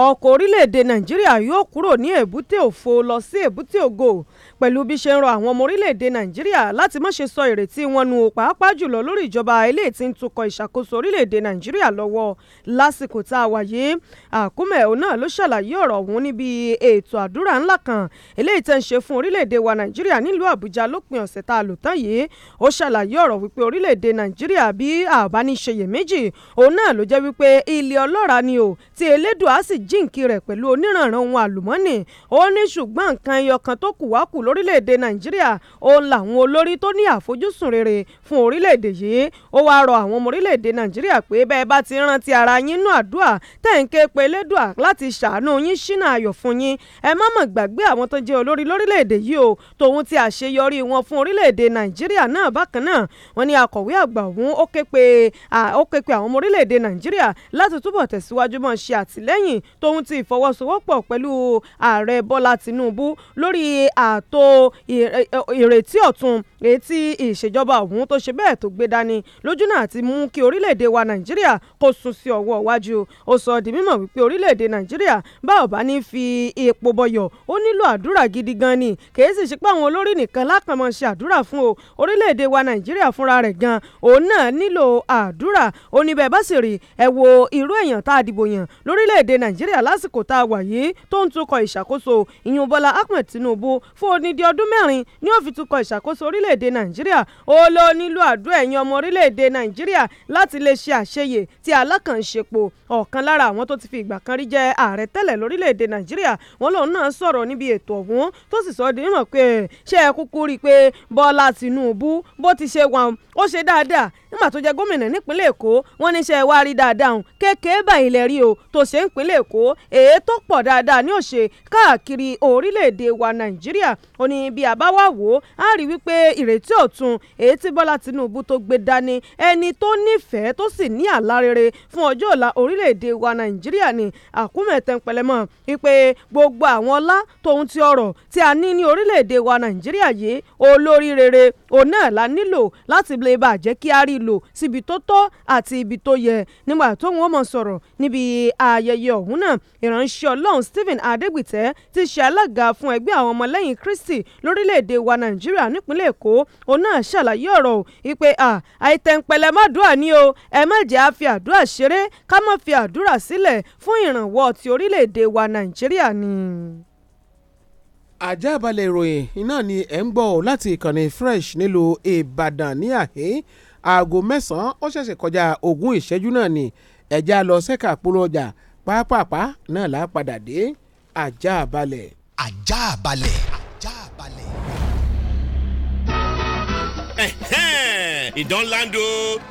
ọkọ̀ orílẹ̀-èdè nàìjíríà yóò kúrò ní èbúté òfo lọ sí èbúté ògo pẹ̀lú bí ṣe ń rọ àwọn ọmọ orílẹ̀-èdè nàìjíríà láti má ṣe sọ ìrètí wọn nù pàápàá jùlọ lórí ìjọba eléyìí tí ń tukọ̀ ìṣàkóso orílẹ̀-èdè nàìjíríà lọ́wọ́ lásìkò tá a wà yìí àkúmẹ̀ òun náà ló ṣàlàyé ọ̀rọ̀ ọ̀hún níbi ètò àdúrà ńlá kan eléyìí tẹ́ ń ṣe fún orílẹ̀-èdè wa nàìjíríà nílùú àbújá lópin ọ̀sẹ̀ tá a lò tán yìí ó ṣàlàyé ọ̀rọ̀ wípé orílẹ̀-èdè nàìjíríà bí àbániṣeyèméjì òun náà ló jẹ́ wípé ilẹ̀ ọlọ́ràá ni ò tí elédùn á sì jíǹkí rẹ̀ pẹ̀lú oníranran ohun àlùmọ́ọ́nì ó ní ṣùgbọ́n nǹkan ẹyọ kan tó kù wá kù lórílẹ̀‐èdè nàìjíríà òun làwọn olórí tó ní àfojúsùn rere fún orílẹ̀‐èdè yìí ó wáá rọ àwọn ọmọ orílẹ̀‐èdè nàìjíríà pé bẹ́ẹ̀ bá ti rántí ara yín nú àdúrà tẹ̀ ń ké pe elédùà láti ṣàánú yín ṣínà ayọ̀ fún yín ẹ má mọ̀ gbàgbé àwọn tó jẹ́ olórí lórílẹ̀‐èdè yìí o tòun ti àṣeyọrí wọn fún orílẹ̀‐èdè nàìjíríà náà bákan náà wọ́n ní akọ̀wé àgbà òun ó ké pe àwọn ọmọ orílẹ̀‐èdè nàìjíríà láti túbọ̀ tẹ̀síwájú mọ́ ṣe àtìlẹ́yìn tóun ti ìfọwọ́sowọ́pọ̀ pẹ̀lú ààrẹ bọ́lá tìǹbù lórí ààtò ìrètí ọ̀tun èyí tí ìṣèjọba ọ̀hún tó ṣe bẹ́ẹ̀ tó gbé dání lójú náà ti mú kí orílẹ̀-èdè wa nàìjíríà kó sún sí ọwọ́ iwájú ó sọ di mímọ̀ wípé orílẹ̀-èdè nàìjíríà bá ọ̀bá ní fi epo bọyọ̀ ó nílò àdúrà gidi gan ni kèé sì ṣe pé àwọn olórí nìkan lákàn ṣe àdúrà fún o orílẹ̀-èdè wa nàìjíríà fúnra rẹ̀ gan òun náà nílò àdúrà oníbẹ̀ bá sì rí ẹ wo irú èèyàn tá a dìbò yàn lórílẹ̀-èdè nàìjíríà nàìjíríà lásìkò tá a wà yìí tó ń tukọ̀ ìṣàkóso ìyún bọ́lá ahmed tinubu fún odidi ọdún mẹ́rin ni ó fi tukọ̀ ìṣàkóso orílẹ̀-èdè nàìjíríà ó ló nílò àdúrà ẹ̀yin ọmọ orílẹ̀-èdè nàìjíríà láti lè ṣe àṣeyè tí alákànṣepọ̀ ọ̀kan lára àwọn tó ti fi ìgbà kan rí jẹ́ ààrẹ tẹ́lẹ̀ lórílẹ̀-èdè nàìjíríà wọn lòun náà sọ̀rọ̀ níbi ètò ọ̀hún tó sì sọ di ó ṣe dáadáa nígbà tó jẹ gómìnà nípínlẹ̀ èkó wọ́n ní iṣẹ́ wa rí dáadáa hùn kékeré báyìí lẹ rí o tó ṣe ń pínlẹ̀ èkó èyí tó pọ̀ dáadáa ní òṣè káàkiri orílẹ̀-èdè wa nàìjíríà ó ní bí a bá wá wò ó á rí wípé ìrètí ọ̀tun èyí tí bọ́lá tinubu tó gbé dání ẹni tó nífẹ̀ẹ́ tó sì ní àlá rere fún ọjọ́ ọ̀la orílẹ̀-èdè wa nàìjíríà ni àkúmẹ̀tẹ̀ńpẹlẹmọ̀ wípé gbogbo àwọn ọlá tòun ti ọrọ̀ la nílò lè bàa jẹ́ kí a rí lò síbi tó tọ́ àti ibi tó yẹ nígbà tó wọn mọ̀ sọ̀rọ̀ níbi ayẹyẹ ọ̀hún náà ìránṣẹ́ ọlọ́run Stephen Adegbite ti ṣe alága fún ẹgbẹ́ àwọn ọmọlẹ́yìn Kristi lórílẹ̀ wa Nàìjíríà nípínlẹ̀ Èkó òun náà ṣàlàyé ọ̀rọ̀ ìpè à àìtẹ̀ǹpẹ̀lẹ̀ má dùà ní o ẹ má jẹ́ a àdúrà ṣeré ká má fi àdúrà sílẹ̀ fún ìrànwọ́ ti orílẹ̀ wa Nàìjíríà ni àjábalẹ̀ ìròyìn iná ni ẹ̀ ń gbọ́ láti ìkànnì fresh nílùú ìbàdàn ní àhín aago mẹ́sàn-án ó ṣẹ̀ṣẹ̀ kọjá ogún ìṣẹ́jú náà ni ẹ̀já lọ sẹ́ka polówó ọjà pápápá náà là á padà dé àjábalẹ̀. àjábalẹ̀. àjábalẹ̀. e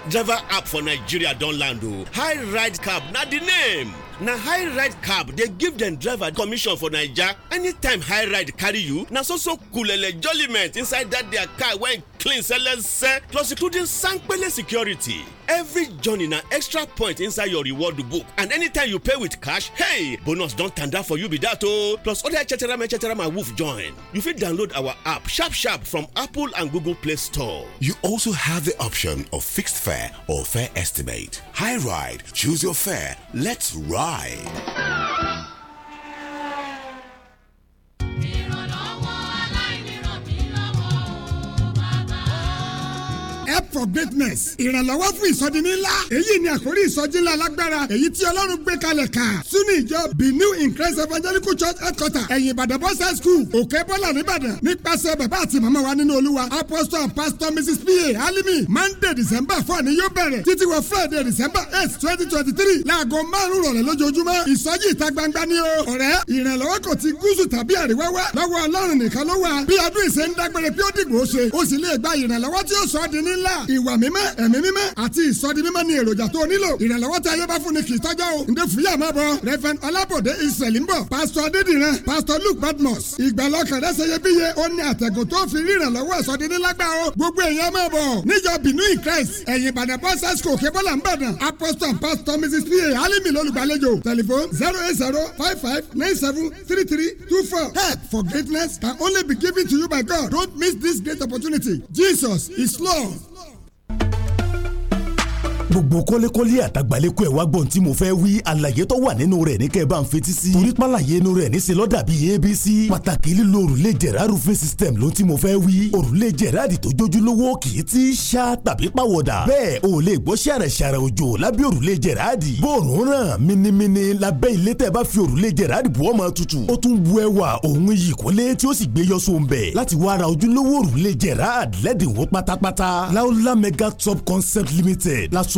driver app for nigeria don land o high ride cab na the name na high ride cab dey give dem driver commission for naija anytime high ride carry you na so so kulele jollyment inside dat their car wey clean selese plus including sanpele security every journey na extra point inside your reward book and anytime you pay with cash hey bonus don tanda for you be that o oh. plus other etcetera etcetera my woof join you fit download our app sharp sharp from apple and google play store. you also have the option of fixed fare or fare estimate high ride choose your fare let's ride. for greatness ìrànlọ́wọ́ fún ìsọdini ńlá èyí ni àkórí ìsọjí ńlá lágbára èyí tí ọlọ́run gbé kalẹ̀ ká súnú ìjọ Benin in Christ Evangelical Church headquarter ẹ̀yìn Ìbàdàn bọ́sẹ̀ school òkè bọ́là nìbàdàn nípasẹ̀ bàbá àti màmá wa nínú olúwa apostle and pastor mrs pa alimi monday december four ni yóò bẹ̀rẹ̀ títí wọ friday december eight twenty twenty three láago márùn rọ̀lẹ́ lójoojúmọ́ ìsọjí ìta gbangba ni o ọ̀rẹ́ ìrànlọ́wọ́ kò ti gúúsù tàbí àríwá wá lọ́wọ́ ọlọ́run nìkan ló wà bí ọdún ìṣe ń dágbére pé ó dìgbò ó ṣe ó sì lè gba ìrànlọ́wọ́ tí ó sọ ọ́ di ní ìwà mímọ́ ẹ̀mí mímọ́ àti ìsọdi mímọ́ ni èròjà tó nílò ìrànlọ́wọ́ tí ayé bá fún ni kì í tọ́jọ́ o ǹdẹ́ fúyà máa bọ̀ rẹ́fẹ̀n ọlábọ̀dé ìṣẹ̀lẹ̀ ń pásítọ̀ adédìran pásítọ̀ luke badmus ìgbàlọ́kàn rẹ̀ ṣeye bíye ó ní àtẹ̀gùn tó fi rírànlọ́wọ́ ìsọdi nílágbá o gbogbo èèyàn máa bọ̀ níjọ benin christ ẹ̀yìn ìbàdàn pọ́sás kò kébọ́là ń bàdàn apostol pastor mrs pa alimi lolùgbàlejò telephone zero eight zero five five nine seven three three two four help for greatness can only be given to you by God don't miss this great opportunity Jesus is Lord gbogbo kọ́lékọ́lé àtàgbàlékò ẹ̀ wá gbọ́n tí mo fẹ́ wí àlàyé tó wà nínú rẹ̀ ní kẹ́ẹ̀ bá ń fetí sí. torí pàlàyé inú rẹ̀ níṣẹ́ lọ́dà bíi abc pàtàkì lílo òrùlé jẹ̀rá roofing system ló tí mo fẹ́ wí. òrùlé jẹ̀rá àdì tó jójúlówó kì í ti ṣá tàbí pàwọ̀dà. bẹ́ẹ̀ o lè gbọ́ ṣàrẹ̀ ṣàrẹ̀ òjò lábẹ́ òrùlé jẹ̀rá àdì. bóòrùn ràn minimini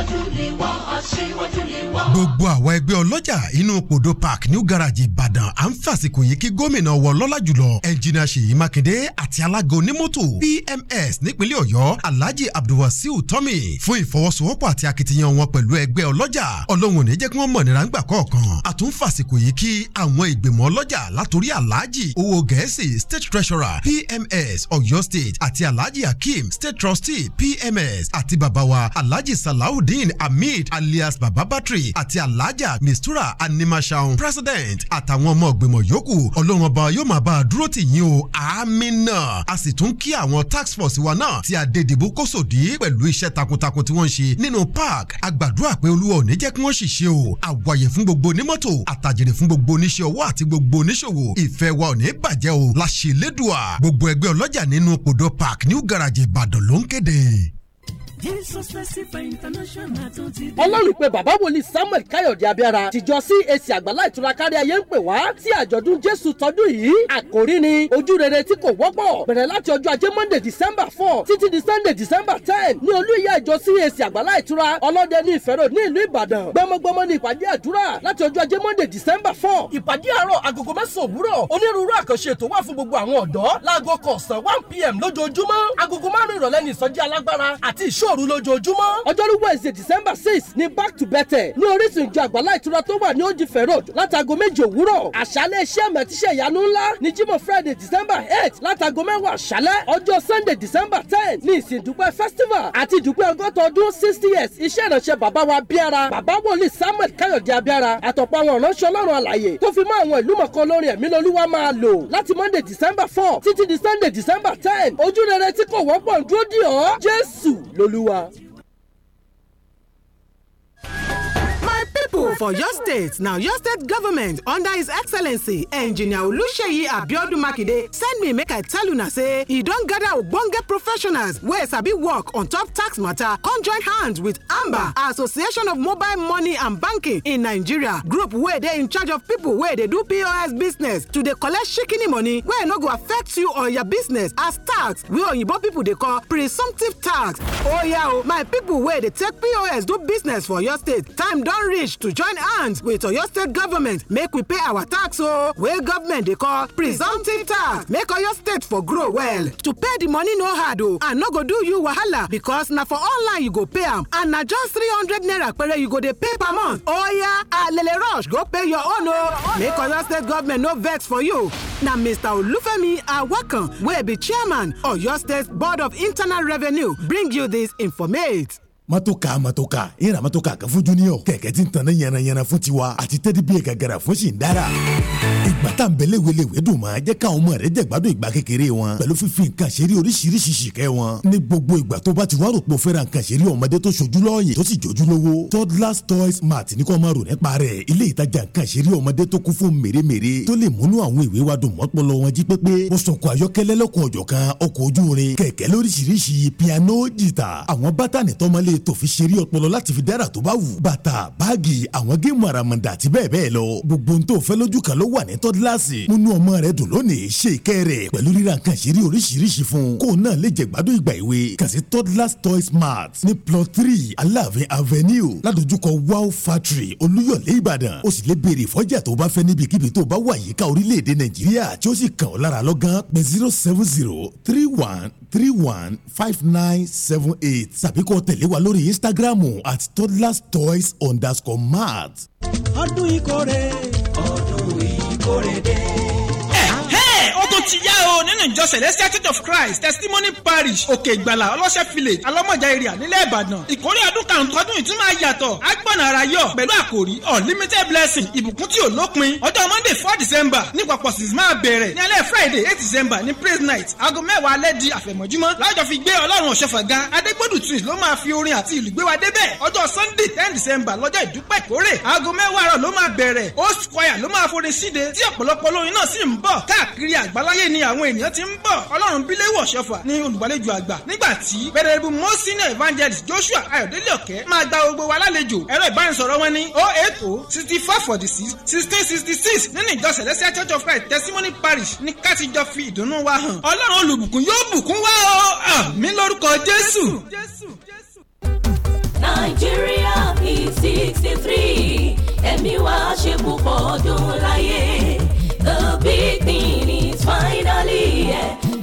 wajuli wao. gbogbo àwọn ẹgbẹ́ ọlọ́jà inú podo park new garage ìbàdàn à ń fàsìkò yìí kí gómìnà wọ lọ́lá jùlọ ẹnjìnà ṣèyí mákindé àti alága onímọ́tò pms nípínlẹ̀ ọ̀yọ́ alhaji abdulwasiu tọ́mì fún ìfọwọ́sowọ́pọ̀ àti akitiyan wọn pẹ̀lú ẹgbẹ́ ọlọ́jà ọlọ́run ò ní jẹ́ kí wọ́n mọ̀ nira ńgbà kọ̀ọ̀kan à tún fàsìkò yìí kí àwọn ìgbìmọ̀ ọlọ́jà látòrí alhaji owó gẹ̀ẹ́sì state treasurer pms ọ̀yọ́ state àti alhaji akeem state trustee pms àti bàbá wa alhaji salawudeen hamid ali alias baba battery àti alhaja mistura animashaun president àtàwọn ọmọ ìgbìmọ̀ yòókù ọlọ́run ọba yóò máa bá a dúró tì yín o àmín náà a sì tún kí àwọn tax force wa náà tí adédìbò kò sòdí pẹ̀lú iṣẹ́ takuntakun tí wọ́n ṣe nínú park àgbàdúrà pé olúwa ò ní jẹ́ kí wọ́n ṣìṣe o àwàyè fún gbogbo onímọ́tò àtàjèrè fún gbogbo oníṣẹ́ ọwọ́ àti gbogbo oníṣòwò ìfẹ́ wa ò ní bàjẹ́ o láṣẹ lẹ́dùà gbogbo ẹgbẹ́ ọlọ́jà nínú podo park new garage ìbàdàn ló ń kéde ọlọ́run bàbá wòlíì samuel káyọ̀dé abẹ́ra tìjọ CAC àgbàlá ìtura kárí ayé ń pè wá sí àjọ̀dún jésù tọdún yìí àkòrí ni ojú rere tí kò wọ́pọ̀ bẹ̀rẹ̀ láti ọjọ́ ajé monday december four títí di sunday december ten ní olú ìyá ìjọ CAC àgbàlá ìtura ọlọ́dẹ ní ìfẹ́rò ní ìlú ìbàdàn gbọmọgbọmọ ní ìpàdé àdúrà láti ọjọ́ ajé monday december four. ìpàdé àárọ̀ agogo mẹ́sàn-án òwúrọ̀ onírúurú àkànṣe ètò wà fún gbogbo àwọn one pm lójoojúmọ́ agogo márùn-ún ìrọ̀lẹ́ ní ìsọjí alágbára àti òru lójoojúmọ́. ọjọ́rú wẹ̀sì december six ni back to better ní orísun ìjọ àgbàlá ìtura tó wà ní old ife road látago méje òwúrọ̀ àṣálẹ̀ iṣẹ́ mẹ̀tíṣẹ́ ìyanu ńlá ní jímọ̀ friday december eight látago mẹ́wàá àṣálẹ̀ ọjọ́ sunday december ten ní ìsìn festival àti dúpẹ́ ọgọ́ta ọdún sixty years iṣẹ́ ìránṣẹ́ bàbá wa abíára bàbá wòlíì samuel káyọ̀dé abíára àtọ̀pọ̀ àwọn ìránṣẹ́ ọlọ́run àlàyé tó fi mọ́ àwọn ìlú mọ̀kọ́ lórin ẹ̀mí lolúwa monday december four títí sunday december ten ojú rere tí kò wọ́pọ̀ ń dúró dì ọ́ are. People for your state Now your state government under his excellency engineer oluseyi abiodun makinde send me make i tell una say e don gather ogbonge professionals wey sabi work on top tax matter come join hands with amba association of mobile money and banking in nigeria group where they're in charge of people where they do pos business to dey collect shikini money where no go affect you or your business as tax we wey oyibo people they call presumptive tax Oh yeah, oh, my people where they take pos do business for your state time don't reach urge to join hands with oyo state government make we pay our tax o oh, wey government dey call presumptive tax make oyo state for grow well to pay the money no hard o oh, and no go do you wahala because na for online you go pay am and na just three hundred naira pere you go dey pay per month oya alele rush go pay your own o oh. make oyo state government no vex for you na mr olufemi awakan wey be chairman oyo state board of internal revenue bring you dis informate matoka matoka ira matoka kan fún junior kẹ̀kẹ́ tí ń tanná yànnayànna fún tiwa àti tẹ́tí bíi gàgàrà fún sì ń dára. ìgbà tá n bẹ léwelèwe dùn máa jẹ́ káwọn ọmọ rẹ jẹ̀gbádùn ìgbà kékeré wọn pẹ̀lú fífi nǹkan ṣeré oríṣiríṣi ṣìkẹ́ wọn. ní gbogbo ìgbà tó bá ti wá rò pé o fẹ́ra nǹkan ṣeré ọmọdé tó ṣojú lọ́ọ̀yìn tó sì jọjú lówó toddlers toys mart ní kò máa rò nípa rẹ̀ ilé ìtajà nǹkan ṣeré ṣètò fi ṣeré ọpọlọ láti fi dára tó bá wù. bàtà báàgì àwọn géèmù àràmàǹdà àti bẹ́ẹ̀ bẹ́ẹ̀ lọ. gbogbo n tó fẹ́ lójú kan ló wà ní tọ́dílàsì. múnú ọmọ rẹ dùn lónìí ṣe ìkẹ́ rẹ̀ pẹ̀lú ríra nǹkan ṣeré oríṣiríṣi fún. kó náà lè jẹ gbádùn ìgbà ìwé kàn sí tọ́dílàsì toy smart ní plot three aláàfin avenue ládojúkọ wow factory olúyọ̀lé ìbàdàn. ó sì lè béèrè ìfọ́jà tó bá fẹ́ níbikíbi tó bá wà yíká orílẹ̀-èdè nàìjíríà tí ó sì zero seven zero three one three one five nine seven eight tàbí kó tẹ̀lé wa lórí Instagram at toddlers toys underscore mart. ọdún ìkórè ọdún ìkórè dé ó ti yá o nínú ìjọ celestial church of christ testimony parish òkè ìgbàlà ọlọ́sẹ̀ village alọ́mọjà area nílẹ̀ ìbàdàn ìkórè ọdún kan tọdún ìtumọ̀ àyàtọ̀ agbọ̀nà ara yọ pẹ̀lú àkòrí unlimited blessing ìbùkún tí ò lópin ọjọ́ monday four december ní papọ̀ sì máa bẹ̀rẹ̀ ní alẹ́ friday eight december ní praise night aago mẹ́wàá alẹ́ di àfẹ̀mọ́júmọ́ lájọ fi gbé ọlọ́run ọ̀ṣẹ́fọ̀gá adégbòdù twins ló máa fi orin àti ìlú gbé wa débẹ̀ ọjọ́ sunday ten december lọ́jọ́ ìdúpẹ́ ìkórè aago mẹ́wàá àárọ̀ ló máa bẹ̀rẹ̀ host choir ló máa forin síde tí ọ̀pọ̀lọpọ̀ olórin náà sì ń bọ̀ káàkiri àgbálá àbáyé ni àwọn ènìyàn ti ń bọ̀ ọlọ́run bíléwọ̀ ṣọfà ní olùgbàlejò àgbà nígbà tí bẹ̀rẹ̀rẹ̀bù mọ́sínà evangelist joshua ayọ̀délé ọ̀kẹ́ máa gba gbogbo wa lálejò ẹ̀rọ ìbánisọ̀rọ̀ wọn ní oh eight oh sixty four forty six sixteen sixty six nínú ìjọ celestial church of christ testimony parish ní kátijọ́ fi ìdùnnú wa hàn ọlọ́run olùbùkún yóò bùkún wa o àmín lórúkọ jésù. nàìjíríà p sixty three ẹ̀mí wa ṣe púpọ̀ ọdún láyé the big thing finally, yeah.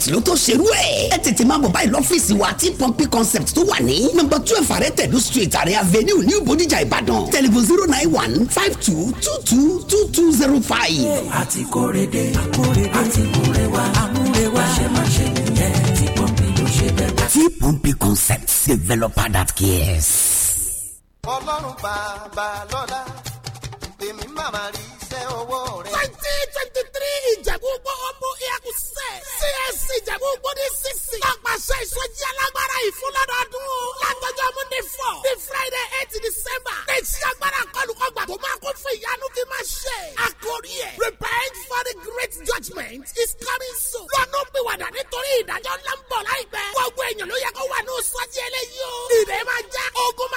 concept ló tó ṣerú ẹ̀. ẹ tètè máa bọ̀ báyìí lọ́fíìsì wa tí pọ́ńpì concept tó wà ní. nọ́mbà twelve àrẹ tẹ̀lú street àrẹ avenue new Bódìjà Ìbàdàn tẹlifon zero nine one five two two two two two zero five. àti kórede àkórede àti múrewa àmúrewa àṣemáṣe nìyẹn tí pọ́ńpì ló ṣe bẹ́ẹ̀. tí pọ́ńpì concept developer that cares. ọlọ́run bàbá lọ́la èmi máa rí iṣẹ́ ọwọ́ rẹ̀. twenty twenty ìjẹ̀bú-gbó ọmú ìyàkú csc ìjẹ̀bú-gbó ní sísì. tọpasẹ̀ ìsọjí alágbára ìfúnlọ́dọọdún. látọjọ́ monday four ní friday eight december. kẹ̀sí agbára kọlùkọgbà tó máa kún fún ìyanu kí máa ṣe. àkórí ẹ̀ repent for the great judgment is coming soon. lọ́nà pìwàdà nítorí ìdájọ́ ńlá ń bọ̀ láìpẹ́. gbogbo èèyàn ló yẹ kó wà ní ìsọjí eléyìí o. ìrẹ́ máa já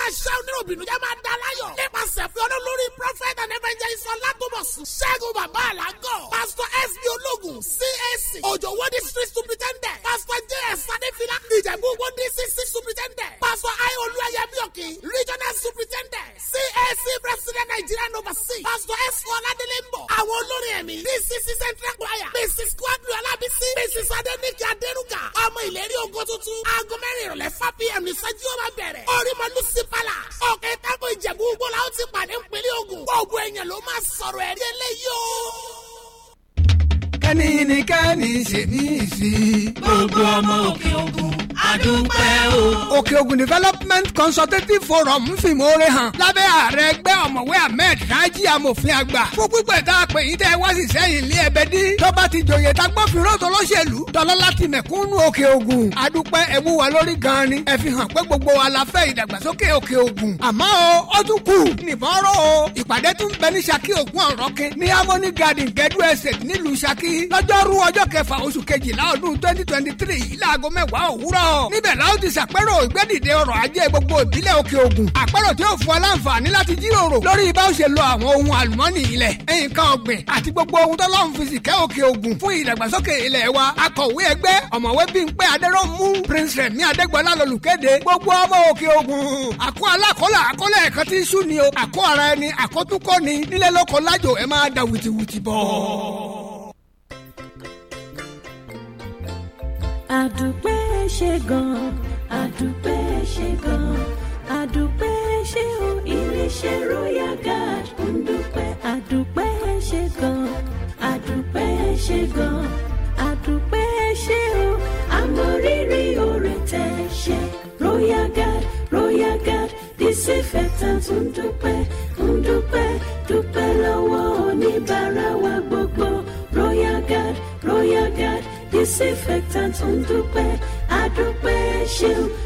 máa ṣẹ́ onírò ìbìnújẹ́ máa da láyọ̀. nípasẹ̀ fi ọdún lórí prophet and evangelist ọlátómọ̀sùn ṣẹ́gun bàbá àlágọ̀ pastor sb ológun cac òjòwò district superintendent pastor js adéfilá ìjẹ̀bú-ògbó dcc superintendent pastor ayé olúwayẹmí òkè regional superintendent cac president nigeria no C. pastor s ọládélé ń bọ̀ àwọn olórin ẹ̀mí dcc central choir mrs kwadu alábísí mrs adéníkì adérúkà ìlérí ogun tuntun. aago mẹ́rin ìrọ̀lẹ́ fà pm ní sẹ́jú ó bẹ̀rẹ̀. orímọ lucy ọ̀kẹ́ tako ìjẹ̀bú gbó la ó ti pàdé ńpínlẹ̀ ogun. gbogbo èèyàn ló máa sọ̀rọ̀ ẹ̀rí eléyìí o. kẹ́ni ni kẹ́ni ṣe ní ìsìn. gbogbo ọmọ òkè ogun àdúpẹ́ o. òkè ògùn development consultative forum ń fìmọ̀ọ́rẹ́ hàn lábẹ́ ààrẹ ẹgbẹ́ ọ̀mọ̀wé ahmed raji amòfin àgbà fún pípẹ́ tá a pè yín tẹ́ wá sí sẹ́yìn ilé ẹbẹ dín tọ́ba ti jòyè tagbófinró tọlọ́ṣẹ̀lú tọlọ́lá ti mẹ̀kúnnù òkè ògùn àdúpẹ́ ẹ̀mú wa lórí gan ni ẹ fi hàn pé gbogbo wa la fẹ́ ìdàgbàsókè òkè ògùn àmọ́ o ó tún kù nìbọn o ìpàdé tún bẹ ní Ṣakí ògùn ọ̀rọ̀kin ní harmony garden gẹ́dú estate nílùú Ṣakí lọ́jọ́rú ọjọ́ kẹfà oṣù kejìlá ọdún twenty twenty three láago mẹ́wàá òwúrọ̀ lọ. níbẹ̀ la ó ti ṣàpérò ìgbẹ́dìde ọrọ̀ ajé gbogbo ìbílẹ̀ òkè ògùn. àpérò tí ó fún ọ láǹfààní láti jíròrò lórí bá ó ṣe lo àwọn ohun àlùmọ́nì ilẹ̀ nǹkan ọ̀gbìn àti gbogbo ohun tó lọ́n fi sìkẹ́ òkè ògùn fún ìdàgbàsókè ilẹ̀ wa. akọ̀wé ẹgbẹ́ ọ̀mọ̀wé Bímpé Adéròmú Prince Rẹ̀mí Adégbọlá lolùkéde gbogbo ọmọ òkè ògùn. àkó alákọ̀ọ́lá àkọ́lẹ̀ kan ti sú ni o àkó ara ẹni àkótúkọ́ ni nílẹ̀ lóko lájò ẹ máa àdùpẹ́ ṣe gan àdùpẹ́ ṣe gan àdùpẹ́ ṣe o iléeṣẹ́ royal guard ń dúpẹ́ àdùpẹ́ ṣe gan àdùpẹ́ ṣe gan àdùpẹ́ ṣe o àmọ̀rírì oore tẹ̀ ṣe royal guard royal guard disinfectant ń dúpẹ́ ń dúpẹ́ dúpẹ́ lọ́wọ́ oníbàárà wa gbogbo royal guard royal guard disinfectant ń dúpẹ́ àdúpẹ́ ṣeun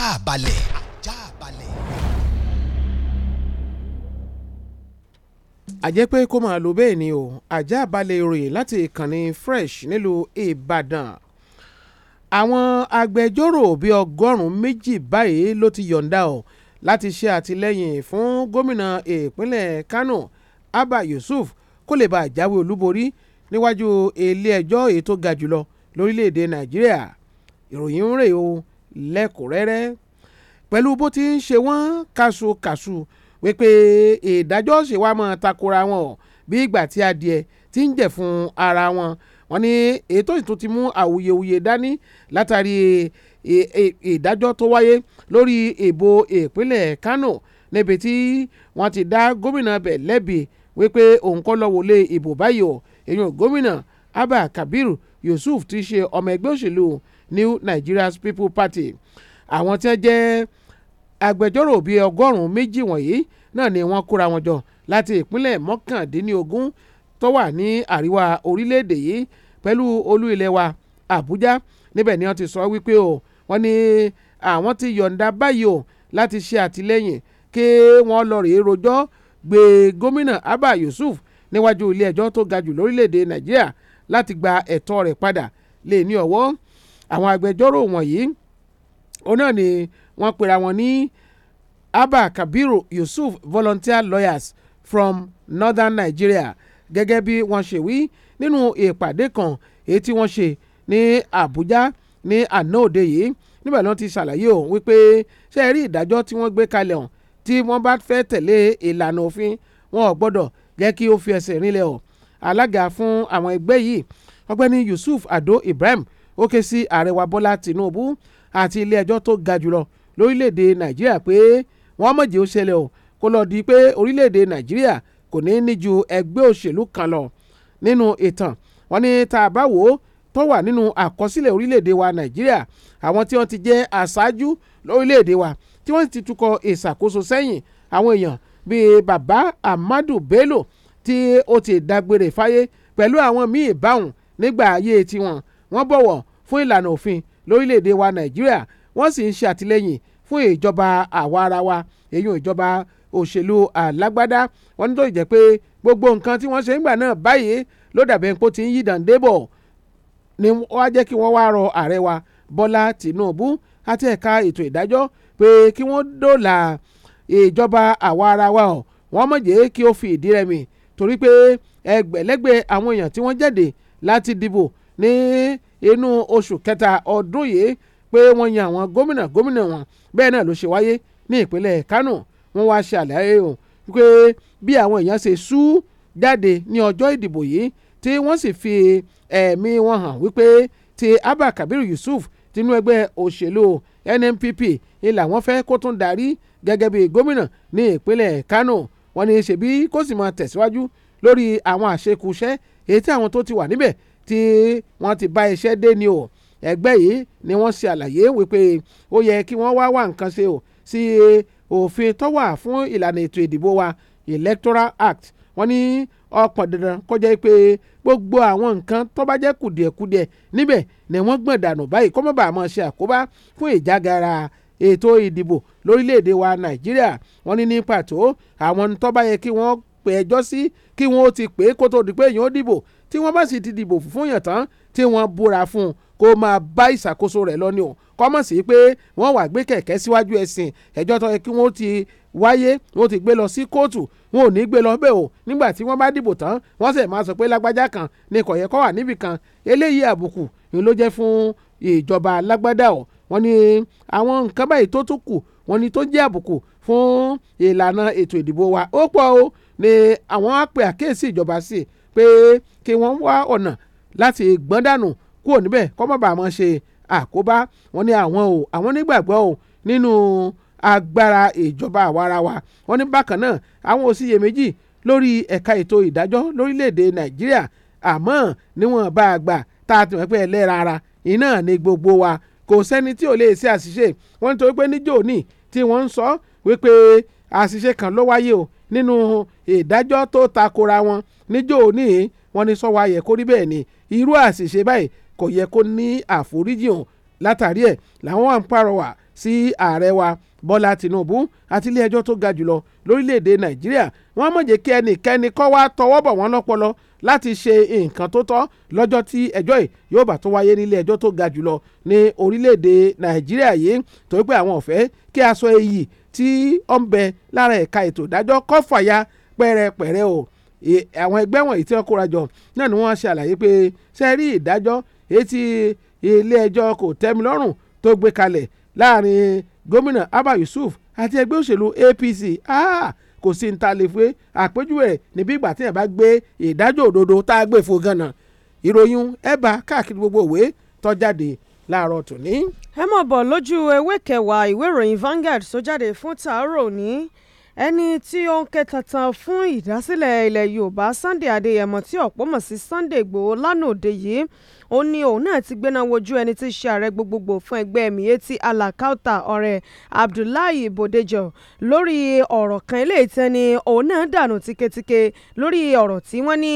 ajá balẹ̀. àjẹ́ pé kó máa lò bẹ́ẹ̀ ni o ajá balẹ̀ ìròyìn láti ìkànnì fresh nílùú Ìbàdàn àwọn agbẹjọ́rò bíi ọgọ́rùn-ún méjì báyìí ló ti yọ̀ǹda o láti ṣe àtìlẹ́yìn fún gómìnà ìpínlẹ̀ Kánò Abba Yusuf kó lè bá jáwé olúborí níwájú ilé ẹjọ́ èyí tó ga jùlọ lórílẹ̀‐èdè Nàìjíríà ìròyìn ń rè o lẹ́kùnrẹ́rẹ́ pẹ̀lú bó ti ń ṣe wọ́n kàṣùkàṣù wípé ìdájọ́ ṣe wá mọ́ takora wọn bí ìgbà tí adìẹ ti ń jẹ̀ fún ara wọn wọ́n ní ètò ìtún ti mú àwuyewuye dání látàrí e, e, ìdájọ́ tó wáyé lórí ìbò ìpínlẹ̀ Kánò níbi tí wọ́n ti dá gómìnà bẹ̀ lẹ́bi wípé òun kọ́ lọ wọlé ìbò báyìí o èyàn gómìnà Abba Kabir Yusuf ti ṣe ọmọ ẹgbẹ́ òṣèlú New Nigerian People Party àwọn tí wọ́n jẹ́ agbẹjọ́rò bíi ọgọ́rùn-ún méjì wọ̀nyí náà ni wọ́n kóra wọn jọ láti ìpínlẹ̀ mọ́kàndínlógún tó wà ní àríwá orílẹ̀-èdè yìí pẹ̀lú olú ilẹ̀ wa Àbújá níbẹ̀ ni wọ́n ti sọ wípé o wọ́n ní àwọn ti yọ̀ǹda báyìí o láti ṣe àtìlẹ́yìn kí wọ́n lọ rèé rojọ́ gbé gómìnà Abba Yusuf níwájú ilé ẹjọ́ tó ga jù lórílẹ̀‐èdè Nàìjíríà láti gba ẹ̀tọ́ rẹ̀ padà lè ní ọ̀wọ́ àwọn agbẹjọ́rò wọ̀nyí òun náà ni wọ́n pera wọn ní abba kabiru yusuf volunteer lawyers from northern nigeria gẹ́gẹ́ bí wọ́n ṣe wí nínú ìpàdé kan èyí tí wọ́n ṣe ní àbújá ní àná òde yìí níbẹ̀ ló ti ṣàlàyé òun wípé ṣe rí ìdájọ́ tí wọ́n gbé kalẹ̀ ọ̀hún tí wọ́n bá fẹ́ tẹ̀lé ìlànà òfin wọn ò gbọ́dọ̀ jẹ́ kí ó fi ẹsẹ̀ rinlẹ̀ o alága fún àwọn ẹgbẹ́ yìí ọgbẹ́ni yusuf ado ibrahim ó ké sí ààrẹ wa bọ́lá tìǹbù àti ilé ẹjọ́ tó ga jùlọ lórílẹ̀‐èdè nàìjíríà pé wọ́n mọ̀jẹ̀ ó ṣẹlẹ̀ o kó lọ di pé orílẹ̀‐èdè nàìjíríà kò ní ní ju ẹgbẹ́ òṣèlú kan lọ nínú ìtàn wọn ní tá a bá wò ó tó wà nínú àkọsílẹ̀ orílẹ̀‐èdè wa nàìjíríà àwọn tí wọ́n ti jẹ́ àṣáájú lórílẹ̀‐èdè wa tí wọ́n ti tukọ̀ ìṣàkóso sẹ́yìn àwọn èèyàn bíi baba Ahmadu Bello tí ó ti dágbére fáyé pẹ̀lú àwọn míì báwọn nígbà ayé tiwọn wọ́n bọ̀wọ̀ fún ìlànà òfin lórílẹ̀‐èdè wa nàìjíríà wọ́n sì ń ṣe àtìlẹ́yìn fún ìjọba àwa ara wa èyí ìjọba òṣèlú alágbádá wọ́n ní tó jẹ́ pé gbogbo nǹkan tí wọ́n ṣe ń gbà náà báyìí ló dàbẹ̀ pé ó ti ń yí dàn débọ̀ ni wọ́n á jẹ́ kí wọ́n wá rọ ààrẹ wa bọ́lá tìǹbù àti ẹ̀ka ètò ìdájọ́ pé kí wọ́n dóòlà ìjọba àwa ara wa ọ̀ wọ́n mọ̀ jẹ́ kí ó fi ìdí rẹmi torí pé ẹgbẹ̀lẹ́gbẹ̀ àwọn èèyàn tí wọ́n jáde láti dìbò ní inú oṣù kẹta ọdún yìí pé wọ́n yan àwọn gómìnà gómìnà wọn bẹ́ẹ̀ náà ló ṣe wáyé ní ìpínlẹ̀ Kánò wọ́n wá ṣe àlàyé o pé bí àwọn èèyàn ṣe sú jáde ní ọjọ́ ìdìbò yìí tí wọ́n sì fi ẹ̀mí wọn hàn wípé ti Abba Kabir Yusuf tinú ẹgbẹ́ òṣèlú NNPP ni làwọn fẹ́ kó tún darí gẹ́gẹ́ bí gómìnà ní ìpínlẹ̀ Kánò wọ́n ní ṣèbí kó sì máa tẹ̀síwájú lórí àwọn àṣekúṣẹ́ èyí tí àwọn tó ti wà níbẹ̀ tí wọ́n ti bá iṣẹ́ dé ni o ẹgbẹ́ yìí ni wọ́n ṣe àlàyé wípé ó yẹ kí wọ́n wá wá nǹkan ṣe o sí òfin tó wà fún ìlànà ètò ìdìbò wa electoral act wọ́n ní ọ̀pọ̀ dandan kó jẹ́ pé gbogbo àwọn nǹkan tó bá jẹ́ kùdìẹ̀kudiẹ níbẹ̀ ni wọ́n gbọ̀n dànù báyìí kó má bàa máa ṣe àkóbá fún ìjágara ètò ìdìbò lórílẹ̀‐èdè wa nàìjíríà wọ́n ní ní pàtó àwọn tó bá yẹ kí wọ́n pè ẹjọ́ sí kí wọ́n ti pè é kó tó di pé èèyàn ó dìbò tí wọ́n bá sì ti dìbò fún yàn tán tí wọ́n búra fún un kó máa bá ìṣàkóso rẹ̀ lọ ni o kọ́mọ̀ sí pé wọ́n wà gbé kẹ̀kẹ́ síwájú ẹ̀sìn ẹjọ́ tó yẹ kí wọ́n ti wáyé wọ́n ti gbé lọ sí kóòtù wọn ò ní gbé lọ bẹ́ẹ̀ o nígbà tí wọ́n bá dìbò tán wọ́n sì máa sọ pé lágbájá kan ni kò yẹ wà níbì kan eléyìí àbùkù ni ló jẹ́ fún ìjọba lágbádá o wọ́n ní àwọn nǹkan báyìí tó tún kù wọ́n ní tó jẹ́ àbùkù fún ìlànà ètò ìdìbò wa ó pọ̀ o ni àwọn á àkíyèsí ìjọba sí i pé kí wọ́n wá ọ̀nà láti gbọ́n dànù kúrò níbẹ̀ kọ́ mọ̀ bàá mọ̀ ṣe àkóbá wọn ní àwọn o àwọn nígbàgbọ́ o nínú agbára ìjọba àwarawa wọn ní bákan náà àwọn ò síyèméjì lórí ẹ̀ka ètò ìdájọ́ lórílẹ̀‐èdè nàìjíríà àmọ́ níwọ̀n bá a gbà tá a ti mọ̀ pé ẹlẹ́ra ara iná ni gbogbo wa kò sẹ́ni tí ò lè ṣe àṣìṣe wọ́n nítorí pé níjó ní tí wọ́n ń sọ wípé àṣìṣe kan ló wáyé o nínú ìdájọ́ tó takora wọn níjó òní wọ́n ní sọ́wọ́ ayẹ̀ kó rí ni irú àṣìṣe báyìí kò yẹ kó ní àforíjì hàn látàrí ẹ̀ làwọn wà ń pàrọwà sí ààrẹ wa Bọ́lá Tinubu àti ilé ẹjọ́ tó ga jùlọ lórílẹ̀‐èdè Nàìjíríà wọ́n mọ̀jẹ̀ kí ẹnikẹ́ni kọ́ wá tọwọ́ bọ̀ wọ́n lọ́pọlọ láti ṣe nǹkan tó tọ́ lọ́jọ́ tí ẹjọ́ yìí yóò bá tó wáyé nílé ẹjọ́ tó ga jùlọ ní orílẹ̀ Nàìjíríà yìí tó pé àwọn ọ̀fẹ́ kí aṣọ èyí tí ó ń bẹ lára ẹ̀ka ètò ìdájọ́ kọ́ fàya o àwọn ẹgbẹ́ wọ̀nyí tí wọ́n kóra jọ náà ni wọ́n ṣàlàyé pé ṣe rí ìdájọ́ etí ilé ẹjọ́ kò tẹ́milọ́rùn tó gbé kalẹ̀ láàrin gómìnà Abba Yusuf àti ẹgbẹ́ òṣèlú APC ah, kò sí ní ta lè fẹ́ àpéjúwe níbi ìgbà tí yẹn bá gbé ìdájọ́ òdodo tá a gbé fún ganan ìròyìn ẹ bá káàkiri gbogbo òwe tó jáde láàárọ̀ tòní. ẹ mọ̀ bọ̀ lójú ewé kẹwàá ìwé ìròyìn Vanguard sójáde fún tàárọ̀ òní ẹni tí ó ń ké tantan fún ìdásílẹ̀ ilẹ̀ yorùbá sunday adéyẹmọ tí ọ̀pọ̀ mọ̀ sí sunday igbòho lánàá òde yìí ó ní òun náà ti gbéná wojú ẹni tí í ṣe ààrẹ gbogbogbò fún ẹgbẹ́ miyetti allah kautal ọ̀rẹ́ abdullahi bodejo lórí ọ̀rọ̀ kan eléyìí tẹ́ni òun náà dànù tíketíke lórí ọ̀rọ̀ tí wọ́n ní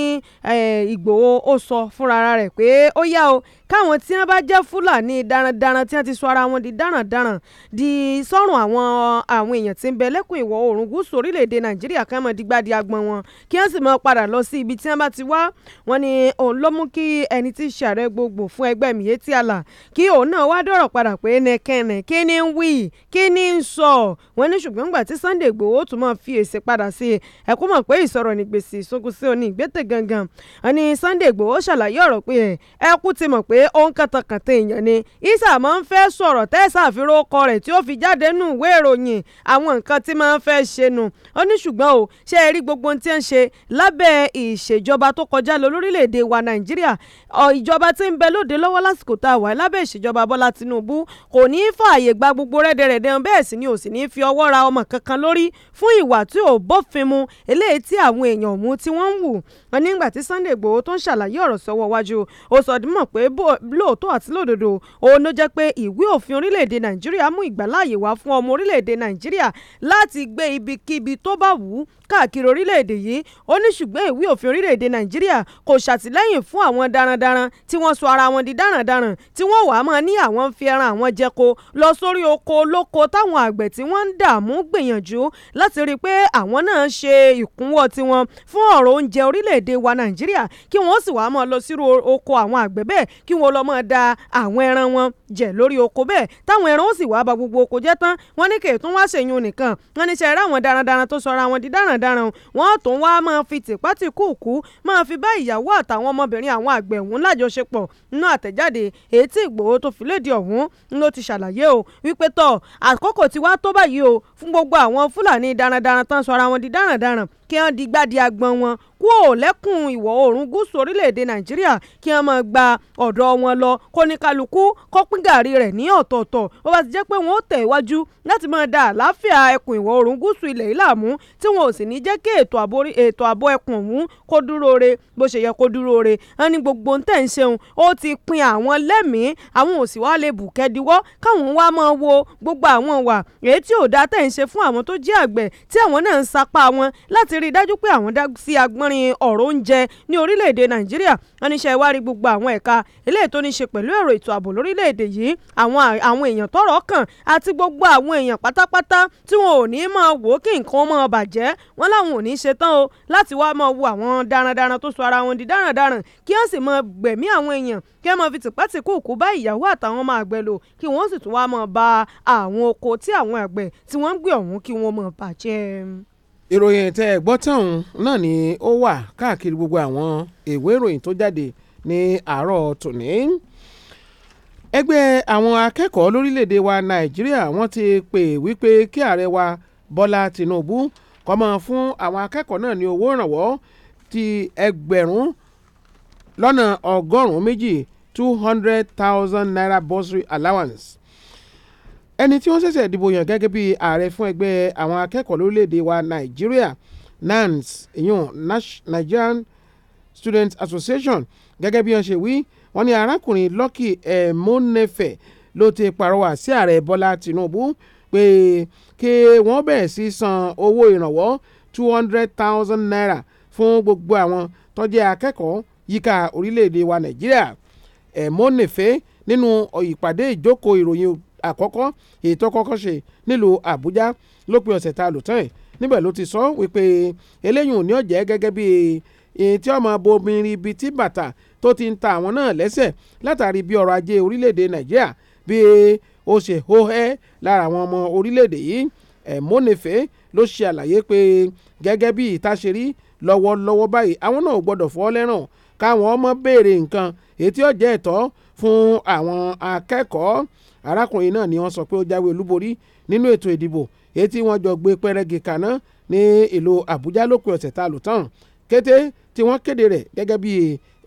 ìgbòho ó sọ fúnra rẹ̀ pé ó yá o káwọn tí wọ́n bá jẹ́ fúlàní darandaran tí wọ́n ti sọ ara wọn di darandaran di sọ́rùn àwọn àwọn èèyàn tí ń bẹ lẹ́kùn ìwọ̀ oòrùn gúúsù orílẹ̀-èdè nàìjíríà kan mọ̀ dígbàdí agbọ̀n wọn kí wọ́n sì mọ̀ padà lọ sí ibi tí wọ́n bá ti wá wọn ni òun ló mú kí ẹni tí í ṣe ààrẹ ààrẹ gbogbo fún ẹgbẹ́ Miyetti Allah kí òun náà wá dọ̀rọ̀ padà pé nìkẹ́nì kí ni ń wí kí ni ń sọ wọ́n ní ṣùgbọ́n gbà tí Sunday Igboho tún máa fi èsì padà sí i ẹ mọ̀ pé ìsọ̀rọ̀ ní gbèsè ìsókun sí òní ìgbésẹ̀ gangan ẹni Sunday Igboho ṣàlàyé ọ̀rọ̀ pé ẹ ti mọ̀ pé ó ń kàtàkàtà èèyàn ni isa máa ń fẹ́ sọ̀rọ̀ tẹ́sà àfihàn rẹ̀ tí ó fi jáde nù ìwé ìròyìn àwọn nǹkan tí máa ń fẹ́ ṣe nù ó ní ṣùgbọ́n o ṣe é rí gbogbo ohun tí ń ṣe lábẹ́ ìṣèjọba tó kọjá lọ wa Nàìjíríà ìjọba tí ń bẹ lóde lọ́wọ́ lásìkò tá a wà lábẹ́ ìṣèjọba Bọ́lá Tinubu kò ní í fààyè gba gbogbo rẹ́dẹ̀rẹ̀dẹ̀ bẹ́ẹ̀ sì ni ò sì ní í fi ọwọ́ ra ọmọ kankan lórí fún ìwà tí ò bófin mu eléyìí tí àwọn èèyàn mú tí wọ́n ń wù wọn nígbà tí Sunday Igbòho tó ń ṣàlàyé ọ̀rọ̀ sọ́wọ́ wájú ó sọ dímọ̀ pé lóòótọ́ àti lódodo òun ló jẹ́ pé ìwé òfin orílẹ̀-èdè Nàìjíríà mú ìgbàláàyè wá fún ọmọ orílẹ̀-èdè Nàìjíríà láti gbé ibikíbi tó bá wù ú káàkiri orílẹ̀-èdè yìí ó ní ṣùgbọ́n ìwé òfin orílẹ̀-èdè nàìjíríà kò ṣàtìlẹ́yìn fún àwọn darandaran tí wọ́n sọ ara wọn di darandaran tí wọ́n wàá máa ní àwọn fi ẹran àwọn jẹko lọ sórí oko olóko táwọn àgbẹ̀ tí wọ́n ń dààmú gbìyànjú láti rí i pé àwọn náà ṣe ìkúnwọ́ tiwọn fún ọ̀rọ̀ oúnjẹ orílẹ̀-èdè wa nàìjíríà kí wọ́n sì wàá máa lọ sírú oko àwọn àgbẹ̀ bẹ́ẹ̀ kí wọ́n lọ máa da àwọn ẹran wọn jẹ lórí oko bẹ́ẹ̀ táwọn ẹran ó sì wàá ba gbogbo oko jẹ́ darandaran wọ́n tún wá máa fi tìpátìkúùkú máa fi bá ìyàwó àtàwọn ọmọbìnrin àwọn àgbẹ̀ ọ̀hún lájọṣepọ̀ nínú àtẹ̀jáde èyí tí Ìgbòho tó fi léde ọ̀hún ló ti ṣàlàyé o wípé tọ́ àkókò tí wá tó báyìí o fún gbogbo àwọn Fúlàní darandaran tán sọ ara wọn di darandaran kí wọ́n di gbádi agbọn wọn kúò lẹ́kùn ìwọ̀ oòrùn gúúsù orílẹ̀-èdè nàìjíríà kí wọ́n máa gba ọ̀dọ̀ wọn lọ kó ní kálukú kó pín gàrí rẹ̀ ní ọ̀tọ̀ọ̀tọ̀ ó bá ti jẹ́ pé wọ́n ó tẹ̀ iwájú láti máa da àlàáfíà ẹkùn ìwọ̀ oòrùn gúúsù ilẹ̀ yìí láàmú tí wọn ò sì ní jẹ́ kí ètò ààbò ẹkùn ọ̀hún kó dúró re bó ṣe yẹ kó dúró re wọn ní gbogbo ń tẹ̀ ń ṣeun ó ti pin àwọn lẹ́mìí àwọn ò sì wá lè bù kẹ́díwọ́ káwọn wá máa wo gbogbo àwọn wà èyí tí ò dá tẹ̀ ń ṣe fún àwọn tó jẹ́ àgbẹ̀ tí àwọn náà ń sapá wọn láti rí i dájú pé àwọn dá sí agbọ́nrin láàrin ọ̀rọ̀ oúnjẹ ní orílẹ̀-èdè nàìjíríà wọ́n ní ṣe wá rí gbogbo àwọn ẹ̀ka eléyìí tó ní ṣe pẹ̀lú ẹ̀rọ ètò ààbò lórílẹ̀-èdè yìí àwọn àwọn èèyàn tọ́rọ̀ kàn àti gbogbo àwọn èèyàn pátápátá tí wọn ò ní máa wò ó kí nǹkan máa bàjẹ́ wọ́n láwọn ò ní ṣe tán o láti wá máa wo àwọn darandaran tó sọ ara wọn di darandaran kí wọ́n sì máa gbẹ̀mí àwọn èèyàn kí wọ́n máa fi tìpátìkù kú bá ìyàwó àtàwọn ọmọ àgbẹ̀ lò kí wọ́n sì tún wá máa ba àwọn oko tí àwọn àgbẹ̀ tí wọ́n ń gbé ọ̀hún kí wọ́n máa bàjẹ́ ìròyìn tẹ́ ẹ gbọ́ tán náà ni ó wà káàkiri gbogbo àwọn ìwé ìròyìn tó jáde ní àárọ̀ tòní ẹgbẹ́ àwọn akẹ́kọ̀ọ́ lórílẹ̀‐èdè wa nàìjíríà wọ́n ti pè wípé kí ààrẹ wa bọ́lá tìǹbù kọ́mọ fún àwọn akẹ́kọ̀ọ́ náà ní owó ìrànwọ́ ti ẹgbẹ̀rún lọ́nà ọgọ́rùn-ún méjì two hundred thousand naira bursary allowance ẹni tí wọ́n ṣẹ̀ṣẹ̀ dìbò yàn gẹ́gẹ́ bí ààrẹ fún ẹgbẹ́ àwọn akẹ́kọ̀ọ́ lórílẹ̀‐èdè wa nàìjíríà NANS ìyún Nigerian Students Association gẹ́gẹ́ bí wọ́n ṣe wí wọ́n ní arákùnrin Lucky Emonefe ló ti pàrọwà sí ààrẹ Bọ́lá Tinubu pé kí wọ́n bẹ̀rẹ̀ sí san owó ìrànwọ́ two hundred thousand naira fún gbogbo àwọn tó jẹ́ akẹ́kọ̀ọ́ yíká orílẹ̀-èdè wa nàìjíríà Emonefe nínú ìpàdé ìjókòó ìròyìn àkọ́kọ́ èyí tó kọ́kọ́ ṣe nílùú Àbújá lópin ọ̀sẹ̀ tá a lò tán ẹ̀ níbẹ̀ ló ti sọ wípé eléyìí ò ní ọ̀jẹ́ gẹ́gẹ́ bí èyí tí ọmọ bomirin ibi tí bàtà tó ti ń ta àwọn náà lẹ́sẹ̀ látàrí bí ọrọ̀ ajé orílẹ̀-èdè Nàìjíríà bí ó ṣe hó ẹ́ lára àwọn ọmọ orílẹ̀-èdè yìí ẹ̀mọ́nefẹ́ ló ṣe àlàyé pé gẹ́gẹ́ bí ìtaṣerí lọ́wọ́lọ́wọ́ báyìí àwọn náà gbọ́dọ̀ fọ́ lẹ́ràn káwọn ọmọ béèrè nǹkan èyí tí ó ẹ̀tọ́ fún àwọn akẹ́kọ̀ọ́ arákùnrin náà ni wọ́n sọ pé ó jáwé olúborí nínú ètò ìdìbò èyí tí wọ́n jọ gbé pẹ́rẹ́gì kaná ní ìlú àbújá lópin ọ̀sẹ̀ tá a lò tán kété tí wọ́n kéde rẹ̀ gẹ́gẹ́ bí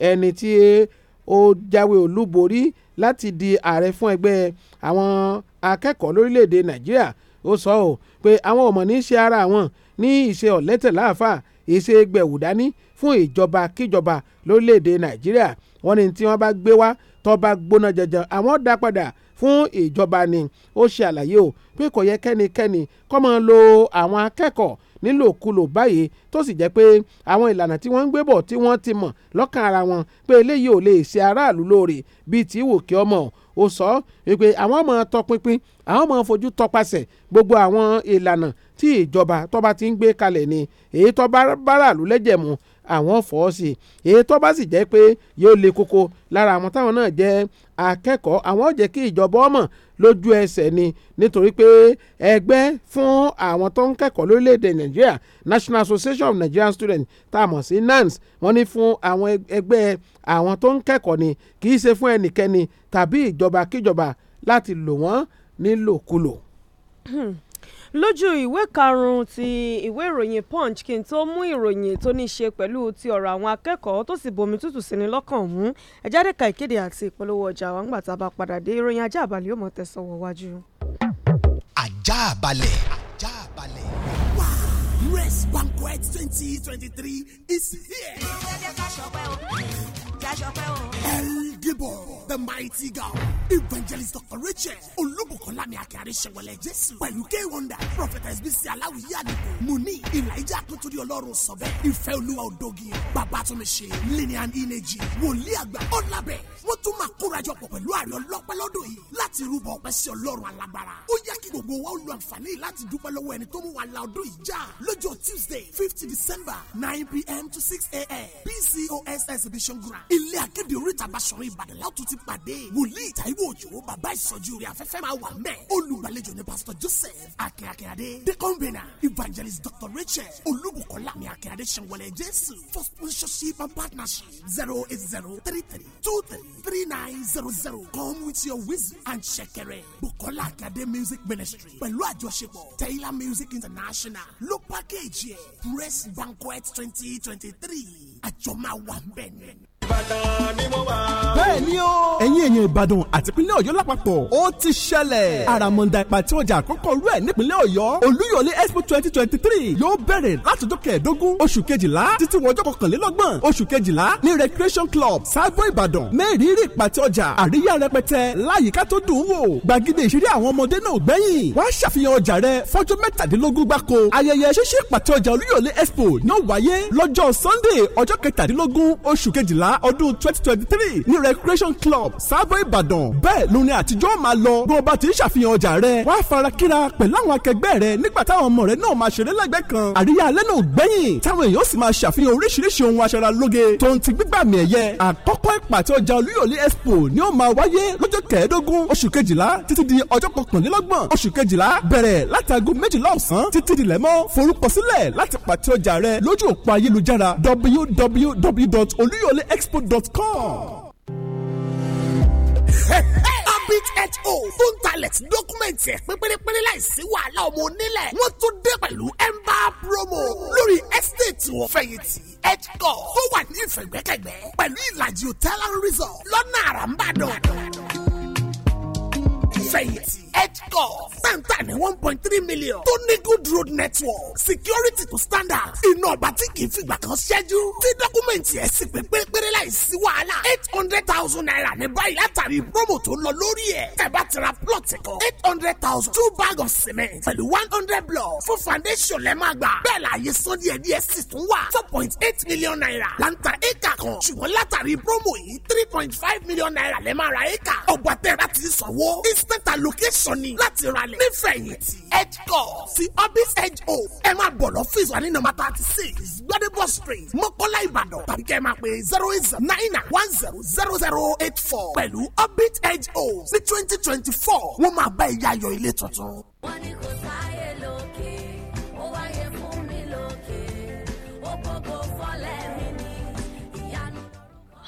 ẹni tí ó jáwé olúborí láti di ààrẹ fún ẹgbẹ́ àwọn akẹ́kọ̀ọ́ lórílẹ̀‐èdè nàìjíríà ó sọ ọ́ pé àwọn ọmọ ní í ṣe ara àwọn ní ìṣe ọ̀lẹ́tẹ̀ láàfáà ìṣe gbẹ̀wùdání fún ìjọba kíjọba lórílẹ̀‐èdè nàìjíríà wọ́n ní tí wọ́n bá gbé wá tó bá gbóná jẹjẹ àwọn dá padà fún ìjọba ni ó ṣe àlàyé o pé kò yẹ kẹ́nikẹ́ni kó máa lo àwọn akẹ́kọ̀ọ́ nílòkulò báyìí tó sì jẹ́ pé àwọn ìlànà tí wọ́n ń gbé bọ̀ tí wọ́n ti mọ̀ lọ́kàn ara wọn pé eléyìí ò lè ṣe aráàlú lóore bíi tí wò kí ọmọ ó sọ wípé àwọn ọmọ tọpinpin àwọn ọmọ fojú tọpasẹ̀ gbogbo àwọn ìlànà tí ìjọba tó ti ń gbé kalẹ̀ ni èyí tó bá báràlú lẹ́jẹ̀ mu àwọn fọ́ sí i èyí tó bá sì jẹ́ pé yóò le koko lára àwọn táwọn náà jẹ́ akẹ́kọ̀ọ́ àwọn jẹ́ kí ìjọba ọmọ lójú ẹsẹ̀ ni nítorí pé ẹgbẹ́ fún àwọn tó ń kẹ́kọ̀ọ́ lórílẹ̀‐èdè Nàìjíríà National Association of Nigerian Students tá a mọ̀ sí NANS wọ́n ní fún àwọn ẹgbẹ́ àwọn tó ń kẹ́kọ̀ọ́ ni kì í ṣe fún ẹnikẹ́ni tàbí ìjọba kíjọba láti lò wọ́n nílòkulò. Hmm lójú ìwé karùn-ún ti ìwé ìròyìn punch kí n tó mú ìròyìn tó ní í ṣe pẹ̀lú ti ọ̀rọ̀ àwọn akẹ́kọ̀ọ́ tó sì bomi tútù sí ni lọ́kàn mú ẹ jáde ka ìkéde àti ìpolówó ọjà wa ńgbà tá a bá padà dé ìròyìn ajá àbálẹ̀ yóò mọ̀ tẹ̀sán wọ̀ wájú. ajá àbálẹ̀. ajá àbálẹ̀. wow US banquet twenty twenty three is here dájọpẹ́ o. the mighty God evangelist Dr. Richard Olúbùkọ́lá ni akẹ́rẹ́ ṣẹ̀wọ̀lẹ̀ Jésù pẹ̀lú K-Wonder prophetess Bisi Aláwìyí Àdìgún Muni Elijah Akíntúndí Ọlọ́run Sọ̀bẹ́ Ìfẹ́ Olúwa Òdògì Babatunmise Lillian Ineji Wòlíì Àgbà Ọ̀làbẹ̀ wọ́n tún máa kórajọ pọ̀ pẹ̀lú àrẹ ọlọ́pẹ́ lọ́dọ̀ yìí láti rúbọ ọpẹ́ sí Ọlọ́run alágbára. Ó yẹ kí gbogbo wa ó lo àǹfààní láti dúpẹ́ lọ́wọ́ ẹni tó mú wa la ọdún yìí já lọ́jọ́ Tuesday fifty December nine pm to six am PCOS exhibition ground ilé akéde oríta Basọ̀run Ìbàdàn láti ti pàdé wòlíì Táíwò Òjó bàbá ìsọjí orí afẹ́fẹ́ máa wà mẹ́ olùgbàlejò ni pásítọ̀ Joseph akínyàkínyàdé dekonbena evangelist Dr. Rachel olúbùkọ́lá mi akínyàdé sẹ́wọ̀lẹ̀ Jésù for sponsorship and partnership zero eight zero three three two three three nine zero zero come with your wisdom and ṣẹ̀kẹ̀rẹ̀ Bukola akínyàdé music ministry pẹ̀lú àjọṣepọ̀ Taylor music international ló pàkéjì ẹ̀ press banquet twenty twenty three àjọ máa wà ń ìbàdàn ni mo wà. bẹ́ẹ̀ni o ẹ̀yin èèyàn ìbàdàn àti ìpínlẹ̀ ọ̀yọ́ lápapọ̀ ó ti ṣẹlẹ̀ àràmọ̀ǹdà ìpàtí ọjà àkọ́kọ́ rú ẹ̀ nípínlẹ̀ ọ̀yọ́ olúyọ̀lé expo twenty twenty three yóò bẹ̀rẹ̀ látọjọ́ kẹẹ̀ẹ́dógún oṣù kejìlá títí wọ́n ọjọ́ kọkànlélọ́gbọ̀n oṣù kejìlá ní recreation club sábọ̀ ìbàdàn mẹ́rìírí ìpàtí ọjà àríyá rẹpẹtẹ láyìíká tó dùn wò gbàgede ìṣeré àwọn ọmọdé náà gbẹ̀yìn wá ṣàfihàn ọjà rẹ fọ́jọ́ mẹ́tàdínlógún gbáko ayẹyẹ ṣíṣe ìpàtí ọjà olúyọ̀lé expo ní ó wáyé lọ́jọ́ sunday kejìlá ọdún twenty twenty three ní recreation club sábò ìbàdàn bẹ́ẹ̀ lóni àtijọ́ máa lọ bí wọ́n bá ti ń ṣàfihàn ọjà rẹ̀ wá fara kíra pẹ̀lú àwọn akẹgbẹ́ rẹ̀ nígbà táwọn ọmọ rẹ̀ náà máa ṣeré lẹ́gbẹ̀ẹ́ kan àríyá alẹ́ náà gbẹ̀yìn táwọn èèyàn sì máa ṣàfihàn oríṣiríṣi ohun aṣaralóge tó ń ti gbígbàmì ẹ̀yẹ àkọ́kọ́ ìpàtẹ ọjà olúyọ̀lé expo ni ó máa wáyé lọ́jọ́ kẹẹ̀ẹ́dógún oṣù kejìlá títí di ọjọ́ kọkànlélọ́gbọ̀n oṣù kejìlá bẹ̀rẹ̀ látago méjìlá ọ̀sán títí dilẹ̀ mọ́ forúkọsílẹ̀ láti pàtẹ ọjà rẹ̀ lójú òpó ayélujára www.oluyọlex expo.com. Habit HO fún talent dọ́kúmẹ̀ntì ẹ̀ pínpínlẹ́pínlẹ́ láìsí wàhálà ọmọ onílẹ̀ wọ́n tún dé pẹ̀lú emba promo lórí estate wọn fẹ̀yìntì HO tó wà ní ìfẹ̀gbẹ́kẹ̀gbẹ́ pẹ̀lú ìlàjì hotel and resort lọ́nà àràmbàdàn fẹ̀yìntì edgecorp tẹ́ǹtà ní one point three million tó ní good road network security to standard iná ọba tí kì í fìgbà kan ṣẹ́jú tí dọ́kúmẹ̀ntì ẹ̀ sì pé pérépéré láì wàhálà eight hundred thousand naira ní báyìí látàrí promo tó lọ lórí ẹ̀ tẹ̀bá ti ra plot kan eight hundred thousand two bag of cement pẹ̀lú one hundred block fún foundation lẹ́ máa gbà bẹ́ẹ̀ la àyè sọ díẹ̀ díẹ̀ sì tún wà four point eight million naira láǹtà éka kan ṣùgbọ́n látàrí promo yìí three point five million naira lẹ́ máa ra éka ọ̀gbọ̀n tẹ̀ra ti sọ̀wọ́ instant allocation ni láti ralẹ̀ nífẹ̀yìntì edgore sí orbis edge o ẹ máa bọ̀ lọ́fíìsì wa ní nọ́mbà thirty six gbadebo street mọ́kọ́lá ìbàdàn tàbí kẹ́ ẹ máa pè zero eight zero nine nine one zero zero zero eight four pẹ̀lú orbit edge o sí twenty twenty four wọ́n máa bá ẹ̀yà ayọ̀ ilé tuntun. wọ́n ní kò sáyé.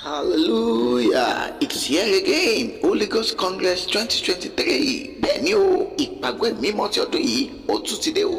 hallelujah it's here again holy ghost congress twenty twenty three bẹ́ẹ̀ ni o ìpàgọ́ ẹ̀mí mímọ́ ti ọdún yìí ó tún ti dé o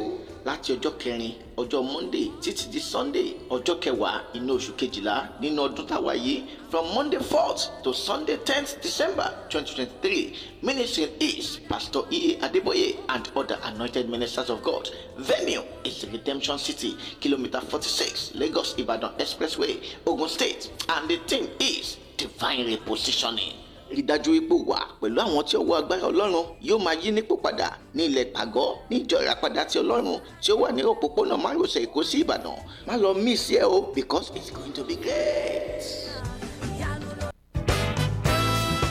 láti ọjọ́ kẹrin ọjọ́ monday títí di sunday ọjọ́ kẹwàá inú oṣù kejìlá nínú ọdún táwa yìí from monday fourth to sunday tenth december twenty twenty three ministering is pastor iye adeboye and other anointed ministers of god venue is redemption city kilometre forty-six lagos ibadan expressway ogun state and the theme is divine repositioning rí dájú wà pẹ̀lú àwọn tí ọwọ́ agbára ọlọ́run yóò máa yí nípò padà ní ilẹ̀ pàgọ́ ní ìjọ ìràpadà ti ọlọ́run tí ó wà ní òpópónà márosẹ̀ èkó sí ìbàdàn má lọ mí sí ẹ o because it's going to be great.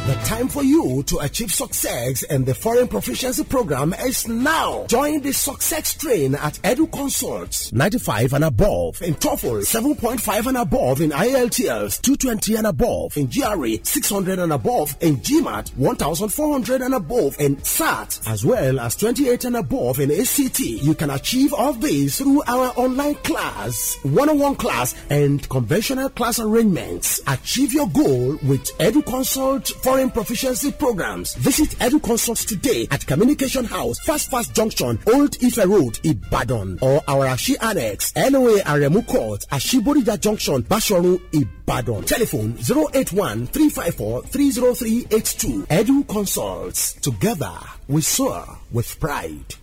The time for you to achieve success in the foreign proficiency program is now. Join the success train at Edu Consults 95 and above in TOEFL 7.5 and above in IELTS 220 and above in GRE 600 and above in GMAT 1400 and above in SAT as well as 28 and above in ACT. You can achieve all these through our online class, one-on-one class and conventional class arrangements. Achieve your goal with Edu Consult for foreign proficiency programs. Visit EduConsult today at Communication House, Fast Fast Junction, Old Ife Road, Ibadan, or our Ashi Annex, NOA Aremu Court, Ashiborija Junction, Bashoru, Ibadan. Telephone 081 354 30382. Edu Consults. Together, we soar with pride.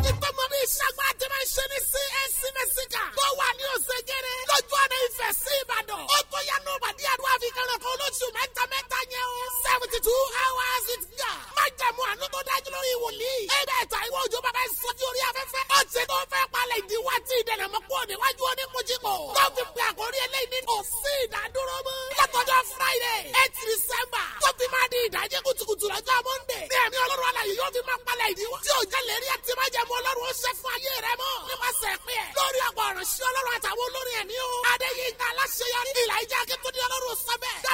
ẹyin tó mọ máa ń ṣe ní csc tó wà ní lójú ọ̀nà ìfẹ́ sí ìbàdàn ó tó yánú olóṣù mẹ́ta mẹ́ta yẹn o. seventy two hours with God. má jẹ̀mú àánú tó dájú lórí wòlíì. ẹ bẹ́ẹ̀ ta ìwọ òjò bàbá ẹ̀ sọ́jú orí afẹ́fẹ́. ó ti tó fẹ́ palẹ̀ ìdíwọ́ tí ìdẹ̀nàmọ́ kúrò níwájú oníkùnjìkò. tó fi pe àkórí eléyìí ní kò sí ìdádúró mọ́. látọjọ́ friday eight december. tó fi máa di ìdájí kùtùkùtù lọ́jọ́ monday. ní ẹ̀mí ọlọ́run alàyè yóò fi máa palẹ̀ ìdíwọ́. tí ò jẹ́ lérí àti má jẹ̀mú ọlọ́run ó ṣe fún ayé rẹ mọ́. nípasẹ̀ pé ẹ̀. lórí ọ̀pọ̀ ọ̀rọ̀ sí ọlọ́run àtàwọn olórin ẹ̀mí o. adéyínká aláṣeyọrí. ìlà ìjà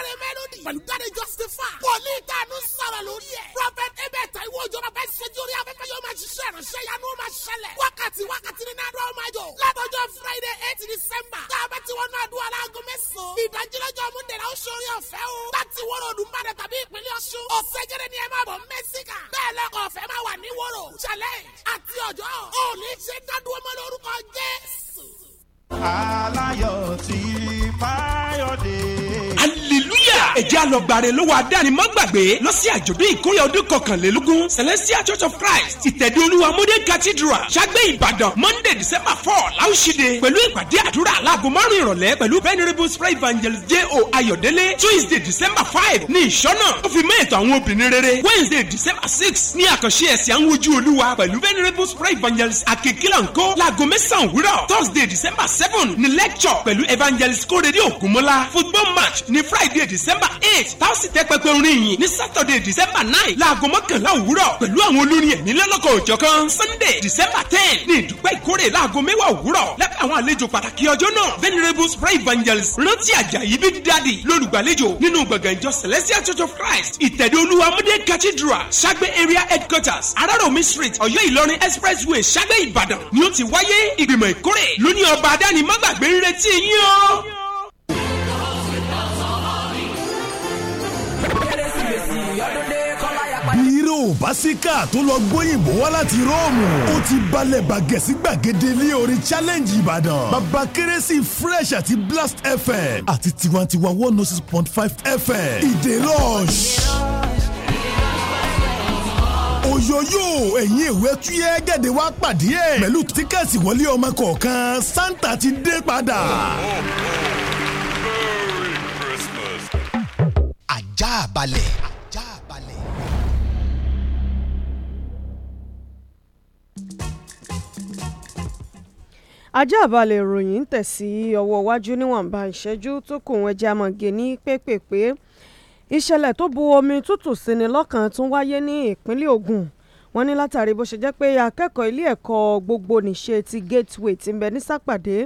dáre mélòdì pẹ̀lú dáre jọ́sífà. Pọ̀lì ìtànú sọ̀rọ̀ lórí ẹ̀. Prọfẹ̀t Ebert Taiwo ìjọba bẹ́ẹ̀ ṣẹ́jú orí afẹ́fẹ́ yóò máa ṣiṣẹ́ ìránṣẹ́ yanu máa ṣẹlẹ̀. Wákàtí wákàtí ní náà dọ́ọ̀ máa jò. Látọjọ́ Friday eight December. Táàbà tí wọ́n náà dún aláàgọ́ mẹ́sàn-án. Ìdájílọ́jọ́ Múndẹ̀lá ó ṣe orí ọ̀fẹ́ o. Láti wọ́rọ̀ Òdùnbàdàn tàbí ìpínlẹ̀ Ọ̀ṣun. Ọ̀sẹ̀gẹ̀rẹ̀ ni ẹ máa bọ̀ Mẹ́síkà. Bẹ́ẹ̀ lọ́kọ̀ ọ̀fẹ́ máa wà ní wọ́rọ̀. Challenge àti ọjọ́. Ó ní ṣe dádúró mọ́ lórúkọ Jésù. Aláyọ̀ ti Fáyọ̀dé ẹ̀jẹ̀ alọ̀gbàre ló wà dání mọ́ gbàgbé lọ sí àjọ̀dún ìkórè ọdún kọkànlélógún Celestial Church of Christ ìtẹ̀dí olúwa modern cathedral ṣàgbé ìbàdàn Monday December four láwùsídẹ̀ẹ́ pẹ̀lú ìpàdé àdúrà láago márùn ìrọ̀lẹ́ pẹ̀lú venerable spray evangelist J.O. Ayọ̀délé Tuesday December five ní ìṣọ́nà ó fi mẹ́ẹ̀tọ́ àwọn obìnrin rere Wednesday December six ní àkànṣe ẹ̀sìn àwọn ojú olúwa pẹ̀lú venerable spray evangelist akekilanko láago mẹ́sàn-án òwúrọ̀ Thursday December seven ní lecture pẹ̀lú evangelist kórèdí ògúnmọ́lá football match ní Friday December december eight tá a sì tẹ́ pẹpẹ orin yìí ní saturday december nine láago mọ́kànlá òwúrọ̀ pẹ̀lú àwọn olórin ẹ̀mí lọ́lọ́kọ̀ òjọ̀kan sunday december ten ní ìdúpẹ́ ìkórè láago mẹ́wàá òwúrọ̀ lẹ́pẹ́ àwọn àlejò pàtàkì ọjọ́ náà venerable spray evangelist rántí àjàyí big daddy lólùgbàlejò nínú gbọ̀ngàn celestial church of christ ìtẹ̀dó olúwa mọ́dé cathedral sagbe area headquarters araromi street ọ̀yọ́ ìlọrin expressway sagbe ìbàdàn ni ó ti wáyé ìgbìmọ̀ ìkórè lóní ò bá sí káà tó lọ gbóyìnbó wá láti róòmù ó ti balẹ̀ bàgẹ́ sí gbàgede ilé orin challenge ìbàdàn bàbá kérésì fresh àti blast fm àti tiwantiwa one oh six point five fm ìdè rush oyoyo ẹ̀yin ìwé tuyẹ́ gẹ̀dẹ̀ wá pàdé ẹ̀ pẹ̀lú tíkẹ́ẹ̀tì wọlé ọmọ kọ̀ọ̀kan santa ti dé padà. ajá balẹ̀. àjààbálẹ̀ ìròyìn ń tẹ̀ sí ọwọ́ iwájú níwọ̀nba ìṣẹ́jú tó kù ń ẹja mọ̀gẹ́ ní pépèpé ìṣẹ̀lẹ̀ tó bu omi tútù síni lọ́kàn tún wáyé ní ìpínlẹ̀ Ògùn wọ́n ní látàrí bó ṣe jẹ́ pé akẹ́kọ̀ọ́ ilé ẹ̀kọ́ gbogbonìṣe ti Gateway ti ń bẹ ní sápàdé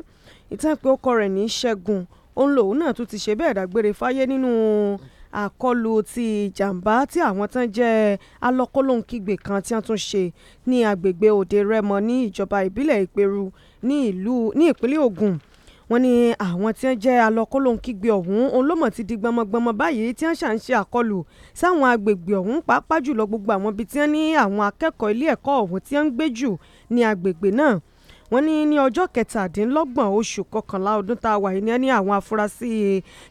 ìtàn pé ó kọ rẹ̀ ní Ṣẹ́gun òun lòun náà tún ti ṣe bẹ́ẹ̀ dágbére fáyé nínú àkọlù ti ìjàmbá tí àwọn tán jẹ́ alọ́kọ́lóhùn kígbe kan tí wọ́n tún ṣe ní agbègbè òde Rẹ́mọ ní ìjọba ìbílẹ̀ Ìpẹ̀rù ní ìlú ní ìpínlẹ̀ Ògùn wọ́n ní àwọn tí wọ́n jẹ́ alọ́kọ́lóhùnkígbe ọ̀hún òun ló mọ̀ ti di gbọmọgbọmọ báyìí tí wọ́n ṣà ń ṣe àkọlù sáwọn agbègbè ọ̀hún pàápàá jùlọ gbogbo àwọn ibi tí wọ́n ní àwọn akẹ́kọ̀ọ́ ilé ẹ̀kọ́ ọ̀hún tí wọ́n ń gbé jù ní agbègbè náà wọ́n ní ní ọjọ́ kẹtàdínlọ́gbọ̀n oṣù kọkànlá ọdún tá a wà yìí ní àwọn afurasí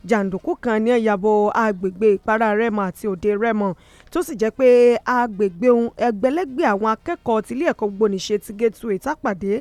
jàǹdùkú kan ní ẹ̀yàbọ̀ agbègbè ìpara rẹ́mọ àti òde rẹ́mọ tó sì jẹ́ pé agbègbè ohun ẹgbẹ̀lẹ́gbẹ̀ àwọn akẹ́kọ̀ọ́ tilé ẹ̀kọ́ gbogbonìṣe ti Gateway tápàdé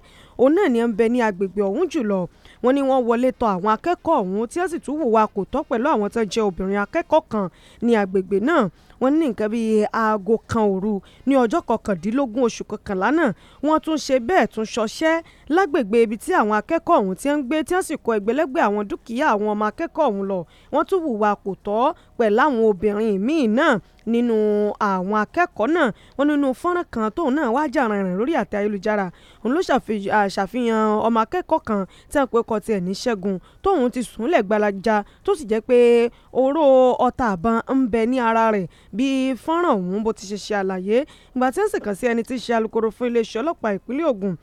òun náà ni ẹ ń bẹ ní agbègbè ọ̀hún jùlọ wọ́n ní wọ́n wọlé tọ̀ àwọn akẹ́kọ̀ọ́ ọ̀hún tí wọ́n sì tún hùwà kò tọ́ pẹ̀lú àwọn tó jẹ́ obìnrin akẹ́kọ̀ọ́ kan ní agbègbè náà wọ́n ní nǹkan bíi aago kan òru ní ọjọ́ kọkàndínlógún oṣù kọkànlá náà wọ́n tún ṣe bẹ́ẹ̀ tún ṣọṣẹ́ lágbègbè ibi tí àwọn akẹ́kọ̀ọ́ ọ̀hún ti ń gbé tí wọ́n sì kó ẹgbẹ̀lẹ́gbẹ̀ àwọn dúkìá àwọn ọmọ akẹ́kọ̀ọ́ ọ̀hún lọ wọ́n tún hùwà kò tọ́ pẹ̀lú àwọn obìnrin míì náà nínú àwọn akẹ́kọ̀ọ́ náà wọn nínú fọ́nrán kan tóun náà wá jà rìnrìn lórí àti ayélujára òun ló ṣàfihàn ọmọ akẹ́kọ̀ọ́ kan tí wọ́n pe kọ́ tiẹ̀ ní ṣẹ́gun tóun ti sùnlẹ̀ gbalaja tó sì jẹ́ pé oró ọta àbọn ń bẹ ní ara rẹ̀ bí fọ́nrán ọ̀hún bó ti ṣe ṣe àlàyé ìgbà tí ń sì kàn sí ẹni tí í ṣe alukoro fún iléeṣẹ́ ọlọ́pàá ìpínlẹ̀ Ògùn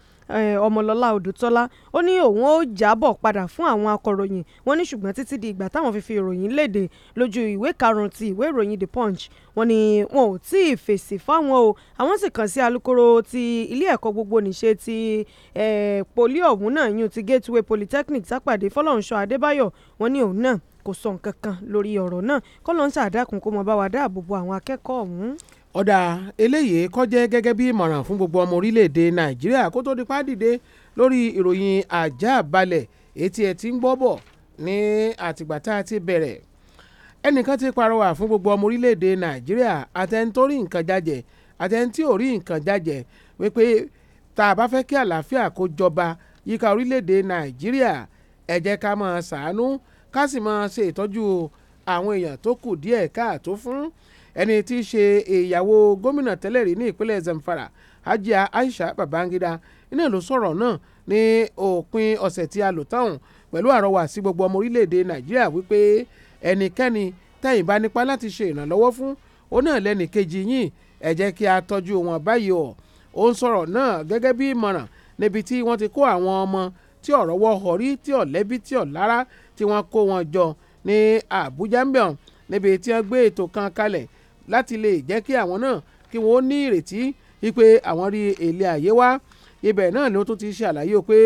ọmọlọ́lá odùtọ́lá ó ní òun ó jábọ̀ padà fún àwọn akọ̀ròyìn wọ́n ní ṣùgbọ́n títí di ìgbà táwọn fi fi ìròyìn léde lójú ìwé karùn-ún ti ìwé ìròyìn the punch wọ́n ní wọn ò tí ì fèsì fáwọn o àwọn sì kàn sí alukoro ti ilé ẹ̀kọ́ gbogbo níṣe ti poli ọ̀hún náà yún ti gateway polytechnic sápàdé fọlọ́runṣọ́ adébáyọ̀ wọ́n ní òun náà kò sọ nǹkan kan lórí ọ̀rọ̀ náà kọ́lọ́ ń ṣàdákùn kó mọ bá wa dáàbò bo àwọn akẹ́kọ̀ọ́ ọ̀hún. ọ̀dà eléyìí kọ́ jẹ́ gẹ́gẹ́ bí ìmọ̀ràn fún gbogbo ọmọ orílẹ̀-èdè nàìjíríà kó tó di pádìde lórí ìròyìn àjà balẹ̀ etí ẹ̀ ti ń gbọ́ bọ̀ ní àtìgbà tá a ti bẹ̀rẹ̀ ẹnìkan ti parọ́wà fún gbogbo ọmọ orílẹ̀-èdè nàìjíríà àtẹnitórí nǹkan jájẹ àtẹnití ò rí nǹkan jájẹ wípé tá a bá fẹ́ kí àlàáfíà kó jọba yíká orílẹ̀-èdè nàìjíríà ẹ ká máa ṣàánú ká sì máa ṣe ìtọ́jú àwọn èèyàn tó kù díẹ̀ káàtó fún ẹni tí í ṣe ìyàwó gómìnà tẹ́lẹ̀ rí ní ìpínlẹ̀ Zamfara Hajiya Aisha Babangida iná ló sọ̀rọ̀ náà ní òpin ọ̀sẹ̀ tí a lò táwọn pẹ̀lú àrọwà sí gbogbo ọmọ orílẹ̀-èdè Nàìjíríà wípé ẹnikẹ́ni tẹ̀yìn bá nípa láti ṣe ìrànlọ́wọ́ fún ó náà lẹ́nì kejì yín ẹ jẹ́ kí a tọ́jú wọn báyìí ọ̀ ó ń sọ̀rọ̀ náà gẹ́gẹ́ bí ìmọ̀ràn níbi tí wọ́n ti kó àwọn ọmọ tí ọ̀rọ̀ wọ́ ọ̀rí tí ọ̀lẹ́bí tí ọ̀lára tí wọ́n kó wọn jọ ní Àbújá ń bẹ̀rùn níbi tí wọ́n gbé ètò kan kalẹ̀ láti lè jẹ́ kí àwọn náà kí wọ́n ní ìrètí wípé àwọn rí èlé àyè wá ibẹ̀ náà ló tún ti ṣàlàyé pé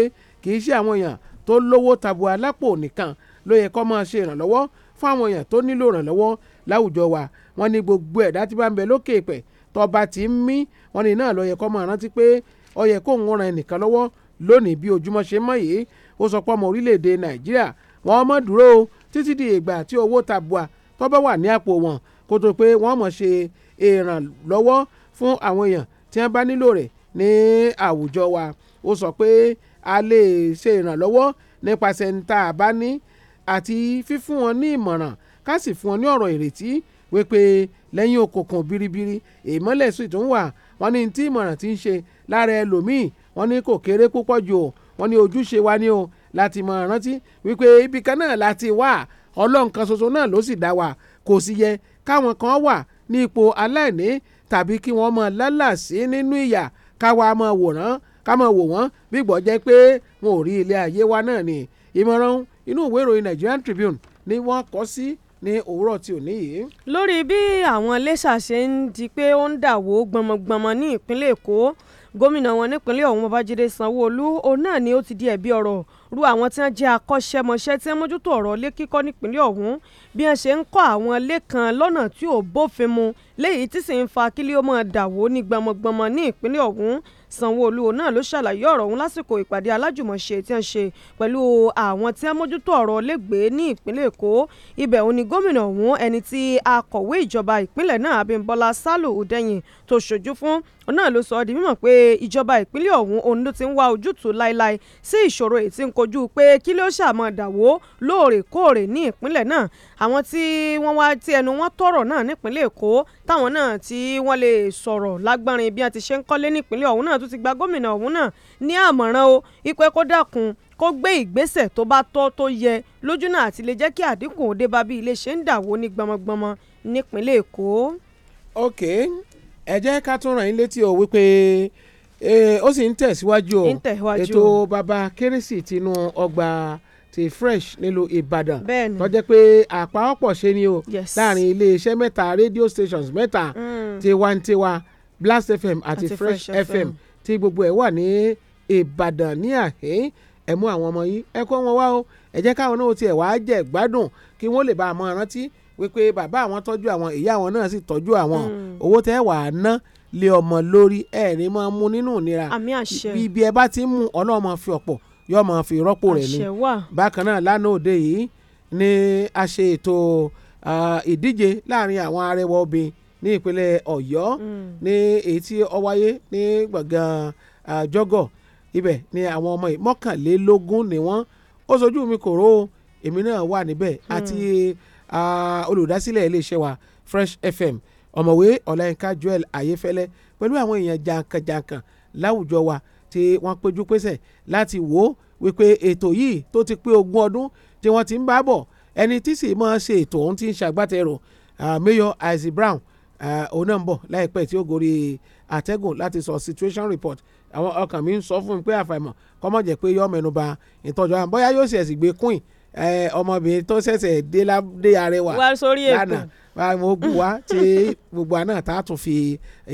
kì í ṣe àwọn èèyàn tó lówó tabu alápò nìkan ló yẹ kó máa ṣe ìrànlọ́wọ́ fún àwọn èèyàn tó nílò ìrànlọ́wọ́ láwùjọ wa wọ́n ní gbogbo ẹ̀dá tí bá ń bẹ lókè pẹ̀ tọba tí ń mí wọ́n ní náà ló yẹ kó máa rántí pé ó kó ń ran ẹnìkan lọ́wọ́ lónìí bí ojúmọ́ ṣe mọ́ yìí ó sọ pé ọmọ orílẹ̀-èdè Nàìjíríà wọ́n mọ̀ dúró o títí di ìgbà tí owó tabua tó wà ní àpò wọn kó tó pé wọ́n mọ̀ ṣe ìrànlọ́wọ́ fún àwọn èèyàn tí wọ́n bá nílò rẹ̀ ní àwùjọ wa ó sọ pé a lè ṣe ìrànlọ́wọ́ nípasẹ̀ níta àbá ní àti fífún wọn ní ìmọ̀ràn ká sì fún wọn ní ọ̀rọ̀ ìrètí wípé lẹ́yìn òkùnkùn biribiri ìmọ́lẹ̀ sì tún wà wọ́n ní tí ìmọ̀ràn ti ń ṣe lára ẹlòmíì wọ́n ní kò kéré púpọ̀ jù wọ́n ní ojúṣe wa ni o láti mọ̀ rántí wípé ibi kan náà láti wà ọlọ́run kan ṣoṣo náà ló sì dá wa kò sì yẹ káwọn kan wà ní ipò aláìní tàbí kí wọ́n mọ̀ lálàsí nínú ìyà káwa mọ̀ wòran ká mọ̀ wò wọ́n bí gbọ́ jẹ́ pé wọn ò rí ilé ayé wa náà ni ìmọ̀ràn inú ìwé ìròyìn Nigerian Tribune ni wọ́n kọ sí ní òwúrọ̀ tí ò níyì. lórí bí àwọn iléṣà ṣe ń di pé ó ń dàwó gbọmọgbọmọ ní ìpínlẹ̀ Èkó gómìnà wọn nípínlẹ̀ ọ̀hún babájídé sanwóolu òun náà ni ó ti di ẹ̀bi ọ̀rọ̀ ru àwọn tí wọ́n jẹ́ akọ́ṣẹ́mọṣẹ́ tí wọ́n mójútó ọ̀rọ̀ ilé kíkọ́ nípínlẹ̀ ọ̀hún bí wọ́n ṣe ń kọ́ àwọn ilé kan lọ́nà tí ò bófin mu léyìí tí sì ń fa kílí ó máa dàwó ní gbọmọgbọmọ ní ìpínlẹ̀ ọ̀hún sanwó-olu náà ló ṣàlàyé ọ̀rọ̀ ọ̀hún lásìkò ìpàdé alájùmọ̀ṣe tí wọ́n ṣe pẹ̀lú àwọn tí wọ́n mójútó ọ̀rọ̀ lẹ́gbẹ̀ẹ́ ní ìpínlẹ̀ èkó ibẹ̀ òun ni gómìnà ọ̀hún ẹni tí akọ̀wé ìjọba ìpínlẹ̀ náà abímbọ́lá sálò ọ̀dẹ́yìn tó ṣojú fún òun náà ló sọ ọ́ di mímọ̀ pé ìjọba ìpínlẹ̀ ọ̀hún òun ló ti ń wá ojútùú láéláé sí ìṣòro èyí tí ń kojú pé kí ló ṣàmọ́ dàwó lóòrèkóòrè ní ìpínlẹ̀ náà àwọn tí wọ́n wá tí ẹnu wọn tọ̀rọ̀ náà nípínlẹ̀ èkó táwọn náà tí wọ́n lè sọ̀rọ̀ lágbárin bí wọ́n ti ṣe ń kọ́lé nípínlẹ̀ ọ̀hún náà tún ti gba gómìnà ọ̀hún náà ní àmọ̀ràn o ipẹ́ kó dákun kó gbé ìgbésẹ̀ tó bá tọ́ tó yẹ lójú náà àti lè jẹ́ kí àdínkù òde bá bí ilé ṣe ń dàwó ní gbọmọgbọmọ nípínlẹ̀ èkó. okay ẹ jẹ́ ká tún ràn yín létí o wípé ó sì ń tẹ̀síwájú o ètò bàbá kérésì tinú ọgbà ti fresh nílùú ìbàdàn tó jẹ́ pé àpá ọ̀pọ̀ ṣe ni o láàrin iléeṣẹ́ mẹ́ta radio stations mẹ́ta mm. tiwantiwa blast fm àti fresh fm tí gbogbo ẹ̀ wà ní ìbàdàn ní àhín ẹ mú àwọn ọmọ yìí ẹ kó wọn wá o ẹ jẹ́ káwọn náà tiẹ̀ wá jẹ gbádùn kí wọ́n lè bá a mọ rántí wípé bàbá àwọn tọ́jú àwọn ìyá àwọn náà sì tọ́jú àwọn hmm. owó tẹ́ wàá ná lé ọmọ lórí ẹ̀ ní máa mú nínú ìnira ibi ẹ bá ti mú ọ̀nà fi ọ̀pọ̀ yóò máa fi rọ́pò rẹ̀ ni bákan náà lánàá òde yìí ni a ṣe ètò ìdíje láàrin àwọn arẹwà obìnrin ní ìpínlẹ̀ Ọ̀yọ́ hmm. ní èyí tí ó wáyé ní gbọ̀ngàn àjọgọ̀ ibẹ̀ ni àwọn ọmọ yìí ni wọ́n ó sojú mi kò ró èmi náà wà níbẹ̀ hmm. àti olùdásílẹ̀ iléeṣẹ́ wa Fresh FM ọ̀mọ̀wé ọláyínká joel ayéfẹ́lẹ́ pẹ̀lú àwọn èèyàn jankan-jankan láwùjọ wa tí wọ́n péjú pésẹ̀ láti wò ó wípé ètò yìí tó ti pé ogún ọdún tí wọ́n ti ń bá bọ̀ ẹni tí sì máa ṣe ètò ọ̀hún ti ń ṣàgbátẹrù Mayor Isaac Brown òun náà ń bọ̀ láìpẹ́ tí ó gorí àtẹ́gùn láti sọ situation report àwọn ọkàn mi ń sọ fún mi pé àfàìmọ̀ kọ́mọ̀jẹ̀ pé yọ mẹ́nuba ìtọ́jú àwọn bóyá yóò sì ẹ̀sìn gbé kúìn ọmọbìnrin tó ṣẹ̀ṣẹ̀ dé ládé arẹwà lánàá mo gùn wá tí gbogbo àná tá a tún fi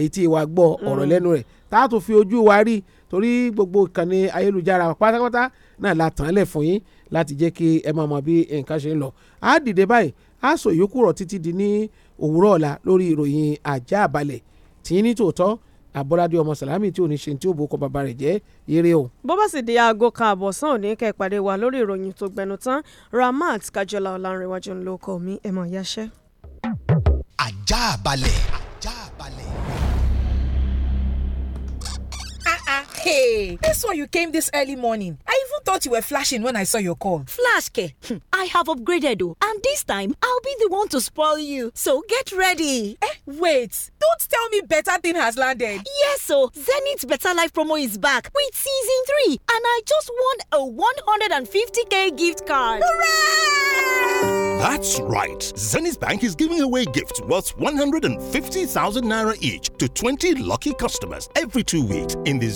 etí wa gbọ́ ọ̀rọ̀ mm. lẹ́nu rẹ̀ tá a tún fi ojú wa rí torí gbogbo ìkànnì ayélujára pátápátá náà la tàn án lẹ̀ fún yín láti jẹ́ kí ẹ máa mọ bí nǹkan ṣe ń lọ á dìde báyìí á sọ ìyókù rọ̀ títí di ní òwúrọ̀ ọ̀la lórí ìròyìn àjá àbálẹ̀ tí ní tòótọ́ abọ́ládé ọmọ sàlámì tí ò ní ṣe tí ó bo ọkọ̀ bàbá rẹ̀ jẹ́ eré o. bó bá sì di aago kan àbọ̀sán òní kẹ́ ẹ̀ pàdé wa lórí ìròyìn tó gbẹnu tán Ramat Kájọlá Ọlánrewájú ńlọkọ mi ẹ̀ mọ̀ yáṣẹ́. àjà balẹ̀ Hey, that's why you came this early morning. I even thought you were flashing when I saw your call. Flash, K. Hmm, I have upgraded, oh, and this time I'll be the one to spoil you. So get ready. Eh, wait. Don't tell me better thing has landed. Yes, so Zenith Better Life promo is back with season three, and I just won a 150k gift card. Hooray! That's right. Zenith Bank is giving away gifts worth 150,000 naira each to 20 lucky customers every two weeks in the